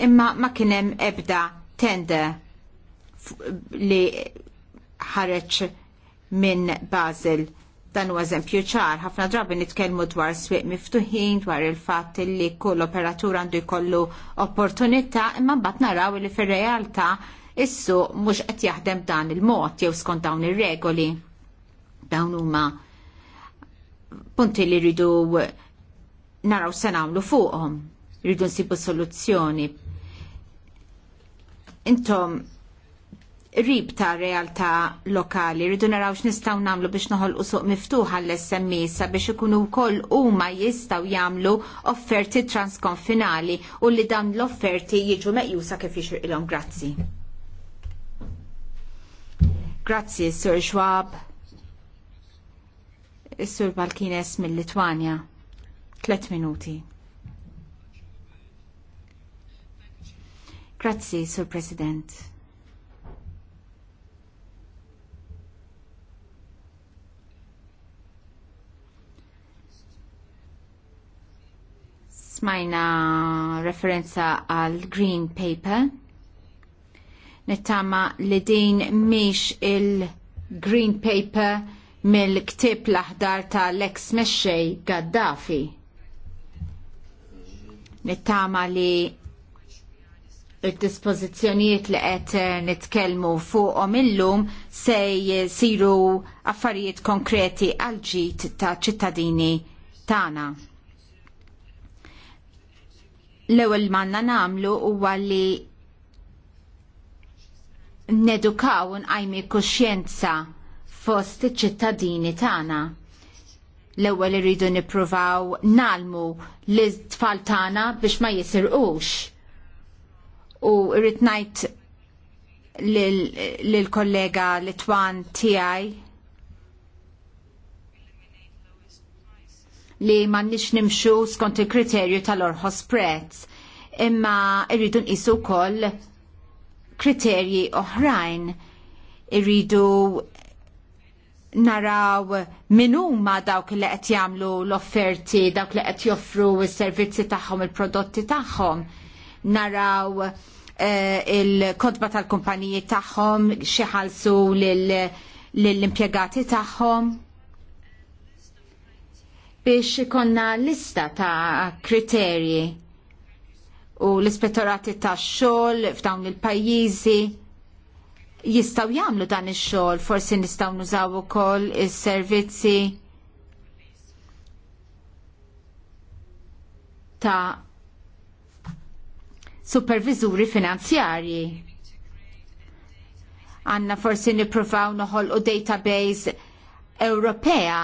imma ma kien hemm ebda tender li ħareċ minn Basel Dan huwa eżempju ċar, ħafna drabi nitkellmu dwar swieq miftuħin, dwar il-fatt li kull operatur għandu jkollu opportunità, imma mbagħad naraw li fir-realtà issu mhux qed jaħdem dan il-mod jew skont dawn ir-regoli. Dawn huma punti li rridu naraw se nagħmlu fuqhom, rridu nsibu soluzzjoni. Intom rib ta' realtà lokali. Rridu naraw x'nistgħu nagħmlu biex noħolqu suq miftuħ għall-SMEs biex ikunu wkoll huma jistgħu jagħmlu offerti transkonfinali u li dan l-offerti jiġu meqjusa kif jixrilhom. Grazzi. Grazzi, Sur Schwab. Sur Balkines mill-Litwanja. Tlet minuti. Grazzi, Sur President. smajna referenza għal Green Paper. Nittama li din miex il-Green Paper mill-ktib l-aħdar ta' lex mexxej Gaddafi. Nittama li il-dispozizjonijiet li qed eh, nitkellmu fuqhom illum se jsiru affarijiet konkreti għal ġid ta' ċittadini tagħna l-ewwel manna nagħmlu huwa li nedukaw nqajmi kuxjenza fost iċ-ċittadini tagħna. L-ewwel irridu nippruvaw nalmu l tfal tagħna biex ma jisirqux. U rrid ngħid lill-kollega Litwan tiegħi li nix nimxu skont il-kriterju tal-orħos prezz. Imma irridu nqisu wkoll kriterji oħrajn. Irridu naraw minuma dawk li qed jagħmlu l-offerti, dawk li qed joffru s-servizzi tagħhom, il-prodotti tagħhom. Naraw eh, il-kodba tal-kumpaniji tagħhom xi ħalsu lill-impjegati tagħhom biex ikonna lista ta' kriterji u l-ispettorati ta' xogħol f'dawn il-pajjiżi jistgħu jagħmlu dan ix-xogħol, forsi nistgħu nużaw ukoll is-servizzi ta' supervizuri finanzjarji. Għanna forsi niprofaw noħol u database Ewropea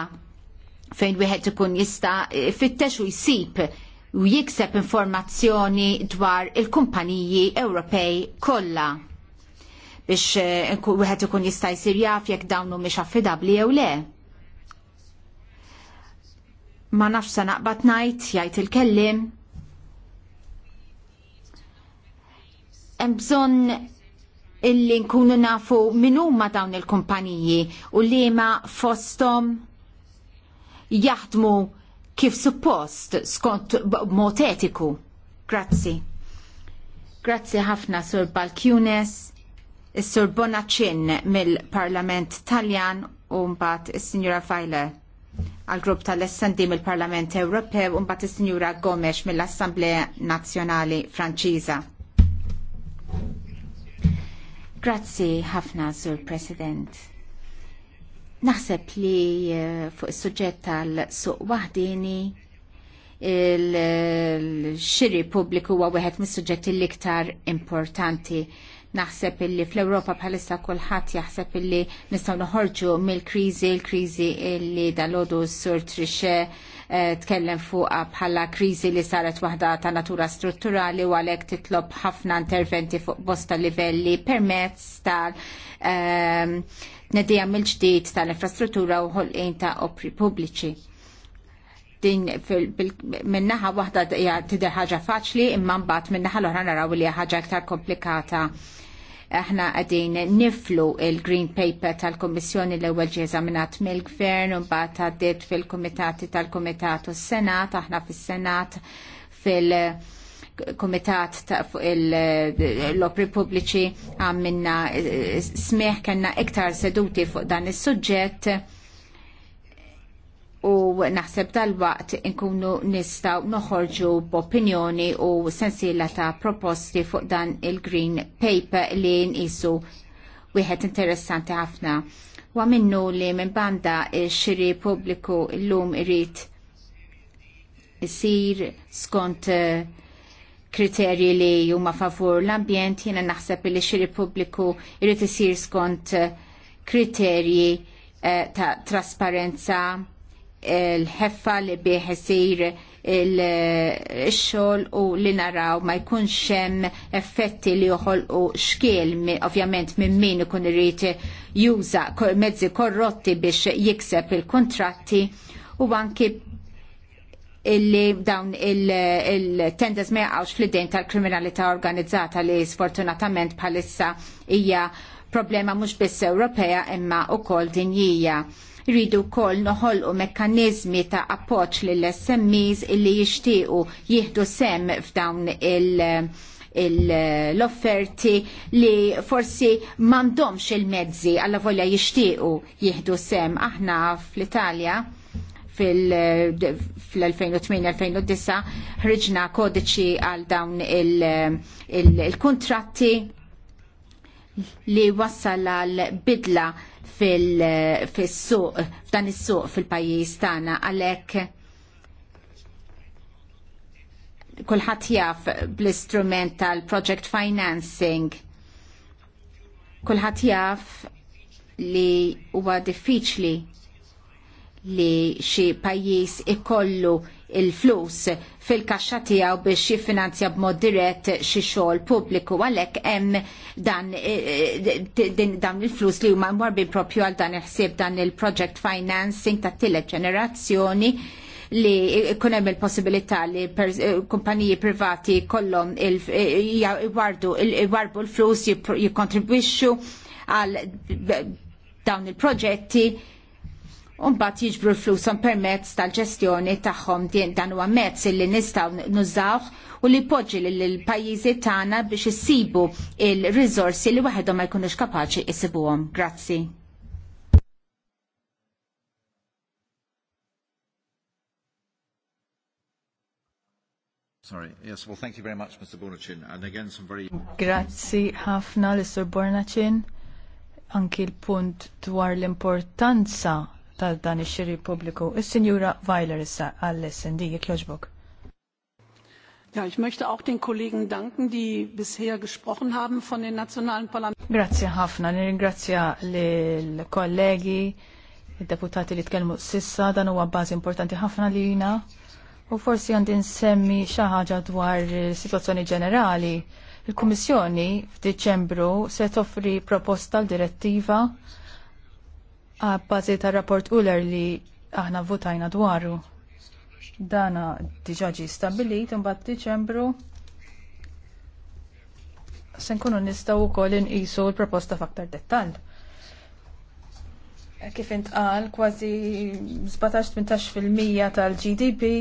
fejn wieħed ikun jista' fittex u jsib u jikseb informazzjoni dwar il-kumpaniji Ewropej kollha biex eh, wieħed ikun jista' jsir jaf jekk dawn mhumiex affidabbli jew le. Ma nafx se naqbad ngħid jgħid il-kellim. Hemm bżonn illi nkunu nafu min huma dawn il-kumpaniji u liema fosthom jaħdmu kif suppost skont mod etiku. Grazzi. Grazzi ħafna Sur Balkunes, Sur Bonacin mill-Parlament Taljan u mbagħad is-Sinjura Fajle għal-grupp tal-Essendi mill-Parlament Ewropew u mbagħad is-Sinjura Gomes mill-Assemblea Nazzjonali Franċiża. Grazzi ħafna, Sur President. Naħseb li eh, fuq is-suġġett tal-suq wahdini il-xiri pubbliku huwa wieħed mis-suġġetti l-iktar importanti. Naħseb illi fl-Ewropa bħalissa kulħadd jaħseb illi nistgħu noħorġu mill-kriżi, l-kriżi li dalodu s-sur trixe eh, tkellem fuqha bħala kriżi li saret waħda ta' natura strutturali u għalhekk titlob ħafna interventi fuq bosta livelli permezz tal ehm, nedija mill-ġdid tal-infrastruttura u ħolqien ta' opri pubbliċi. Din minnaħa waħda tidher ħaġa faċli imma mbagħad minnaħa l-oħra naraw li ħaġa iktar komplikata. Aħna qegħdin niflu il-Green Paper tal-Kommissjoni l-ewwel ġie eżaminat mill-Gvern u mbagħad għaddit fil-Kumitati tal komitatu s-Senat, aħna fis-Senat fil-, -Senat, fil komitat ta' fuq eh, l-opri pubbliċi għamminna eh, smieħ kena iktar seduti fuq dan is suġġett u naħseb dal-waqt inkunu nistaw noħorġu b'opinjoni u sensiela ta' proposti fuq dan il-Green Paper li nisu wieħed interessanti ħafna. U minnu li minn banda xiri pubbliku l-lum irrit isir skont uh, kriterji li huma favur l-ambjent, jiena naħseb li xiri pubbliku jrid isir skont eh, kriterji eh, ta' trasparenza, eh, l-ħeffa li bih isir il-xol u li naraw ma jkunx hemm effetti li joħolqu xkiel ovvjament minn min ikun irid juża mezzi korrotti biex jikseb il-kontratti u anki illi dawn il-tenders ma jaqgħux fl-idejn tal-kriminalità organizzata li sfortunatament bħalissa hija problema mhux biss Ewropea imma wkoll dinjija. Rridu wkoll noħolqu mekkaniżmi ta' appoġġ lill smes illi jixtiequ jieħdu sem f'dawn il- l-offerti li forsi mandomx il-mezzi għalla volja jishtiqu jihdu sem aħna fl-Italja fil-2008-2009 ħriġna kodiċi għal dawn il-kontratti li wassal għal bidla fil-suq, f'dan is-suq fil-pajjiż tagħna għalhekk kulħadd jaf bl-istrument tal-project financing kulħadd jaf li huwa diffiċli li xi pajjiż ikollu il-flus fil-kaxxa tiegħu biex jiffinanzja b'mod dirett xi xogħol pubbliku għalhekk hemm dan eh, eh, dawn il-flus li huma morbin propju għal dan il-ħsieb dan il-project financing ta' tielet ġenerazzjoni li jkun hemm il-possibilità li eh, kumpaniji privati kollhom wardu l-flus jikkontribwixxu għal dawn il-proġetti Umbat jiġbru l-flusom permezz tal-ġestjoni tagħhom din dan huwa mezz li nistgħu nużawh u li poġġi lill-pajjiżi tagħna biex issibu il rizorsi li waħedhom ma jkunux kapaċi jsibuhom. Grazzi. Sorry. Yes, well, thank you very much, Mr. Bornacin. And again, some very... Grazzi ħafna l-Sur Bornacin. Anki l-punt dwar l-importanza tal dan ix-xiri pubbliku. Is-Sinjura Weiler issa għall-SND jogħġbok. Ja, ich möchte auch den Kollegen danken, die bisher gesprochen haben von den nationalen Parlamenten. Grazie ħafna, nirringrazzja l-kollegi, il-deputati li tkellmu sissa, dan huwa bażi importanti ħafna li jina. U forsi għandi nsemmi xi ħaġa dwar situazzjoni ġenerali. Il-Kummissjoni f'Diċembru se toffri proposta l-direttiva għabbażi ta' rapport Uller li aħna votajna dwaru. Dana diġaġi stabilit imbagħad Diċembru se nkunu nistgħu wkoll inqisu l-proposta f'aktar dettall. Kif intqal kważi 17-18% tal-GDP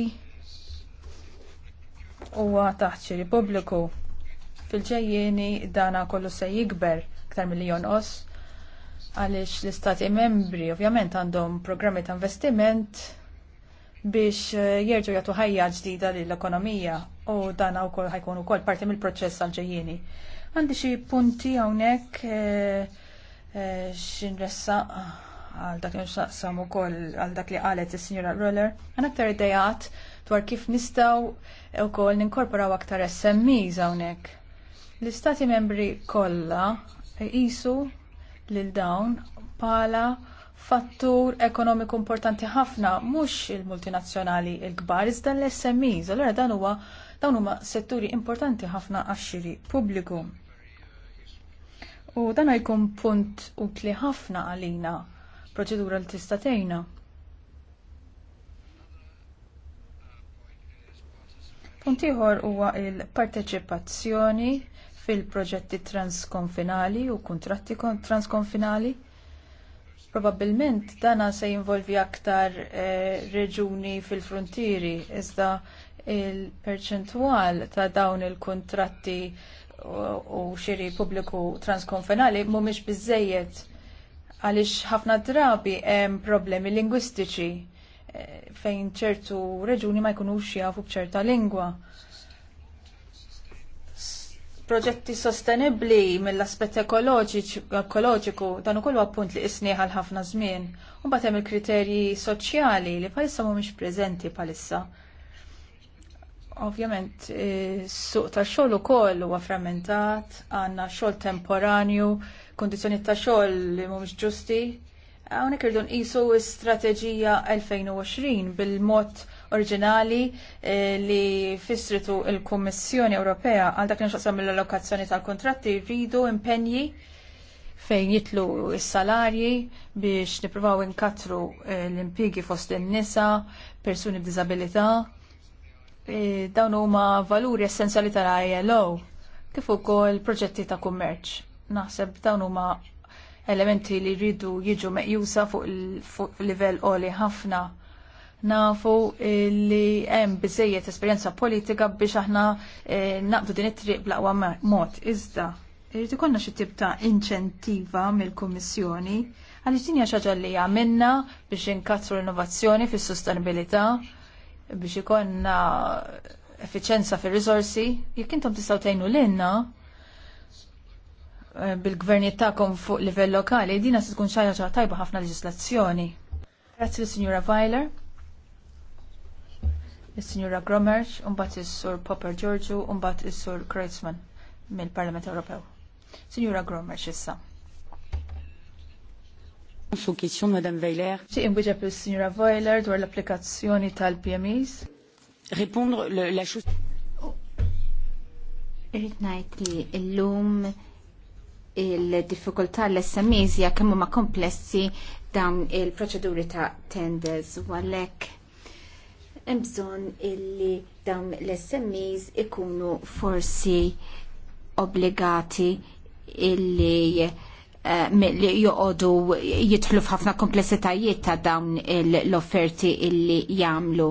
huwa taħt xiri pubbliku. Fil-ġejjieni dana kollu se jikber ktar miljon os għaliex l-istati membri ovvjament għandhom programmi ta' investiment biex eh, jerġu jagħtu ħajja ġdida lill-ekonomija u dan wkoll ħajkun ukoll parti mill-proċess għal Għandi xi punti hawnhekk eh, eh, x'inressaq għal dak nxaqsam u koll għal dak li għalet il-Signora Roller, għan aktar id-dajat dwar kif nistaw u koll ninkorporaw aktar SMEs għonek. L-istati membri kolla jisu lil dawn bħala fattur ekonomiku importanti ħafna mhux il-multinazzjonali l-kbar iżda l-SMEs. Allura dan huwa dawn huma setturi importanti ħafna għax-xiri pubbliku. U dan jkun punt utli ħafna għalina proċedura li tista' tgħinna. Punt ieħor huwa l parteċipazzjoni fil-proġetti transkonfinali u kuntratti transkonfinali. Probabbilment dana se jinvolvi aktar eh, reġuni fil fruntieri iżda il-perċentwal ta' dawn il kuntratti u, u xiri pubbliku transkonfinali mhumiex biżżejjed għaliex ħafna drabi hemm problemi lingwistiċi eh, fejn ċertu reġuni ma jkunux jafu bċerta lingwa proġetti sostenibli mill-aspett ekoloġiku dan ukoll appunt li isnieħ għal ħafna żmien. U mbagħad hemm il-kriterji soċjali li bħalissa mhumiex preżenti bħalissa. Ovvjament, eh, suq tax-xogħol ukoll huwa frammentat, għandna xogħol temporanju, kundizzjonijiet ta' xogħol li mhumiex ġusti. Hawnhekk irdu nqisu l-istrateġija 2020 bil-mod oriġinali eh, li fissritu il-Kommissjoni Ewropea għal dak nxaqsam mill-allokazzjoni tal-kontratti rridu impenji fejn jitlu s-salarji biex nipruvaw inkatru eh, l-impigi fost in-nisa, persuni b'dizabilità. Eh, dawn huma valuri essenzjali tal-ILO kif ukoll proġetti ta' kummerċ. Naħseb dawn huma elementi li rridu jiġu meqjusa fuq il-livell qoli ħafna nafu li hemm biżejjed esperjenza politika biex aħna eh, naqdu din it-triq blaqwa mod. Iżda, irid ikollna xi tip ta' inċentiva mill-Kummissjoni għaliex din hija xi ħaġa li għamilna biex inkatru l-innovazzjoni fis-sostenibilità biex ikollna effiċenza fir risorsi jekk intom tistgħu tgħinu lilna eh, bil-gvernijiet tagħkom fuq livell lokali, dina se tkun xi ħaġa tajba ħafna leġislazzjoni. Grazzi Signora sinjura Weiler il-Sinjura Gromerx, umbat il-Sur Popper Giorgio, umbat il-Sur Kreutzmann mill-Parlament Ewropew. Sinjura Gromerx issa. Su kisjon, Madame Weiler. Si imbuġab il-Sinjura Weiler dwar l-applikazzjoni tal-PMEs? Répondre la chose. Irrit li l-lum il-diffikultà l-SMEs jakemmu ma komplessi dawn il-proċeduri ta' tenders u għalek hemm bżonn illi dawn l-SMEs ikunu forsi obbligati illi eh, li joqodu jitħlu f'ħafna komplessitajiet ta' dawn l-offerti illi jagħmlu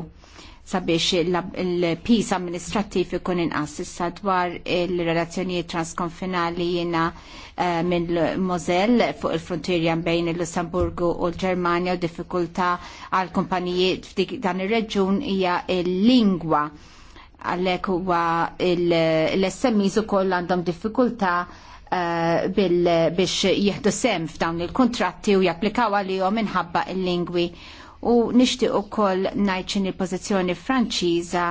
sabiex il-pis amministrattiv ikun inqas issa dwar il-relazzjonijiet transkonfinali jiena eh, minn Mosel fuq il-frontierja bejn il-Lussemburgu u l-Ġermanja u diffikultà għal kumpanijiet dan ir-reġun hija l-lingwa għalhekk huwa l-SMEs ukoll għandhom diffikultà eh, biex jieħdu sem f'dawn il kuntratti u japplikaw għalihom minħabba il-lingwi il lingwi u nixtieq ukoll koll najċin il pożizzjoni Franċiża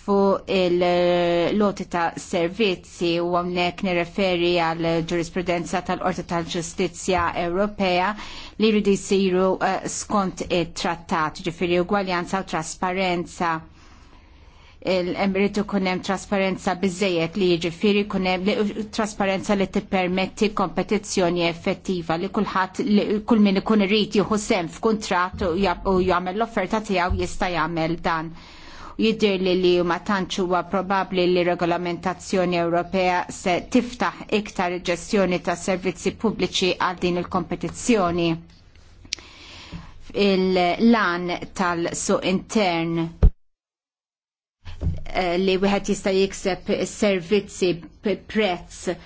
fuq il-loti ta' servizzi u għamnek nireferi għal ġurisprudenza tal-Qorti tal-Ġustizja Ewropea li jridu jisiru eh, skont it-trattat, ġifiri ugwaljanza u trasparenza l-emritu kunem trasparenza bizzejet li jiġifieri kunem li trasparenza li tippermetti kompetizzjoni effettiva li kulħadd li kull min ikun irid jieħu sem f'kuntratt u jgħamil l-offerta tiegħu jista' jagħmel dan. Jidir li li ma tantx huwa probabbli li regolamentazzjoni Ewropea se tiftaħ iktar ġestjoni ta' servizzi pubbliċi għal din il-kompetizzjoni il-lan tal-suq intern Eh, li wieħed jista' jikseb servizzi prezz eh,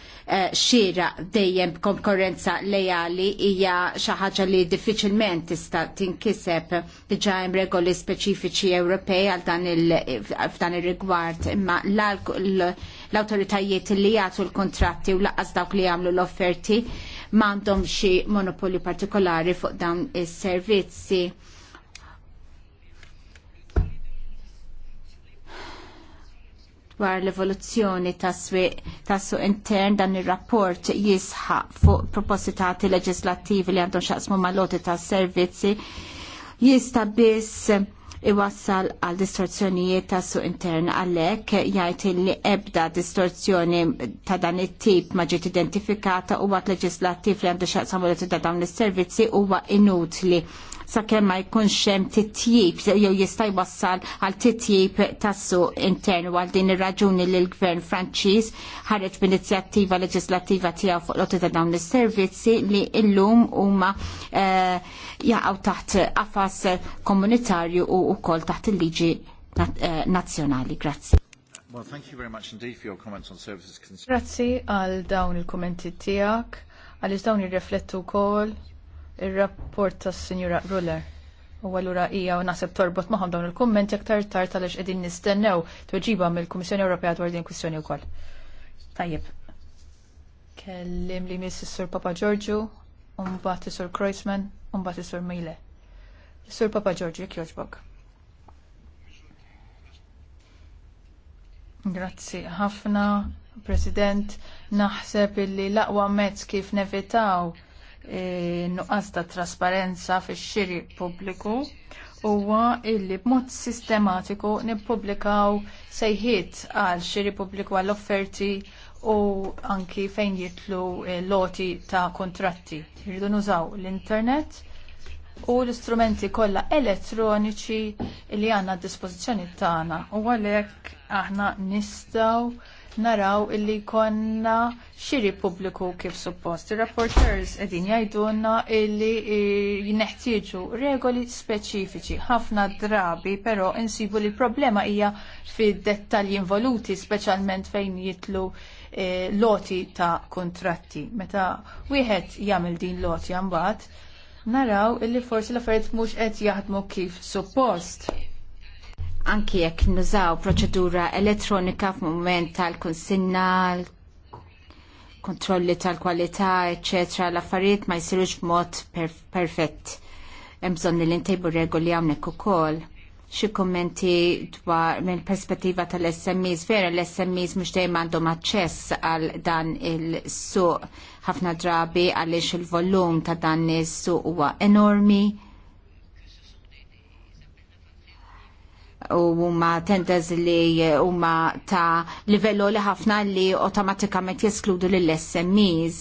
xira dejjem konkurrenza lejali hija xi ħaġa li diffiċilment tista' tinkiseb diġà hemm regoli speċifiċi Ewropej għal dan ir-rigward imma l-awtoritajiet li jagħtu l-kontratti u laqqas dawk li jagħmlu l-offerti m'għandhom xi monopoli partikolari fuq dawn is-servizzi dwar l-evoluzzjoni ta' suq intern dan ir-rapport jisħaq fuq propositati leġislattivi li għandhom xaqsmu mal-loti tas servizzi jista biss iwassal għal distorzjonijiet tas suq intern għalhekk jgħid li ebda distorzjoni ta' dan it-tip ma ġiet identifikata u għat leġislattiv li għandu xaqsam u ta' dawn is-servizzi huwa inutli sakemm ma jkunx hemm titjib jew jista' jwassal għal titjib tassu internu għal din ir-raġuni li l-Gvern Franċiż ħareġ b'inizjattiva leġislattiva tiegħu fuq loti ta' dawn is-servizzi li llum huma eh, jaqgħu taħt qafas komunitarju u wkoll taħt il-liġi eh, nazzjonali. Grazzi. Well, thank you very much indeed for your comments on services. Grazzi għal dawn il-kommenti tiegħek għaliex dawn jirreflettu wkoll il-rapport tas sinjura Ruller. U għallura ija u nasib torbot maħam dawn il-komment jaktar tar tal-ex edin nistennew tweġiba mill-Kummissjoni Ewropea dwar din kwistjoni wkoll. Tajib. Kellim li miss sur Papa Giorgio, umbat sur Kreuzman, umbat sur Mile. Sur Papa Giorgio, joġbog. Grazzi ħafna, President. Naħseb illi l-aqwa mezz kif nevitaw E, nuqqas ta' trasparenza fix xiri pubbliku huwa illi b'mod sistematiku nippubblikaw sejħiet għal xiri pubbliku għall offerti u anki fejn jitlu e, loti ta' kuntratti. Jridu nużaw l-internet u l-istrumenti kollha elettroniċi li għandna d dispożizzjoni tagħna u għalhekk aħna nistgħu naraw illi konna xiri pubbliku kif suppost. Ir-rapporteurs qegħdin jgħidulna illi e, neħtieġu regoli speċifiċi. Ħafna drabi però insibu li l-problema hija fid-dettalji involuti, speċjalment fejn jitlu e, loti ta' kontratti. Meta wieħed jagħmel din loti mbagħad, naraw illi forsi l-affarijiet mhux qed jaħdmu kif suppost anki jekk nużaw proċedura elettronika f'mument tal-konsinna, kontrolli tal-kwalità, eccetera, l-affarijiet ma jsirux b'mod perfett. Hemm bżonn li ntejbu regoli hawnhekk ukoll. Xi kummenti dwar minn perspettiva tal-SMEs, vera l-SMEs mhux dejjem għandhom aċċess għal dan il-suq ħafna drabi għaliex il-volum ta' dan is-suq huwa enormi u huma tenders li huma ta' livello li ħafna li otomatikament jeskludu lill-SMEs.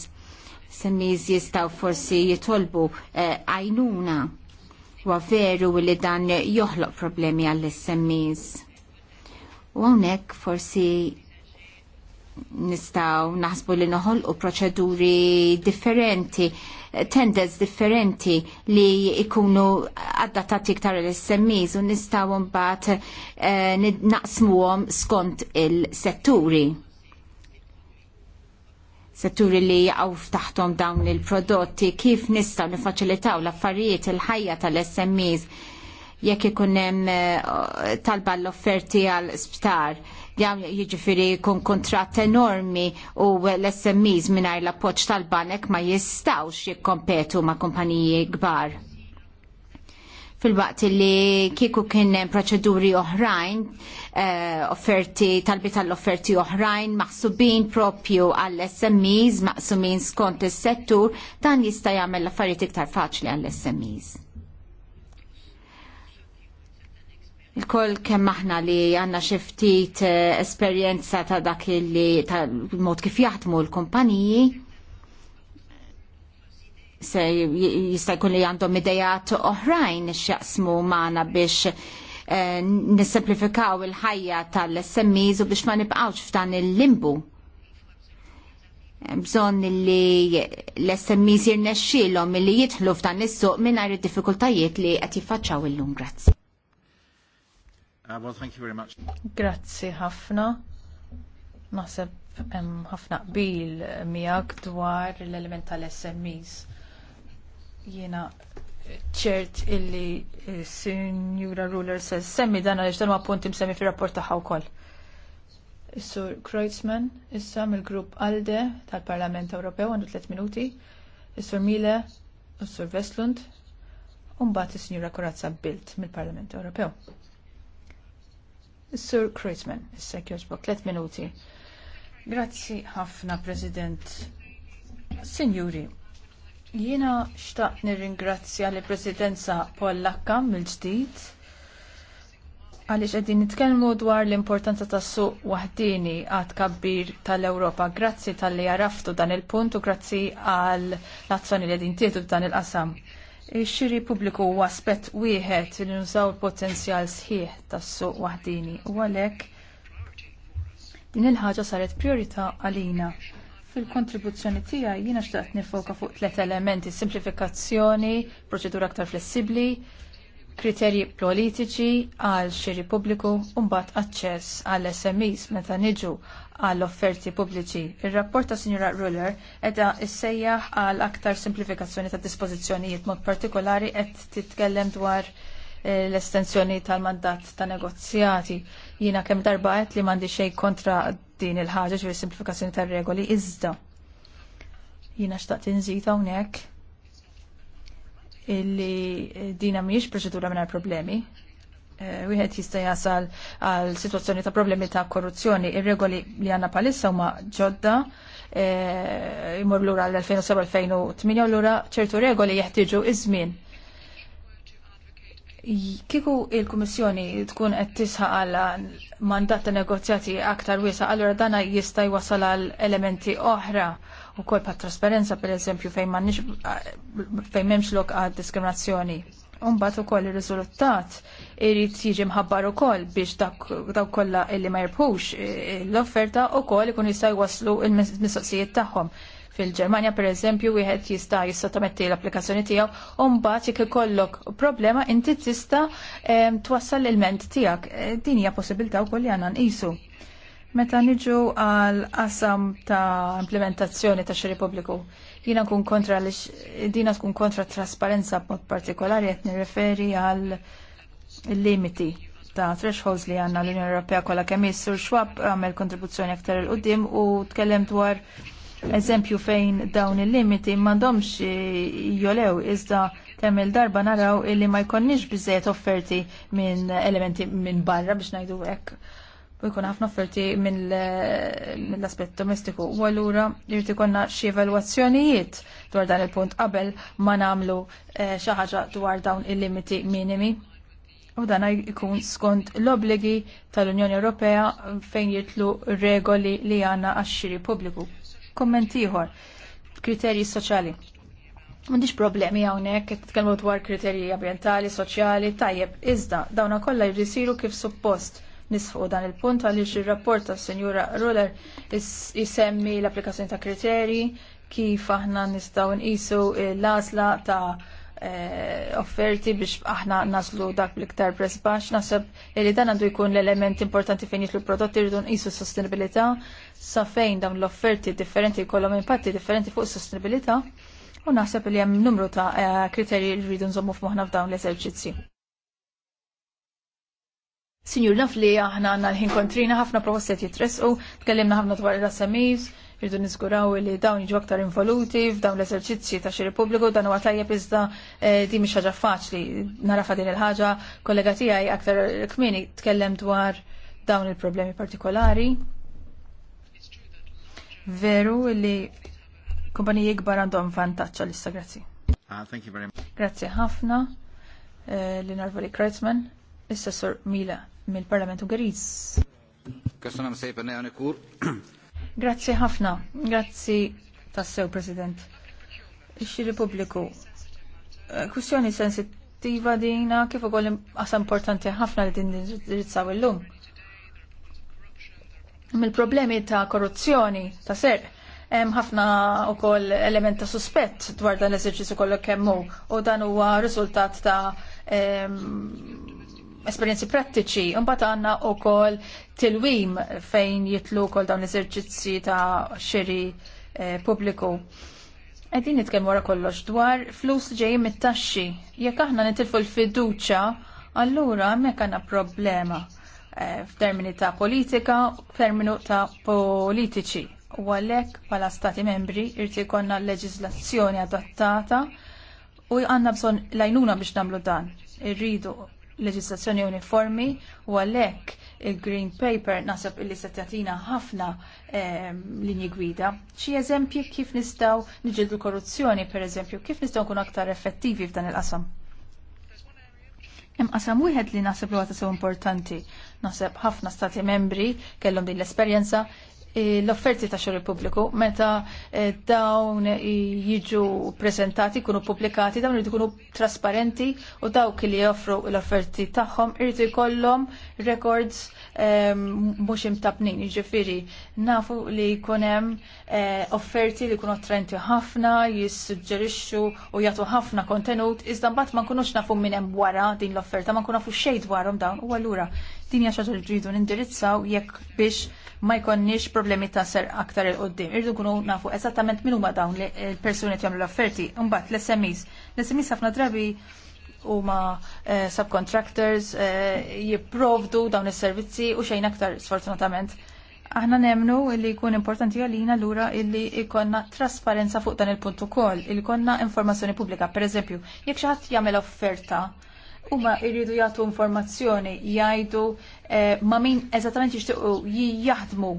SMEs jistaw forsi jitolbu eh, għajnuna u għaveru veru li dan joħloq problemi għall-SMEs. U hawnhekk forsi nistaw naħsbu li noħol u proċeduri differenti, tendez differenti li ikunu adattati iktar l-SMEs u nistaw mbagħad eh, naqsmuhom skont il-setturi. Setturi li jaqgħu f'taħtom dawn il-prodotti, kif nistaw nifaċilitaw l-affarijiet il-ħajja tal-SMEs jekk ikun hemm eh, talba l-offerti għal sbtar jam jiġifieri jkun kuntratt enormi u l-SMEs mingħajr l-appoġġ tal-banek ma jistgħux jikkompetu ma' kumpaniji kbar. Fil-waqt li kieku kien hemm proċeduri oħrajn, eh, offerti, talbi tal-offerti oħrajn maħsubin propju għall-SMEs, maqsumin skont is-settur, dan jista' jagħmel l-affarijiet iktar faċli għall-SMEs. il-koll kemm aħna li għanna xiftit eh, esperjenza ta' dak li ta' mod kif jaħdmu l-kumpaniji se jista' jkun li għandhom idejat oħrajn x'jaqsmu magħna biex eh, nissemplifikaw il-ħajja tal-SMEs u biex ma nibqgħux f'dan il-limbu bżon li l-SMEs jirnexxilhom milli jidħlu f'dan is-suq mingħajr id-diffikultajiet li qed jiffaċċaw illum. Grazzi. Uh, well, thank you very much. Grazzi ħafna. Naħseb hemm ħafna qbil miegħek dwar l-element tal-SMEs. Jiena ċert illi Sinjura Ruler se semmi dan għaliex dan ma punti msemmi fir-rapport tagħha wkoll. Is-Sur Kreutzmann issa mill-grupp ALDE tal-Parlament Ewropew għandu tliet minuti. Is-Sur Mile, is-Sur Vestlund, u mbagħad is-Sinjura Korazza Bilt mill-Parlament Ewropew. Sir Kreisman, s-sekjoġbok, 3 minuti. Grazzi ħafna, President. Signori, jiena xtaqt nirringrazzja li presidenza Pollakka mill-ġdid għaliex qegħdin nitkellmu dwar l-importanza tas suq waħdini għad kabbir tal-Ewropa. Grazzi tal-li għaraftu dan il-punt u grazzi għal l-azzjoni li qegħdin tieħdu f'dan il-qasam. Ix-xiri pubbliku huwa aspett wieħed li nużaw il-potenzjal sħiħ tas-suq waħdini u għalhekk din il-ħaġa saret priorità għalina. Fil-kontribuzzjoni tiegħi jiena xtaqt nifoka fuq tliet elementi: simplifikazzjoni, proċedura aktar flessibbli, kriterji politiċi għal xiri pubbliku u mbagħad aċċess għall SMEs meta niġu għall offerti pubbliċi. Ir-rapport ta' Sinjura Ruler edha issejjaħ għal aktar simplifikazzjoni ta' dispożizzjonijiet mod partikolari qed titkellem dwar eh, l-estensjoni tal-mandat ta' negozjati. Jiena kemm darba qed li m'għandi xejn kontra din il-ħaġa ġifieri simplifikazzjoni tar-regoli iżda. Jiena xtaqt inżid hawnhekk illi dina miex proċedura minna problemi. Eh, wieħed jista' jasal għal situazzjoni ta' problemi ta' korruzzjoni. Ir-regoli li għandna palissa huma ġodda e, imur lura l-2007-2008 u lura ċertu regoli jeħtieġu iż-żmien. Kiku il-Kummissjoni tkun qed tisħaq għal mandat ta' negozjati aktar wiesa, allura dana jista' jwasal għal elementi oħra u kol pa' trasparenza per eżempju fejn memx lok għad diskriminazzjoni. Umbat u koll il-rizultat irrit jiġi mħabbar u koll biex daw kolla illi ma jirbħux e, e, l-offerta u koll ikun jista' jwaslu il-mistoqsijiet tagħhom. Fil-Ġermanja per eżempju wieħed jista' jissottometti l-applikazzjoni tiegħu u mbagħad jekk ikollok problema inti tista' twassal il ment tiegħek. E, din hija possibilità wkoll li għandna nqisu. Meta niġu għal qasam ta' implementazzjoni ta' xiri pubbliku, jina nkun kontra li dina tkun kontra trasparenza b'mod partikolari qed nirreferi għal limiti ta' thresholds li għanna l-Unjoni Ewropea kollha kemm sur xwab għamel kontribuzzjoni aktar il qudiem u tkellem dwar eżempju fejn dawn il-limiti m'għandhomx jolew iżda kemm il-darba naraw illi ma jkonniex biżejjed offerti minn elementi minn barra biex ngħidu hekk u jkun ħafna offerti mill-aspett domestiku. U allura jrid konna xi evalwazzjonijiet dwar dan il-punt qabel ma nagħmlu eh, xi ħaġa dwar dawn il-limiti minimi. U dan jkun skont l-obligi tal-Unjoni Ewropea fejn jirtlu regoli li għandna għax-xiri pubbliku. ieħor, kriterji soċjali. M'għandix problemi hawnhekk qed tkellmu dwar kriterji ambjentali, soċjali, tajjeb, iżda dawna kolla jirrisiru kif suppost nisħu dan il-punt għaliex ir-rapport tas-Sinjura Ruler isemmi l-applikazzjoni ta' kriterji kif aħna nistgħu nqisu l-għażla ta' eh, offerti biex aħna naslu dak l-iktar prezz baxx. Naseb li dan għandu jkun l-element importanti fejn jitlu prodotti rridu nqisu s-sostenibilità sa fejn dawn l-offerti differenti jkollhom impatti differenti fuq is-sostenibilità. U naħseb li hemm numru ta' eh, kriterji li rridu nżommu f'moħħna f'dawn l eżerċizzji Sinjur, naf li aħna għanna l-ħin kontrina ħafna propostiet jitresqu, tkellimna ħafna dwar il smes irdu nizguraw li dawn jiġu aktar involuti f'dawn l-eżerċizzji ta' xi Republiku, dan huwa tajjeb iżda eh, di mhix ħaġa faċli. Narafa din il-ħaġa, kollega tiegħi aktar kmini tkellem dwar dawn il-problemi partikolari. Veru li kumpaniji kbar għandhom vantaġġ għal grazzi. Ah, grazzi ħafna eh, li narvoli Kreitzman, issa sur Mila mill-Parlament Ungeriż. Kassanam sejpa neħanikur. Grazzi ħafna, grazzi tassew, President. Ixi Republiku, eh, kustjoni sensittiva dina kif ukoll qas importanti ħafna li din il illum. Mill-problemi ta' korruzzjoni, ta' ser, hemm ħafna ukoll element ta' suspett dwar dan l-eżerċizzju kollok kemm hu u dan huwa riżultat ta' esperjenzi prattiċi, mbagħad għandna wkoll tilwim fejn jitlu wkoll dawn l-eżerċizzi ta' xiri eh, pubbliku. Qegħdin nitkellmu wara kollox dwar flus ġejjin mit-taxxi. Jekk aħna nitilfu l-fiduċja, allura hemmhekk għandna problema eh, f'termini ta' politika, f'terminu ta' politiċi. U għalhekk bħala stati membri irti jkollna leġiżlazzjoni adattata u għandna bżonn lajnuna biex nagħmlu dan. Irridu leġislazzjoni uniformi u għalhekk il-Green Paper nasab illi se tagħtina ħafna ehm, linji gwida. Xi eżempji kif nistgħu niġildu korruzzjoni pereżempju, kif nistgħu nkunu aktar effettivi f'dan il-qasam. Hemm qasam wieħed li naħseb li huwa importanti. Naħseb ħafna stati membri kellhom din l-esperjenza l-offerti ta' xogħol pubbliku meta eh, dawn jiġu prezentati, kunu pubblikati, dawn irid ikunu trasparenti u dawk li joffru l-offerti tagħhom irid ikollhom records eh, mhux imtabnin, jiġifieri nafu li jkun hemm eh, offerti li jkunu attrenti ħafna, jissuġġerixxu u jagħtu ħafna kontenut, iżda mbagħad ma nkunux nafu minn hemm wara din l-offerta, ma nkunu nafu xejn dwarhom dawn u allura din hija xaġa li nindirizzaw jekk biex ma jkonniex problemi ta' ser aktar il-qoddim. Irdu kunu nafu eżattament minn huma dawn il-persuni tjamlu l-offerti. Imbagħad l-SMEs. L-SMEs ħafna drabi huma eh, subcontractors eh, jipprovdu dawn is-servizzi u xejn aktar sfortunatament. Aħna nemnu li jkun importanti għalina lura illi ikonna trasparenza fuq dan il-punt ukoll, il konna informazzjoni pubblika. Per eżempju, jekk xi ħadd jagħmel offerta huma jridu jagħtu informazzjoni, jgħidu eh, ma' min eżattament jixtiequ jaħdmu.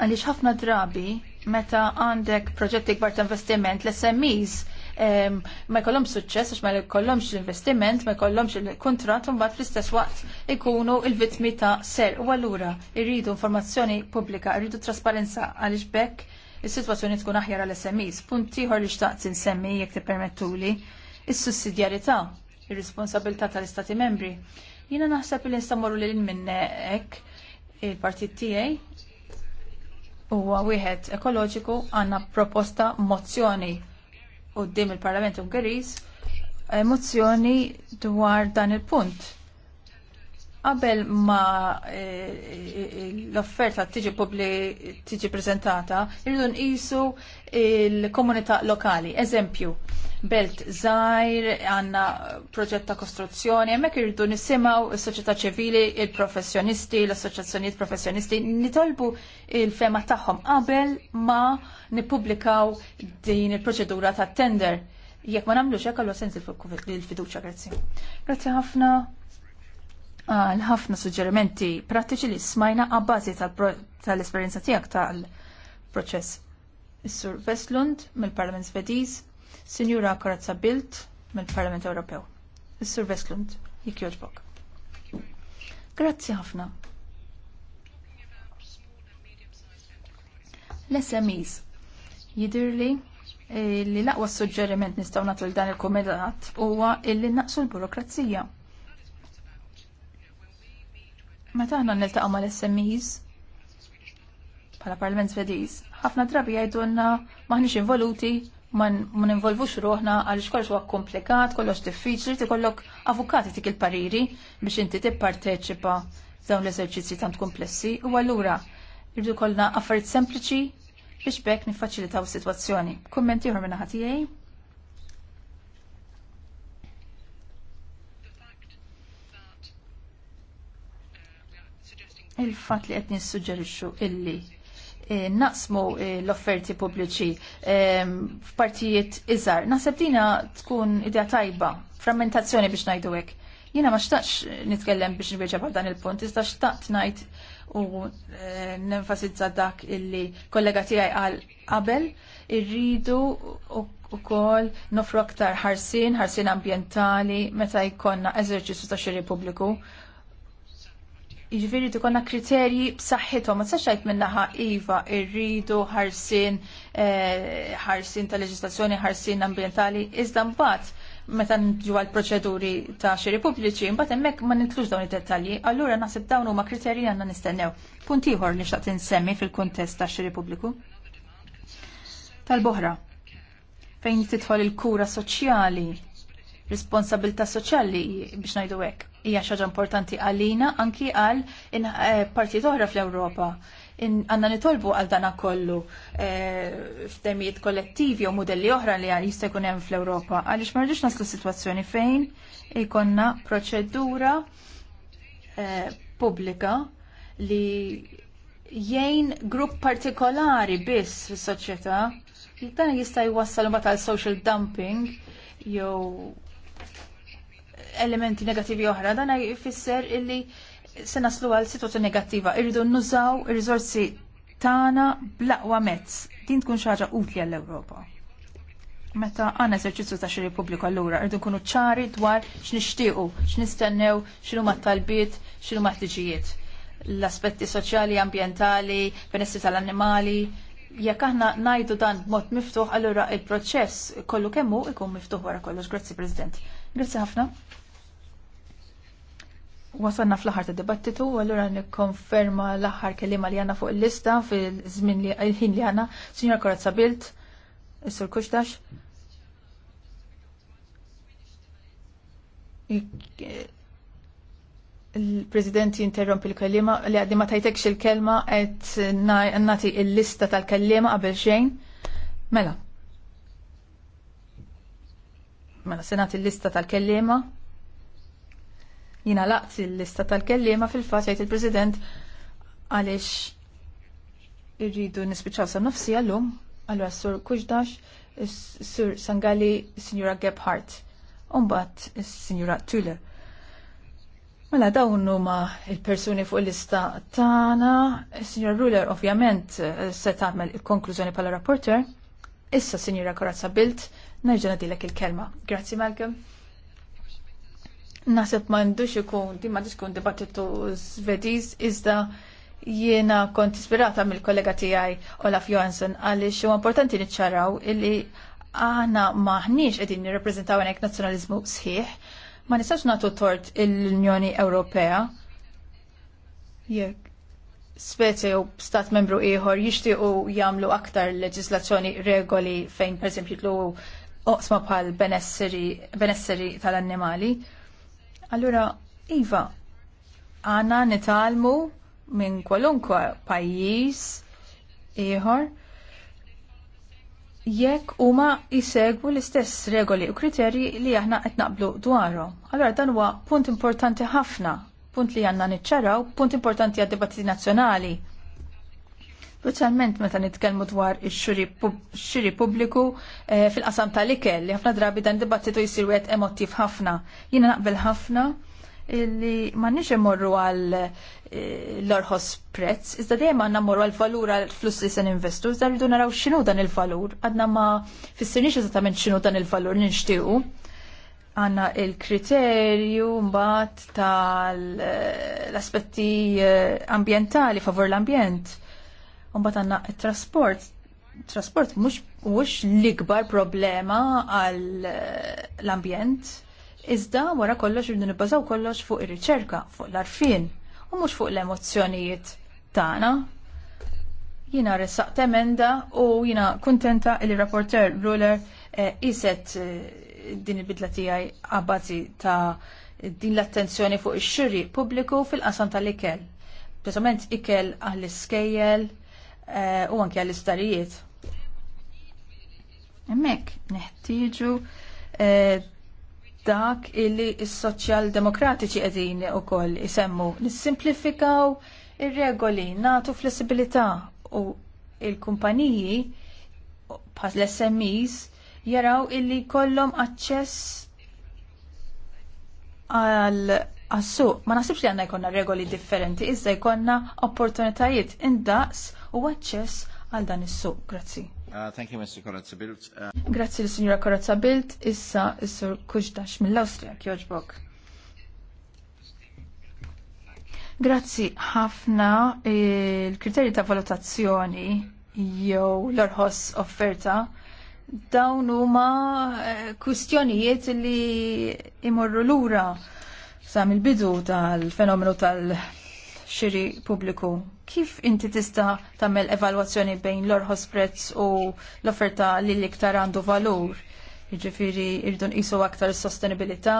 Għaliex ħafna drabi meta għandek proġetti kbar ta' investiment l-SMEs ma jkollhom suċċess għax ma jkollhomx l-investiment, ma jkollhomx il-kuntratt u mbagħad fl-istess waqt ikunu l-vittmi ta' ser. U allura irridu informazzjoni pubblika, irridu trasparenza għaliex bekk is-sitwazzjoni tkun aħjar għal SMEs. Punt ieħor li xtaqt insemmi jekk tippermettuli is-sussidjarità ir-responsabilità tal-Istati membri. Jiena naħseb li nistamorru lil minnek il-partit tiegħi huwa wieħed ekoloġiku għandna proposta mozzjoni d-dim il-Parlament Ungeriż eh, mozzjoni dwar dan il-punt. Qabel ma eh, l-offerta tiġi publi tiġi prezentata, irridu nqisu l komunità lokali. Eżempju, belt żgħir, għandna proġett ta' kostruzzjoni, hemmhekk irridu nisimgħu s-soċjetà ċivili, il-professjonisti, l-assoċjazzjonijiet professjonisti, nitolbu il-fema tagħhom qabel ma nippubblikaw din il-proċedura ta' tender. Jekk ma nagħmlux hekk allura sens il-fiduċja, grazzi. Grazzi ħafna għal ħafna suġġerimenti prattiċi li smajna għabbażi tal-esperjenza tiegħek tal-proċess. Is-Sur Veslund mill-Parlament Svediż Sinjura Corazza Bilt mill-Parlament Ewropew. Is-Sur Veslund, jekk jogħġbok. Grazzi ħafna. L-SMEs jidirli eh, li laqwa suġġeriment nistgħu nagħtu l dan il-kumitat huwa illi naqsu l-burokrazija. Meta aħna niltaqgħu mal-SMEs bħala Parlament Svediż, ħafna drabi jgħidulna maħniex involuti ma ninvolvux ruħna għaliex kollox huwa komplikat, kollox diffiċli, tikollok avukati tik il-pariri biex inti tipparteċipa f'dawn l-eżerċizzji tant komplessi u allura irdu kollna affarijiet sempliċi biex bekk niffaċilitaw is-sitwazzjoni. Kummenti ieħor minn ħatijaj? Il-fatt li qed nissuġġerixxu illi Eh, naqsmu eh, l-offerti pubbliċi ehm, f'partijiet iżgħar. Naħseb dina tkun idea tajba, frammentazzjoni biex ngħidu hekk. Jiena ma xtaqx nitkellem biex nbieġa bħal dan il-punt, iżda xtaqt ngħid u eh, nenfasizza dak illi kollega tiegħi qal qabel irridu wkoll nofru aktar ħarsin, ħarsin ambjentali meta jkollna eżerċizzju ta' xi Repubbliku Jiġifieri konna kriterji b'saħħithom, ma tistax minnaħa iva rridu ħarsin eh, ħarsin ta' leġislazzjoni, ħarsin ambjentali, iżda mbagħad meta nġu għal proċeduri ta' xiri pubbliċi, mbagħad hemmhekk ma nintlux dawn id-dettalji, allura naħseb dawn huma kriterji għandna nistennew. Punt ieħor li xtaqt insemmi fil-kuntest ta' xiri pubbliku. Tal-boħra, fejn titħol il-kura soċjali responsabilità soċjali biex ngħidu hekk. Hija xaġa importanti għalina anki għal eh, partijiet oħra fl-Ewropa. Għanna nitolbu għal dana kollu e, f'temijiet kollettivi u modelli oħra li għal jista' jkun hemm fl-Ewropa għaliex ma rridux naslu sitwazzjoni fejn ikonna proċedura e, pubblika li jgħin grupp partikolari biss fis-soċjetà, dan jista' jwassal imbagħad għal social dumping jew elementi negativi oħra, dan jfisser illi se naslu għal situazzjoni negattiva. Irridu nużaw ir rizorsi tagħna blaqwa mezz. Din tkun xaġa utli għall-Ewropa. Meta għanna eżerċizzju ta' xiri pubbliku allura, irridu nkunu ċari dwar x'nixtiequ, x'nistennew, x'inhu mat-talbiet, x'inhu mat-tiġijiet. L-aspetti soċjali, ambjentali, benessi tal-annimali, jekk aħna ngħidu dan b'mod miftuħ, allura il-proċess kollu kemm hu ikun miftuħ wara kollox. Grazzi President. Grazzi ħafna. Wasanna fl-aħħar ta' dibattitu, allura nikkonferma l-aħħar kelima li għanna fuq il-lista fil-żmien li il-ħin li għanna, Sinjor Korazza Bilt, Is-Sur Kuxdax. Il-President jinterrompi il-kellima li għaddi ma tajtekx il-kelma qed nagħti il-lista tal-kellima qabel xejn. Mela. Mela, se nagħti il-lista tal-kellima. Jina laqt il-lista tal-kellima fil-fat jgħid il-President għaliex irridu nispiċaw sa' nofsi għallum, għallura s-sur Kuxdax, s-sur Sangali, s-signora Gebhardt, unbat s-signora Tuller. Mela dawn huma il-persuni fuq il-lista tagħna, s sinjor Ruler ovvjament se tagħmel il-konklużjoni bħala rapporter. Issa, Sinjora Korazza Bilt, nerġa' nadilek il-kelma. Grazzi Malcolm. Nasib mandux ikun, di mandux ikun dibattitu svediż, iżda jiena kont ispirata mill-kollega tiegħi Olaf Johansson għaliex huwa importanti niċċaraw illi aħna maħniex qegħdin nirreprezentaw għanek nazzjonaliżmu sħiħ, ma nistax nagħtu tort l-Unjoni Ewropea jek speċi u stat membru ieħor jixtiequ jagħmlu aktar leġislazzjoni regoli fejn esempio, jitlu oqsma bħal benesseri tal-annimali. Allura, Iva, għana nitalmu minn kwalunkwa pajjiż ieħor jekk huma jisegwu l-istess regoli u kriterji li aħna qed naqblu dwarhom. Allora dan huwa punt importanti ħafna, punt li għandna niċċaraw, punt importanti għad-debatti nazzjonali. Speċjalment meta nitkellmu dwar ix-xiri pubbliku eh, fil-qasam tal-ikel li ħafna drabi dan dibattitu jsir wieħed emottiv ħafna. Jiena naqbel ħafna li m'għandniex imorru għal eh, l-orħos prezz, iżda dejjem għandna morru għal valur għal flus li se ninvestu, iżda rridu naraw x'inhu dan il-valur, għadna ma fissirniex eżattament x'inhu dan il-valur nixtiequ. għanna il-kriterju mbagħad tal-aspetti eh, ambjentali favor l-ambjent. Mbagħad għandna il trasport trasport mhux l-ikbar problema għal eh, l-ambjent, iżda wara kollox irdu nibbażaw kollox fuq ir-riċerka, fuq l-arfin u mhux fuq l-emozzjonijiet tagħna. Jiena ressaqt emenda u jiena kuntenta li rapporter Ruler eh, iset eh, din il-bidla tiegħi għabbażi ta' din l-attenzjoni fuq ix-xiri pubbliku fil-qasam tal-ikel. Preżament ikel għall-iskejjel, Eh, u anke għall-istarijiet. Hemmhekk neħtieġu eh, dak illi s-soċjal-demokratiċi qegħdin ukoll isemmu nissimplifikaw ir-regoli, nagħtu flessibilità u il-kumpaniji pas l-SMEs jaraw illi kollhom aċċess għal għassu. Ma nasibx li għanna jkonna regoli differenti, iżda jkonna opportunitajiet indaqs u aċċess għal dan is-suq. Grazzi. Uh, thank you, Mr. Corazza Bilt. Uh, Grazzi l-Signora Corazza Bilt, issa s-Sur Kuġdax mill-Austria, kjoġbok. Grazzi ħafna il-kriterji ta' valutazzjoni jew l-orħos offerta dawn huma eh, kwistjonijiet li imorru lura sa mill-bidu tal-fenomenu tal-, -fenomenu tal xiri pubbliku. Kif inti tista' tagħmel evalwazzjoni bejn l-orħos prezz u l-offerta li l-iktar għandu valur? Jiġifieri irdun nqisu aktar is-sostenibilità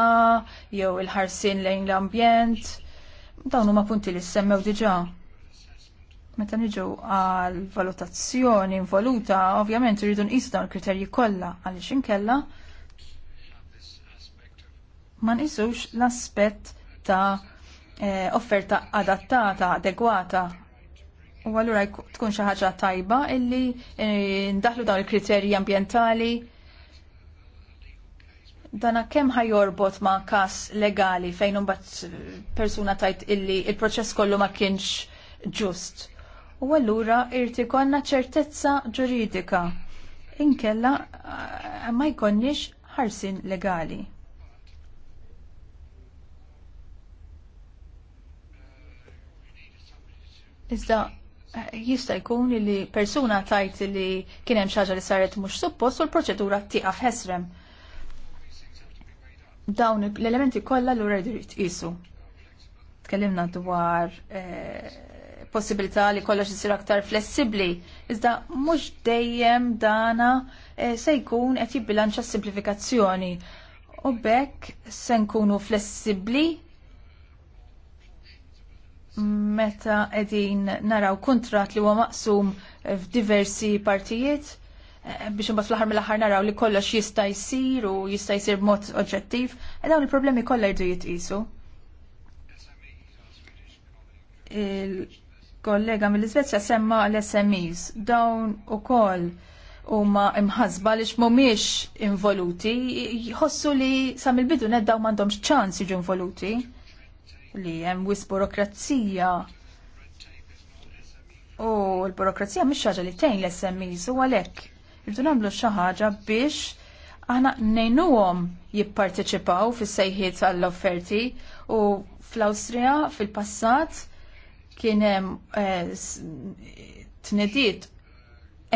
jew il-ħarsien lejn l-ambjent. Dawn huma punti li semmew diġà. Meta niġu għal valutazzjoni involuta, ovvjament irridu nqisu dawn il-kriterji kollha għaliex inkella ma nqisux l-aspett ta' Eh, offerta adattata, adegwata U għallura tkun xi ħaġa tajba illi eh, ndaħlu dawn il-kriterji ambjentali dana kemm ħajorbot ma' kas legali fejn imbagħad persuna tajt illi il-proċess kollu ma kienx ġust. U allura irti konna ċertezza ġuridika inkella eh, ma jkonniex ħarsin legali. Iżda jista' jkun li persuna tajt li kien hemm xi ħaġa li saret mhux suppost u l-proċedura tieqaf ħesrem. Dawn l-elementi kollha l jridu qisu. Tkellimna dwar eh, possibilità li kollox isir aktar flessibbli. Iżda mhux dejjem dana eh, se jkun qed jibbilanċa s simplifikazzjoni. U bekk se nkunu flessibbli meta edin naraw kontrat li huwa maqsum f'diversi partijiet eh, biex imbagħad fl-aħħar mill-aħħar naraw li kollox jista' jsir u jista' jsir b'mod oġġettiv, e dawn il-problemi kollha jdu jitqisu. Il-kollega mill-Iżvezja semma l-SMEs dawn ukoll huma imħasba li mhumiex involuti, jħossu li sa mill-bidu nedaw m'għandhomx ċans jiġu involuti li hemm wis burokrazija u l-burokrazija mhix ħaġa li tgħin l-SMEs u għalhekk irdu nagħmlu xi ħaġa biex aħna ngħinuhom jipparteċipaw fis-sejħiet għall-offerti u fl-Awstrija fil-passat kien hemm eh, tnediet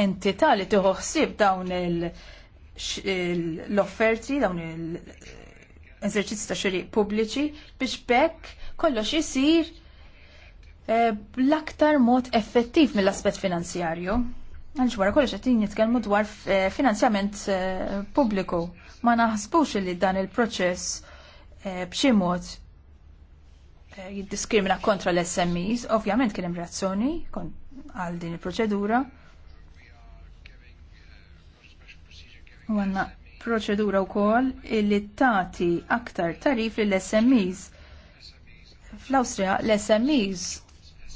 entità li tieħu ħsieb dawn l-offerti, dawn l-eżerċizzi ta' xiriq pubbliċi biex bekk kollox isir eh, l aktar mod effettiv mill-aspet finanzjarju. Għalix wara kollox qed nitkellmu dwar eh, finanzjament eh, pubbliku. Ma naħsbux li dan il-proċess b'xi mod jiddiskrimina kontra l-SMEs, ovvjament kien hemm reazzjoni għal din il-proċedura. U għanna proċedura wkoll illi tagħti aktar tarif lill-SMEs fl-Awstrija l-SMEs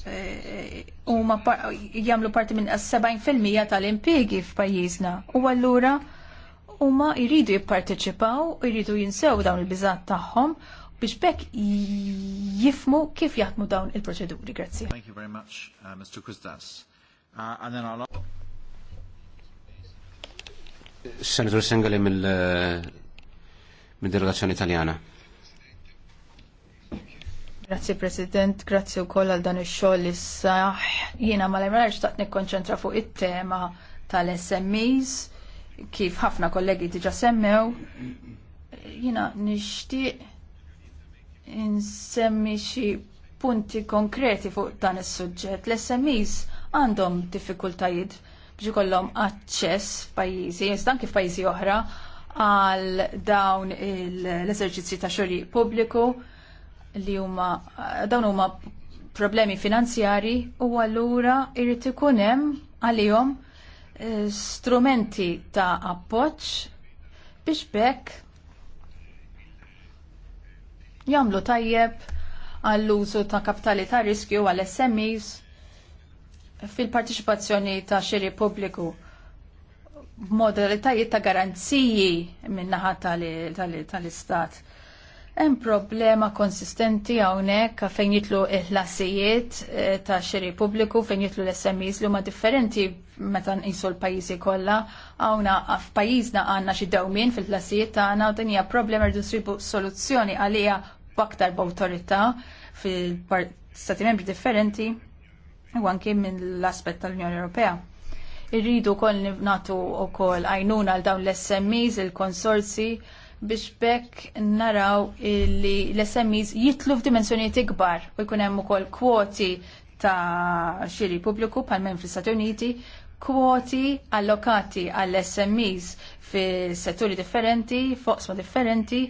eh, eh, huma jagħmlu parti minn 70% tal-impjiegi f'pajjiżna u allura huma jridu jipparteċipaw, jridu jinsew dawn il-biżat tagħhom biex bekk jifmu kif jaħdmu dawn il-proċeduri. Grazzi. Thank you very much, uh, Mr. Kustas. Uh, and then I'll... Senator Sengali eh, mill-Delegazzjoni Italjana. Grazzi President, grazzi wkoll għal dan il xogħol li saħ. ma l imraġ taqt nikkonċentra fuq it-tema tal-SMEs kif ħafna kollegi diġa semmew. Jiena nixtieq insemmi xi punti konkreti fuq dan is-suġġett. L-SMEs għandhom diffikultajiet biex ikollhom aċċess f'pajjiżi, iżda anke f'pajjiżi oħra għal dawn l-eżerċizzi ta' xogħol pubbliku li huma dawn huma problemi finanzjari u allura irrid ikun hemm għalihom eh, strumenti ta' appoġġ biex bekk jagħmlu tajjeb għall-użu ta' kapitali ta' riskju għall SMEs fil-partiċipazzjoni ta' xiri pubbliku modalitajiet ta' garanziji minnaħa tal-istat. Hemm problema konsistenti hawnhekk fejn jitlu l-ħlasijiet eh, ta' xiri pubbliku fejn jitlu l-SMEs li huma differenti meta nqisu l-pajjiżi kollha. Hawnna f'pajjiżna għandna xi dewmien fil-ħlasijiet tagħna u din hija problema rridu nsibu soluzzjoni għaliha b'aktar b'awtorità fil-stati membri differenti u anke minn l-aspett tal-Unjoni Ewropea. Irridu wkoll nagħtu wkoll għajnuna għal dawn l-SMEs, il-konsorzi, il konsorzi biex bekk naraw li l-SMEs jitlu f'dimensjonijiet ikbar u jkun hemm ukoll kwoti ta' xiri pubbliku bħal minn fl-Istati Uniti, kwoti allokati għall smes fi setturi differenti, foqsma differenti,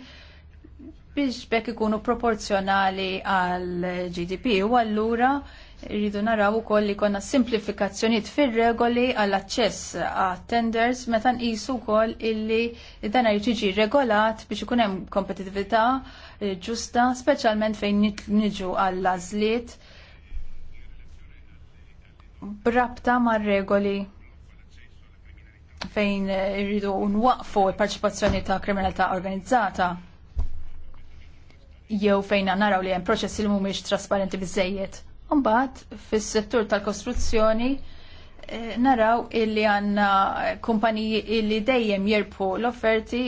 biex bekk ikunu proporzjonali għal GDP u allura Rridu naraw ukoll li konna simplifikazzjonijiet fir-regoli għall aċċess għat tenders meta nqisu wkoll illi dan irid jiġi regolat biex ikun hemm kompetitività eh, ġusta, speċjalment fejn niġu għall għażliet brabta mar-regoli fejn eh, rridu nwaqfu l-parċipazzjoni ta' kriminalità organizzata jew fejn naraw li hemm proċessi li mhumiex trasparenti biżejjed. Mbagħad fis-settur tal-kostruzzjoni eh, naraw illi għanna kumpaniji illi dejjem jirpu l-offerti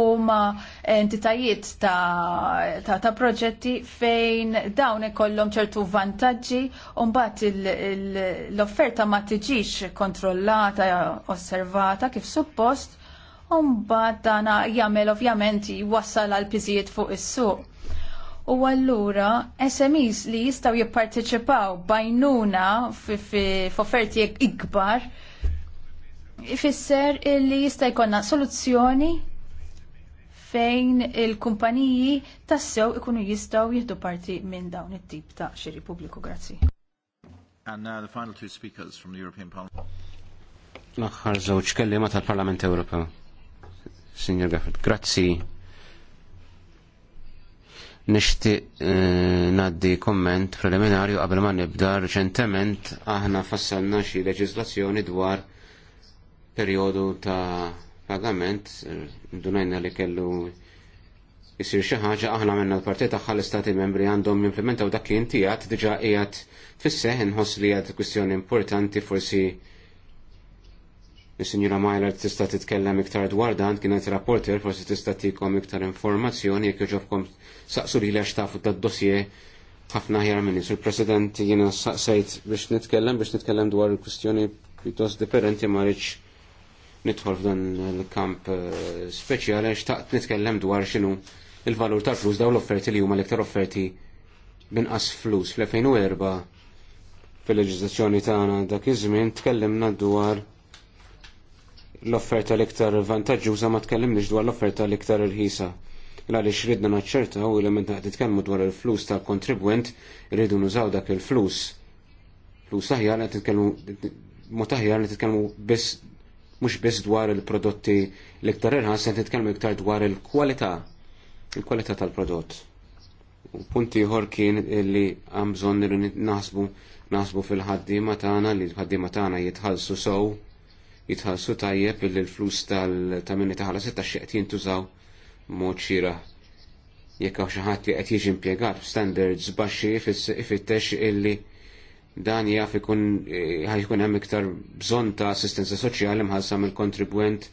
u ma entitajiet ta', ta, ta proġetti fejn dawn ikollhom ċertu vantaġġi u mbagħad l-offerta ma tiġix kontrollata, osservata kif suppost u mbagħad dana jagħmel ovvjament jwassal għal piżijiet fuq is-suq U allura SMEs li jistaw jipparteċipaw bajnuna f'offerti ikbar ifisser li jista' jkollna soluzzjoni fejn il-kumpaniji tassew ikunu jistaw jihdu parti minn dawn it-tip ta' xiri pubbliku. Grazzi. And now the final two speakers from the European Parliament. L-aħħar żewġ kelliema tal-Parlament Ewropew. Signor Gaffert, grazzi Nixtieq eh, naddi komment preliminarju qabel ma nibda reċentement aħna fassalna xi leġislazzjoni dwar perjodu ta' pagament eh, dunajna li kellu jisir xi ħaġa aħna minna l-partit tagħha l-istati membri għandhom jimplementaw dak kien tiegħek diġà qiegħed fis inħoss li għad kwistjoni importanti forsi Is-Sinjura tista' titkellem iktar dwar dan kienet rapporter forsi tista' tikom iktar informazzjoni jekk joġobkom saqsu li għax tafu tad-dossier ħafna ħjar minni. Sur President jiena saqsejt biex nitkellem biex nitkellem dwar il-kwistjoni pjuttost differenti ma rridx nidħol f'dan il-kamp eh, speċjali xtaqt nitkellem dwar x'inhu il-valur tal-flus daw l-offerti li huma l-iktar offerti binqas flus. Fl-2004 fil-leġizzazzjoni tagħna dak iż-żmien tkellimna dwar l-offerta l-iktar vantaġġuża ma tkellimniex dwar l-offerta l-iktar l Għaliex ridna naċċerta u li meta qed titkellmu dwar il-flus tal-kontribwent iridu nużaw dak il-flus. Flus aħjar qed nitkellmu mod aħjar li titkellmu biss mhux biss dwar il-prodotti l-iktar irħas qed nitkellmu iktar dwar il-kwalità, il-kwalità tal-prodott. U punti ieħor kien li hemm bżonn naħsbu naħsbu fil-ħaddiema tagħna li l-ħaddiema tagħna jitħallsu sew jitħallsu tajjeb li l-flus tal-tamini taħla setta xieqt jintużaw mod xira. Jekk hawn xi ħadd li qed jiġi impjegat f'standards baxxi ifittex illi dan jaf ikun eh, ħajkun hemm iktar bżonn ta' assistenza soċjali mħassam il-kontribwent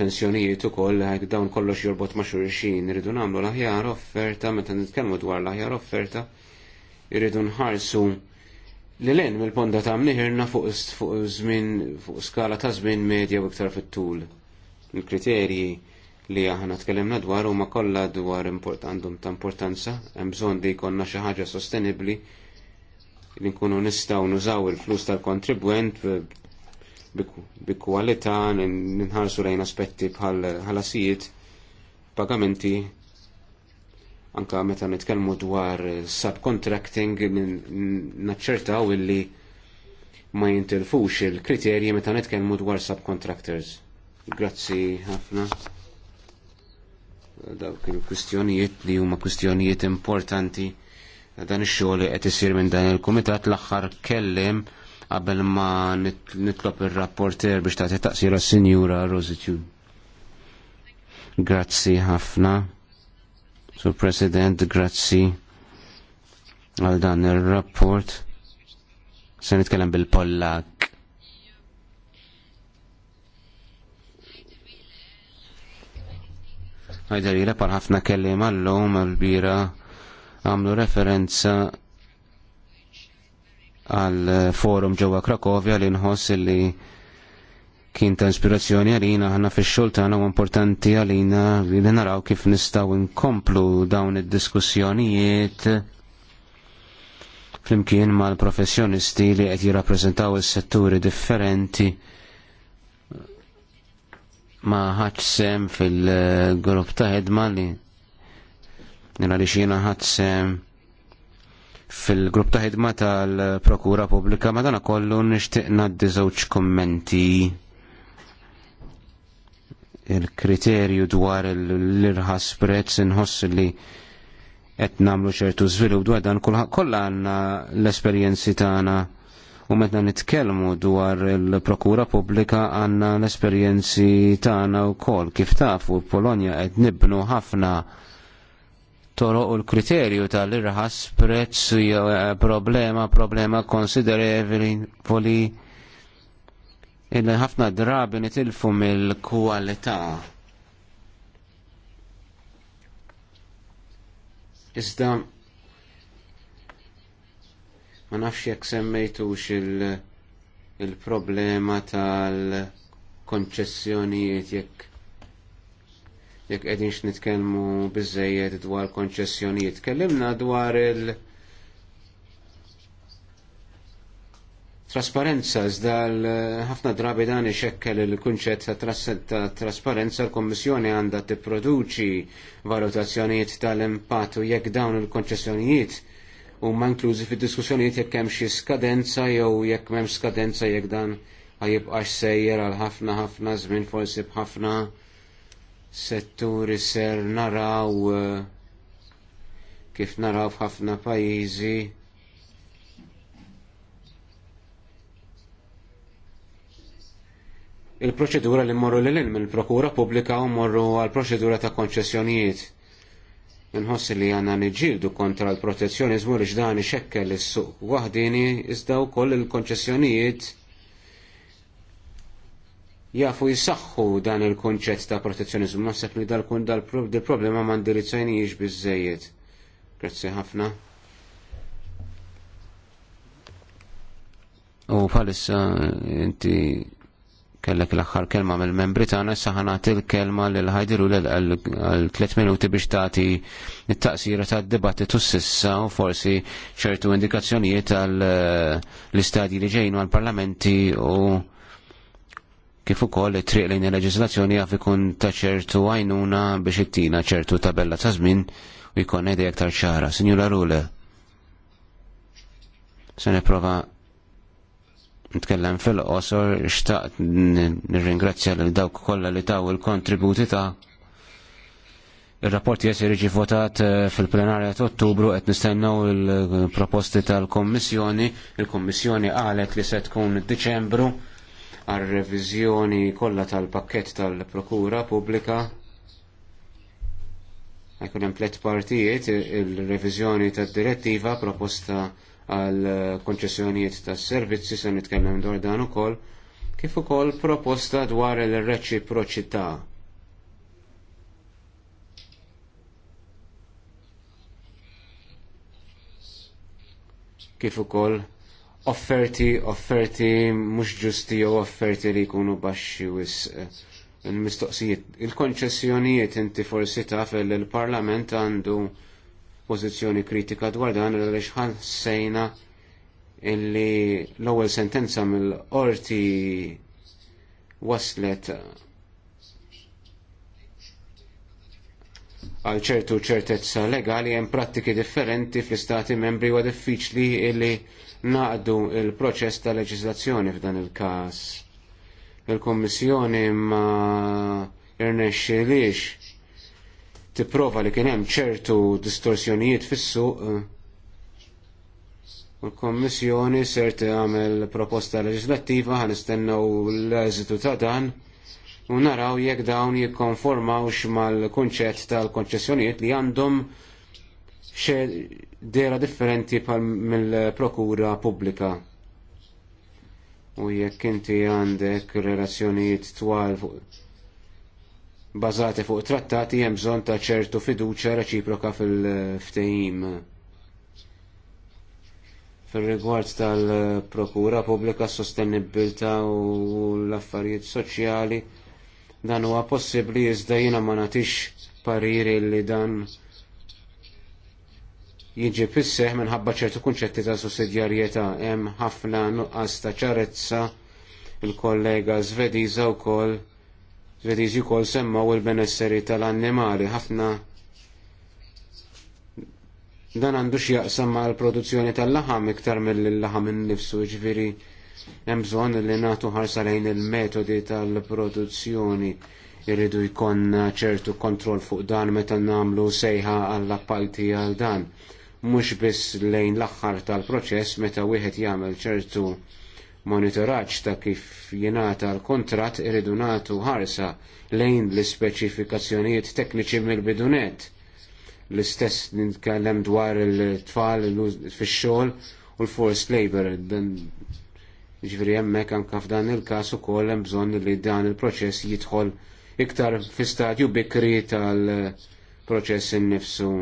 pensjonijiet ukoll hekk dawn kollox jorbot ma' xulxin irridu nagħmlu l-aħjar offerta meta nitkellmu dwar l-aħjar offerta irridu nħarsu li l-en mill-ponda ta' mniħirna fuq żmien fuq skala ta' żmien medja u iktar fit-tul. Il-kriterji li aħna tkellimna dwar huma kollha dwar importantum ta' importanza, hemm bżonn li jkollna xi ħaġa sostenibbli li nkunu nistgħu nużaw il-flus tal-kontribwent bi kwalità ninħarsu lejn aspetti bħal ħalasijiet pagamenti anka meta nitkellmu dwar subcontracting naċċertaw illi ma jintilfux il-kriterji meta nitkellmu dwar subcontractors. Grazzi ħafna. Dawk il-kwistjonijiet li huma kwistjonijiet importanti dan ix-xogħol li qed isir minn dan il-kumitat l-aħħar kellem qabel ma nitlob ir-rapporter biex tagħti taqsira s-Sinjura Rosi Grazzi ħafna. Sur President, grazzi għal dan il-rapport. Se nitkellem bil-Pollak. Għajder jile par ħafna kellim għallum għal-bira għamlu referenza għal forum ġewwa Krakovja li nħoss li kien ta' inspirazzjoni għalina ħana fi xoltana u importanti għalina li naraw kif nistaw inkomplu dawn id-diskussjonijiet flimkien mal professjonisti li qed jirrappreżentaw is-setturi differenti ma ħadsem fil-grupp ta' ħedma li nina li xina ħadsem fil-grupp ta' ħidma tal-Prokura Pubblika ma dana kollu nixtieq ngħaddi żewġ kommenti il-kriterju dwar l-irħas prezz inħoss li qed nagħmlu ċertu żvilupp dwar dan kollha għandna l-esperjenzi tagħna u meta nitkellmu dwar il-Prokura Pubblika għandna l-esperjenzi tagħna wkoll kif tafu Polonja qed nibnu ħafna toroq u l-kriterju tal-irħas prezz problema problema konsiderevoli illi ħafna drabi nitilfu mill-kualità. Iżda ma nafx jekk semmejtux il-problema il tal-konċessjonijiet jekk jekk qegħdin nitkellmu biżejjed dwar konċessjonijiet. Kellimna dwar il- trasparenza iżda ħafna drabi dan ixekkel il-kunċett ta' trasparenza l-Kommissjoni għandha tipproduċi valutazzjonijiet tal-impatt u jekk dawn il-konċessjonijiet huma inklużi fid-diskussjonijiet jekk hemm xi skadenza jew jekk m'hemm skadenza jekk dan ħajibqax sejjer għal ħafna ħafna żmien forsi b'ħafna setturi ser naraw eh, kif naraw f'ħafna pajjiżi il-proċedura li mmorru l lin mill-prokura pubblika u mmorru għal proċedura ta' konċessjonijiet. Nħossi li għanna nġildu kontra l-protezzjonizmu li ġdani xekkel l-suq wahdini iżda wkoll il-konċessjonijiet jafu jisaxħu dan il-konċett ta' protezzjonizmu. Naħseb li dal-kun dal-problema ma' jiex bizzejiet. Grazzi ħafna. U falissa eh, inti kellek l-axħar kelma mill-membri tagħna issa ħanat il-kelma lil ħajdilu għal tliet minuti biex tagħti it-taqsira tad-dibattitu sissa u forsi ċertu indikazzjonijiet għal eh, l-istadji li ġejnu għal parlamenti u kif ukoll it-triq lejn il leġislazzjoni għaf ikun ta' ċertu għajnuna biex ittina ċertu tabella ta' żmien u jkun idea aktar ċara. Sinjura Rule. Se prova nitkellem fil-qosor xtaqt nirringrazzja lil dawk kollha li taw il-kontributi ta' Il-rapport jesir iġi votat eh, fil-plenarja ta' ottubru qed nistennew il-proposti tal-Kommissjoni. Il-Kommissjoni qalet li se tkun Diċembru għal reviżjoni kollha tal pakkett tal-Prokura Pubblika. Ekun hemm tliet partijiet il-reviżjoni tad-direttiva proposta għal eh, konċessjonijiet tas servizzi se nitkellem dwar dan ukoll kif ukoll proposta dwar il-reċiproċità. Kif ukoll offerti, offerti mhux ġusti jew offerti li jkunu baxxi wisq eh, il-mistoqsijiet. Il-konċessjonijiet inti forsi taf il-Parlament għandu pożizzjoni kritika dwar dan għaliex sejna illi l-ewwel sentenza mill-qorti waslet għal ċertu ċertezza legali hemm prattiki differenti fl-istati membri huwa diffiċli illi naqdu l il proċess ta' leġiżlazzjoni f'dan il-każ. Il-Kummissjoni ma irnexxilix tipprova li kien hemm ċertu distorsjonijiet fis-suq eh, u l-Kommissjoni ser tagħmel proposta leġislattiva ħan l-eżitu ta' dan u naraw jekk dawn jikkonformawx mal-kunċett tal-konċessjonijiet li għandhom dera differenti mill-prokura pubblika. U jekk inti għandek relazzjonijiet twal fuq bażati fuq trattati hemm bżonn ta' ċertu fiduċja reċiproka fil-ftehim. Fil-rigward tal-prokura pubblika sostenibilta u l-affarijiet soċjali dan huwa possibbli iżda jiena ma nagħtix pariri li dan jiġi pisseħ minħabba ċertu kunċetti ta' sussidjarjetà hemm ħafna nuqqas ta' ċarezza il-kollega Svediża wkoll Svediġi kol semmaw il-benesseri tal-annimali ħafna dan għandu x'jaqsam ma' l-produzzjoni tal-laħam iktar mill-laħam innifsu ġviri hemm bżonn li nagħtu ħarsa lejn il-metodi tal-produzzjoni jiridu jkun ċertu kontroll fuq dan meta nagħmlu sejħa għall-appalti għal dan mhux biss lejn l-aħħar tal-proċess meta wieħed jagħmel ċertu monitoraġġ ta' kif jingħata l kuntratt iridu nagħtu ħarsa lejn l-ispeċifikazzjonijiet tekniċi mill-bidunet. L-istess nitkellem dwar il-tfal fix-xogħol u l-forced labor. Jiġifieri hemmhekk anke f'dan il-każ ukoll hemm bżonn li dan il-proċess jidħol iktar fi stadju bikri tal-proċess innifsu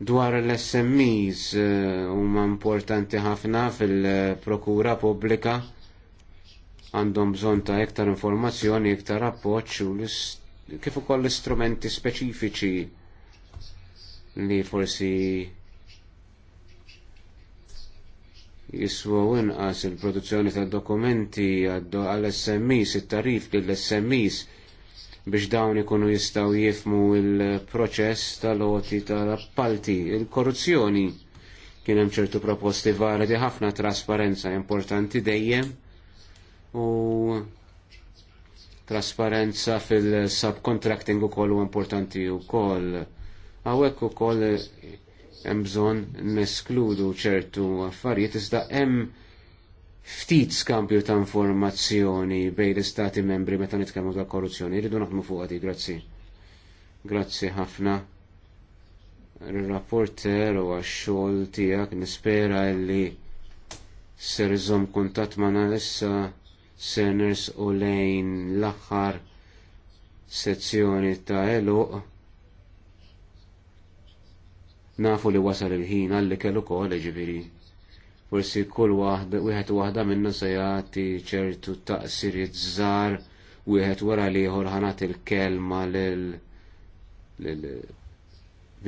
dwar l-SMEs eh, huma importanti ħafna fil-prokura pubblika għandhom bżonn ta' iktar informazzjoni, iktar appoġġ u kif ukoll l-istrumenti speċifiċi li forsi jiswaw inqas il-produzzjoni tal dokumenti għall-SMEs, it-tarif lill smes biex dawn ikunu jistaw jifmu il-proċess tal-oti tal-appalti, il-korruzzjoni. Kien hemm ċertu proposti validi ħafna trasparenza importanti dejjem u trasparenza fil-subcontracting u kollu importanti u koll. Għawek u koll hemm bżonn neskludu ċertu affarijiet iżda hemm ftit skambju ta' informazzjoni bejn l-istati membri meta nitkellmu dwar korruzzjoni. Iridu naħdmu fuq għadi, grazzi. Grazzi ħafna. Il-rapporter u għax-xogħol tiegħek nispera li se iżom kuntatt ma' issa seners u lejn l-aħħar sezzjoni ta' eluq nafu li wasal il-ħin għalli kellu kol ġibiri forsi kull waħda wieħed waħda minnu se jagħti ċertu taqsirijiet żgħar wieħed wara liħor ħanat il-kelma lil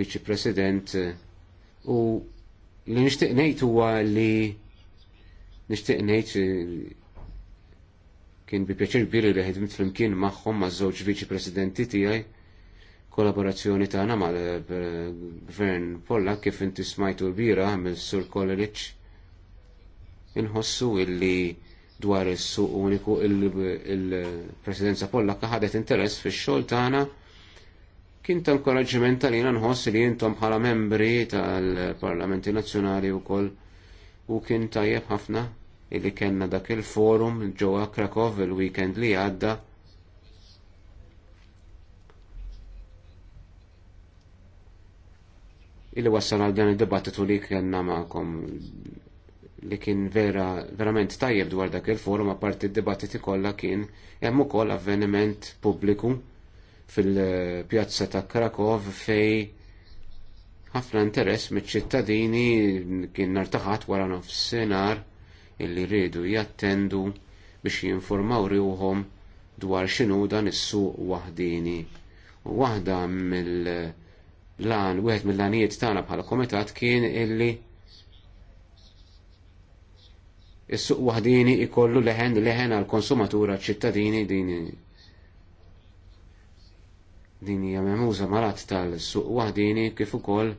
viċi President u li nixtieq ngħid huwa li nixtieq ngħid kien bi pjaċir kbir li ħedmiet flimkien magħhom maż-żewġ viċi Presidenti tiegħi kollaborazzjoni tagħna mal-Gvern eh, Polla kif inti smajtu l-bira mill-Sur Kollerich inħossu illi dwar is-suq uniku il-presidenza Pollakka ħadet interess fix-xogħol tagħna kien ta' inkoraġġiment tal-jiena nħoss li intom bħala membri tal-Parlamenti Nazzjonali wkoll u kien tajjeb ħafna illi kellna dak il-forum ġewwa Krakow il-weekend li għadda illi wassal għal dan id-dibattitu li kellna magħkom li kien vera, verament tajjeb dwar dak il-forum, apparti d-dibattiti kollha kien hemm ukoll avveniment pubbliku fil-pjazza ta' Krakow fej ħafna interess mit-ċittadini kien nartaħat wara nofsinhar illi rridu jattendu biex jinformaw riuhom dwar x'inhu dan is-suq waħdini. U waħda mill-lan, wieħed mill-lanijiet tagħna bħala komitat kien illi is-suq waħdini ikollu leħen leħen għal konsumatura ċittadini din din hija memuża malat tal-suq waħdini kif ukoll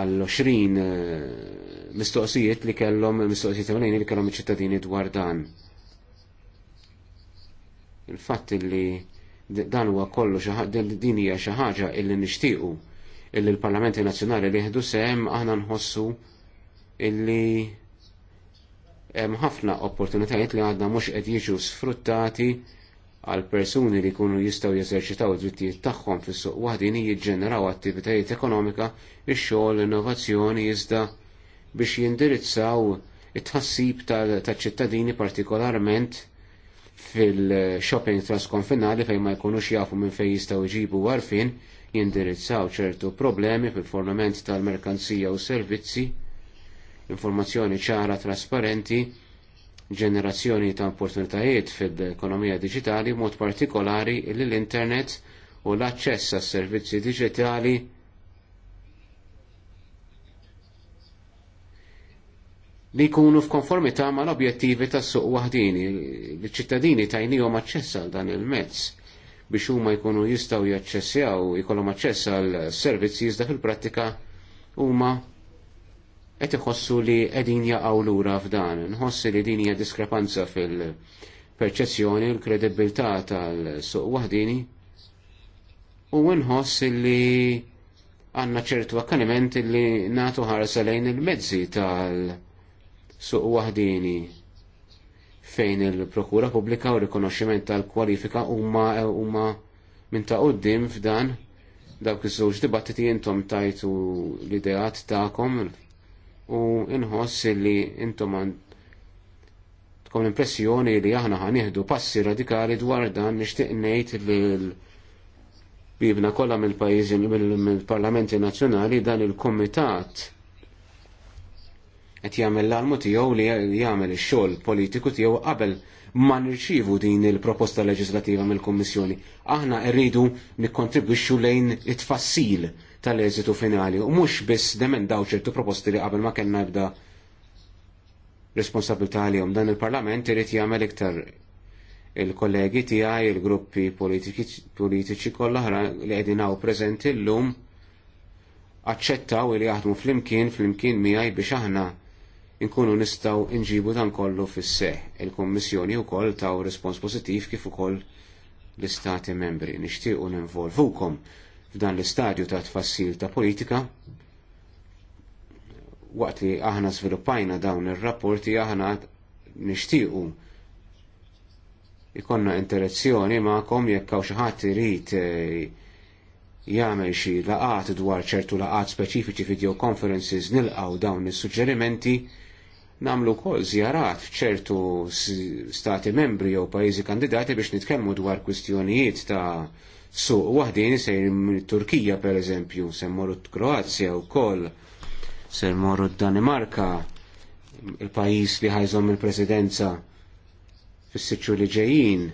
għall 20 eh, mistoqsijiet li kellhom mistoqsijiet ewlenin li kellhom iċ-ċittadini dwar dan. Il-fatt li dan huwa kollu din hija xi ħaġa illi nixtiequ illi l-Parlamenti Nazzjonali li jieħdu sehem aħna nħossu illi hemm ħafna opportunitajiet li għadna mhux qed jiġu sfruttati għal persuni li jkunu jistgħu jeżerċitaw id-drittijiet tagħhom fis-suq waħdini jiġġeneraw attivitajiet ekonomika, ix-xogħol, innovazzjoni iżda biex jindirizzaw it-tħassib tal-ċittadini partikolarment fil-shopping trasconfinali fejn ma jkunux jafu minn fejn jistgħu jġibu għarfien jindirizzaw ċertu problemi fil-fornament tal-merkanzija u servizzi informazzjoni ċara trasparenti, ġenerazzjoni ta' opportunitajiet fil-ekonomija digitali, mod partikolari li l-internet u l-aċċess għas servizzi digitali li jkunu f'konformità ma' l-objettivi tas suq waħdini. L-ċittadini tajnijom aċċess għal dan il-mezz biex huma jkunu jistgħu jaċċessjaw jkollhom aċċess għal servizzi iżda fil-prattika huma qed iħossu li qegħdin jaqgħu lura f'dan. Nħossi li din hija diskrepanza fil-perċezzjoni u l-kredibilità tal-suq waħdini u nħoss li għanna ċertu akkaniment li natu ħarsa lejn il-mezzi tal-suq waħdini fejn il-Prokura Pubblika u rikonoxximent tal-kwalifika huma huma minn ta' qudiem f'dan dawk iż-żewġ dibattiti intom tajtu l-ideat tagħkom u inħoss li intom tkom l-impressjoni li aħna ħanieħdu passi radikali dwar dan nixtieq ngħid li bibna kollha mill-pajjiżi mill-parlamenti nazzjonali dan il-kumitat qed jagħmel l-armu tiegħu li jagħmel ix-xogħol politiku tiegħu qabel ma nirċivu din il-proposta leġislativa mill-Kummissjoni. Aħna rridu nikkontribwixxu lejn it-tfassil tal-eżitu finali u mhux biss daw ċertu proposti li qabel ma kellna ebda responsabilità għalihom. Dan il-Parlament irid jagħmel iktar il-kollegi tiegħi il-gruppi politiċi kollha li qegħdin hawn preżenti llum aċċettaw li jaħdmu flimkien flimkien miegħi biex aħna nkunu nistgħu nġibu dan kollu fis-seħ. Il-Kummissjoni wkoll taw respons pożittiv kif ukoll l-Istati membri nixtiequ ninvolvukom f'dan l-istadju ta' tfassil ta' politika waqt li aħna sviluppajna dawn ir-rapporti aħna nixtiequ ikonna interazzjoni ma'kom jekk hawn xi ħadd irid eh, jagħmel xi laqat dwar ċertu laqat speċifiċi video conferences nilqgħu dawn is-suġġerimenti namlu kol zjarat f'ċertu stati membri jew pajjiżi kandidati biex nitkellmu dwar kwistjonijiet ta' suq waħdin sejr Turkija per eżempju, se morru Kroazja u kol, se morru Danimarka, il-pajis li ħajżom il-presidenza fis-sitxu li ġejjin.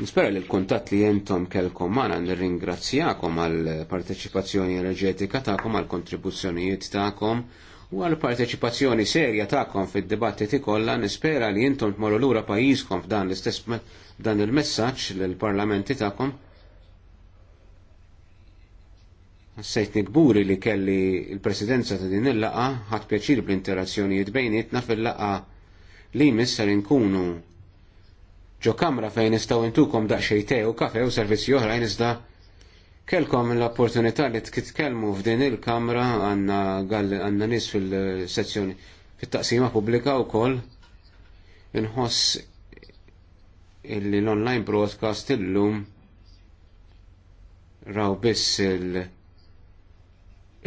Nispera li l-kuntat li jentom kelkom għana nirringrazzjakom għal parteċipazzjoni enerġetika ta'kom, għal kontribuzzjonijiet ta'kom. U għal parteċipazzjoni serja ta'kom fid-dibattiti kollha nispera li intom tmorru lura pajjiżkom f'dan l-istess dan il-messaġġ lill parlamenti ta'kom. Sejt nikburi li kelli il-presidenza ta' din il-laqa ħadd pjaċir bl-interazzjonijiet bejnietna fil-laqa li misser inkunu ġo kamra fejn nistgħu intukom daqsxejn u kafe u servizzi oħrajn iżda kelkom l-opportunità li titkellmu f'din il-kamra għanna għanna nis fil-sezzjoni fit-taqsima pubblika u koll inħoss illi l-online broadcast illum raw biss il-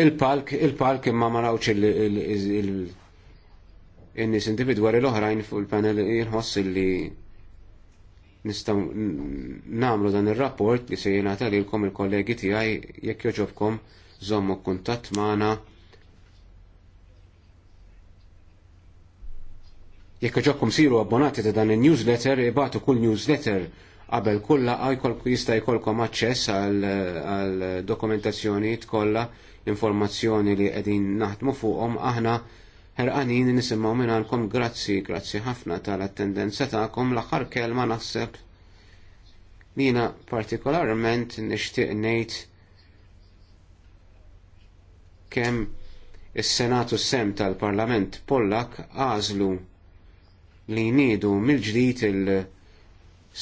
il-palk, il-palk imma ma rawx il- nies nis individwari l-oħrajn fuq il-panel jinħoss illi nistaw namlu dan il-rapport li se jenata li il-kollegi tijaj jekk joġobkom zommu kuntat maħna jekk joġobkom siru abbonati ta' dan il-newsletter ibatu kull newsletter qabel kulla jista' jkollkom aċċess għal dokumentazzjoni tkolla informazzjoni li qegħdin naħdmu fuqhom aħna ħerqanin nisimgħu minn grazzi, grazzi ħafna tal-attendenza tagħkom l-aħħar kelma naħseb li jiena partikolarment nixtieq ngħid kemm is-Senatu sem tal-Parlament Pollak għażlu li jniedu mill-ġdid il-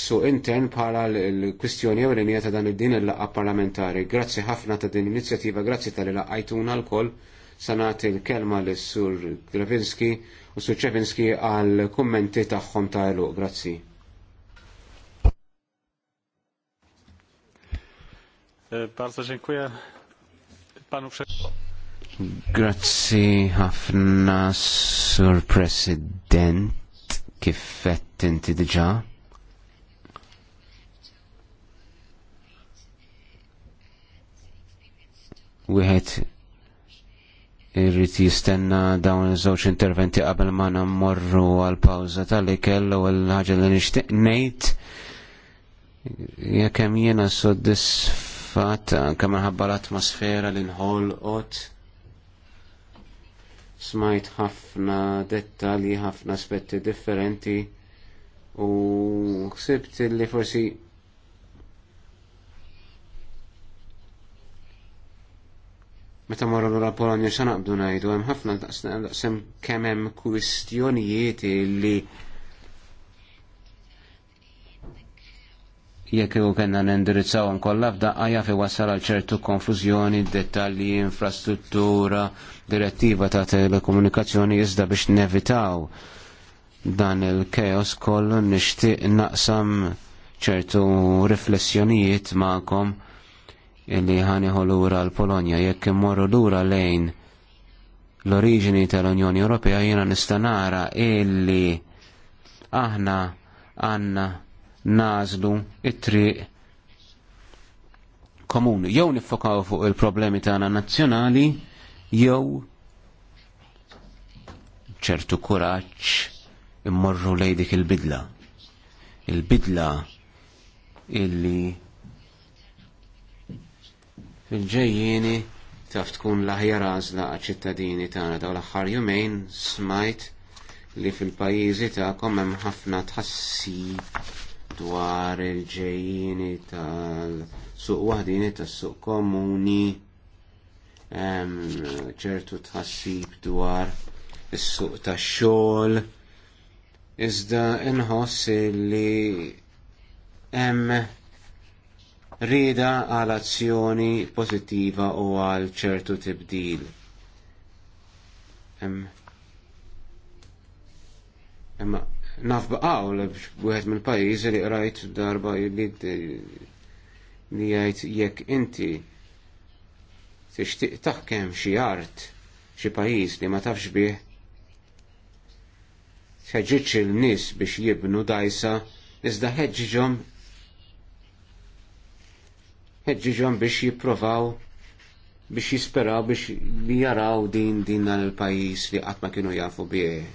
su intern bħala l-kwistjoni ewlenija ta' dan id-din il-laqqa parlamentari. Grazzi ħafna ta' din l-inizjattiva, grazzi tal-laqqa l-koll sanat il-kelma l sur Gravinski u sur Ċevinski għal kummenti taħħom ta' elu. Grazzi. E, bardzo dziękuję panu Grazzi ħafna sur President kif qed inti diġà. Wieħed irrit jistenna dawn iż-żewġ interventi qabel ma nammorru għal pawza tal-ikel u l-ħaġa li nixtieq ngħid jekk hemm jiena soddisfatt anke minħabba l-atmosfera li nħolqot smajt ħafna dettalji, ħafna aspetti differenti u ħsibt li forsi Meta morru l Polonja xa naqbdu ngħidu hemm ħafna daqsem kemm hemm kwistjonijiet li jekk u kena nindirizzawhom kollha f'daqqa jaf wassal għal ċertu konfużjoni, dettalji, infrastruttura, direttiva ta' telekomunikazzjoni iżda biex nevitaw dan il keos kollu nixtieq naqsam ċertu riflessjonijiet ma'kom illi ħaniħu lura l-Polonja jekk immorru lura lejn l-oriġini tal-Unjoni Ewropea jiena nista' nara illi aħna għandna nażlu it-triq komuni. Jew nifokaw fuq il-problemi tagħna nazzjonali jew ċertu kuraġġ immorru lejdik dik il-bidla. Il-bidla illi il ġejjieni taf tkun l-aħjar għażla ċittadini tagħna dawn l-aħħar jumejn smajt li fil-pajjiżi tagħkom hemm ħafna tħassib dwar il-ġejjini tal-suq waħdini tas-suq komuni ċertu tħassib dwar is-suq tax-xogħol iżda inħoss li hemm rida għal azzjoni pozittiva u għal ċertu tibdil. Imma nafbaqaw l wieħed mill-pajjiżi li rajt darba li li jgħid jekk inti tixtieq taħkem xi art xi pajjiż li ma tafx bih ħeġġitx il-nies biex jibnu dajsa iżda ħeġġiġhom ħedġiġom biex jipprovaw biex jisperaw biex jaraw din din dan il-pajis li qatt ma kienu jafu bieħ.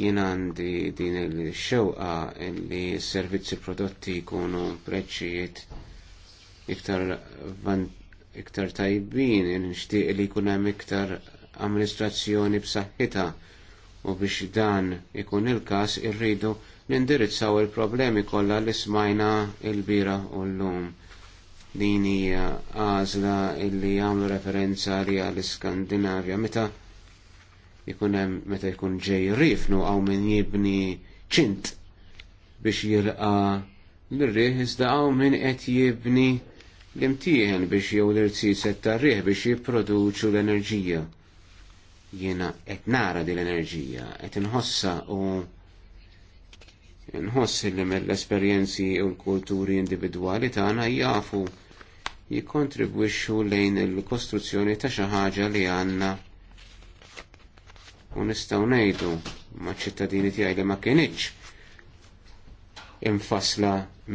Jien għandi din il-xewqa li s-servizzi prodotti jkunu preċċijiet iktar iktar tajbin, nixtieq li jkun hemm iktar amministrazzjoni b'saħħitha u biex dan ikun il każ irridu nindirizzaw il-problemi kollha li smajna il-bira u l-lum. Din hija għażla illi jagħmlu referenza li għall-Iskandinavja meta jkun hemm meta jkun ġej rifnu għaw min jibni ċint biex jilqa l-riħ iżda għaw min qed jibni l-imtieħen biex jew l-irtiset tar-riħ biex jipproduċu l-enerġija. Jiena qed nara din l-enerġija, qed inħossa u nħoss li mill-esperjenzi u l-kulturi individwali tagħna jafu jikkontribwixxu lejn il-kostruzzjoni ta' xi ħaġa li għandna u nistgħu ngħidu maċ ċittadini tiegħi li ma kinitx infasla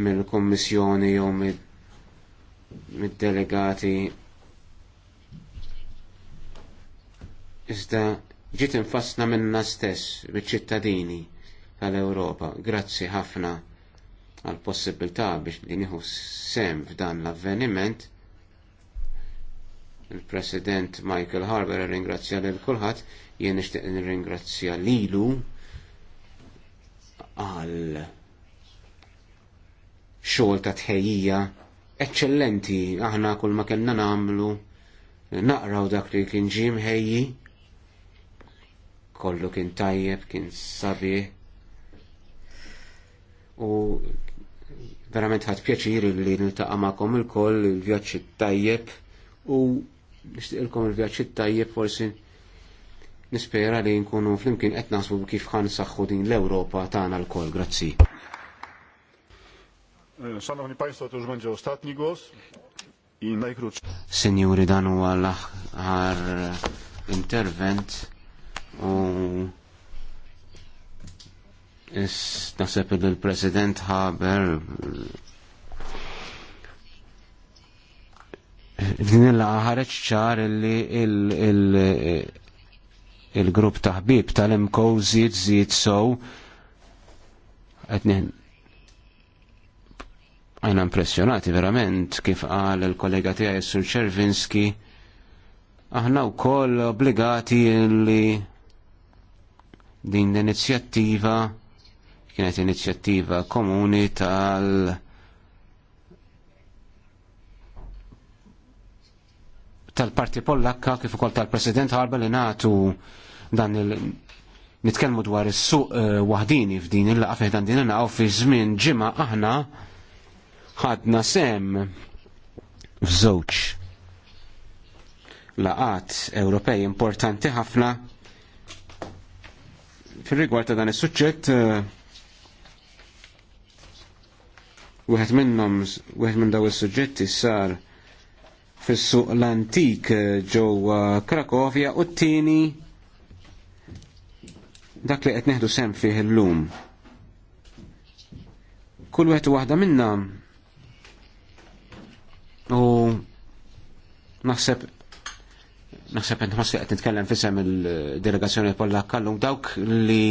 mill-Kommissjoni jew mid-delegati iżda ġiet infassna minna stess biċ-ċittadini tal-Ewropa. Grazzi ħafna għal possibilità biex li nieħu sem f'dan l-avveniment. Il-President Michael Harber ringrazzja lil kulħadd, jien nixtieq nirringrazzja lilu għal xogħol ta' tħejjija eċċellenti aħna kull ma kellna nagħmlu naqraw dak li kien ġim ħejji kollu kien tajjeb, kien sabiħ, u verament ħadd pjaċiri li nil-taqqa maqom il-koll il-vjaġġ tajjeb u nixtieqilkom il-vjaġġ tajjeb forsi nispera li nkunu flimkien qed naħsbu kif ħan saħħu din l-Ewropa tagħna l-koll. Grazzi. E, Szanowni pajstot to już ostatni għos i najkruċ. Seniori, dan huwa l-aħħar intervent u Naħseb il-President Haber din il-ħareċ ċar li il-grupp taħbib tal-imkow zid zid sow għetnin għajna impressionati verament kif qal il-kollega tijaj sur ċervinski aħna u koll obbligati li din l-inizjattiva kienet inizjattiva komuni tal tal-Parti Pollakka kif ukoll tal-President ħarba li nagħtu dan il nitkellmu dwar is-suq uh, waħdini f'din il-laqa fih dan din naqgħu fi żmien ġimgħa aħna ħadna sem f'żewġ laqat Ewropej importanti ħafna fir-rigward ta' dan is-suġġett uh, Wieħed minnhom wieħed minn daw is-suġġetti sar fis-suq l-antik eh, ġewwa Krakovja u t-tieni dak li qed neħdu sem fih illum. Kull wieħed waħda minna u naħseb naħseb nħossi qed nitkellem fisem il-delegazzjoni Pollakka llum dawk li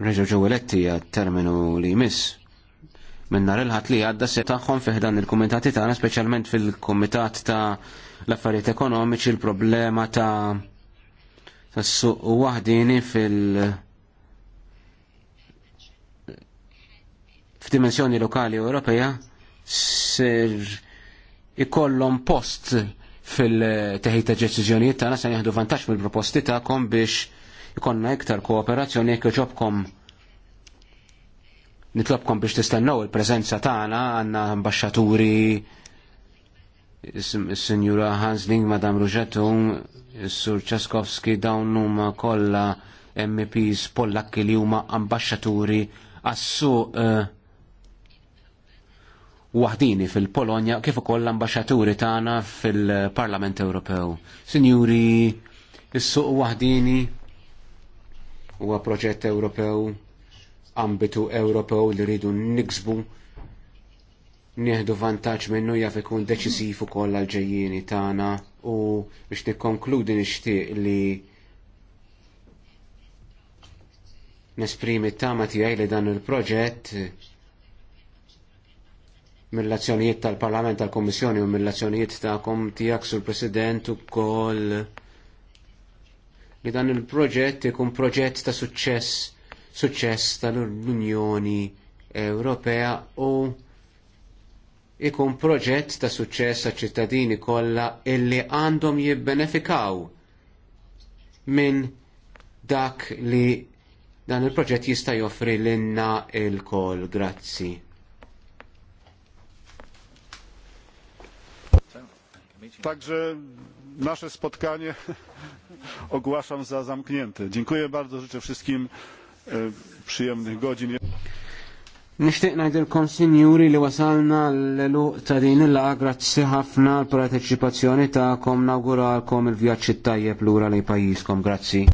reġgħu ġew eletti terminu li jmiss. Minn nhar il ħat li għadda se tagħhom fih dan il-kumitati tagħna speċjalment fil-kumitat ta' l-affarijiet ekonomiċi il-problema ta' tas-suq waħdini fil- f'dimensjoni lokali Ewropea sir ikollhom post fil-teħid ta' deċiżjonijiet tagħna se jieħdu vantaġġ mill-proposti tagħkom biex ikonna iktar kooperazzjoni jekk joġobkom nitlobkom biex tistennew il prezenza tagħna għandna ambasċaturi is-Sinjura Hansling, Madam Ruġetu, is-Sur Czaskowski dawn huma kollha MPs Pollakki li huma ambasċaturi għas-suq eh, waħdini fil-Polonja kif ukoll l-ambasċaturi tagħna fil-Parlament Ewropew. Sinjuri, is-suq waħdini huwa proġett Ewropew, ambitu Ewropew li rridu niksbu nieħdu vantaġġ minnu jaf ikun deċisiv ukoll għal ġejjieni tagħna u biex nikkonkludi nixtieq li nesprimi t-tama tiegħi li dan il-proġett mill-azzjonijiet tal-Parlament tal-Kommissjoni u mill-azzjonijiet tagħkom tiegħek sur President ukoll li dan il-proġett ikun proġett ta' suċċess suċċess tal-Unjoni Ewropea u ikun proġett ta' suċċess għal ċittadini kollha illi għandhom jibbenefikaw minn dak li dan il-proġett jista' joffri lilna il-kol. Grazzi. Także nasze spotkanie ogłaszam za zamknięte. Dziękuję bardzo, życzę wszystkim e, przyjemnych godzin. Nishtiq ngħidilkom sinjuri li wasalna l-luq ta' din il grazzi ħafna l-parteċipazzjoni ta' ta'kom nawguralkom il vjaċċi tajjeb l-ura li pajjiżkom. Grazzi.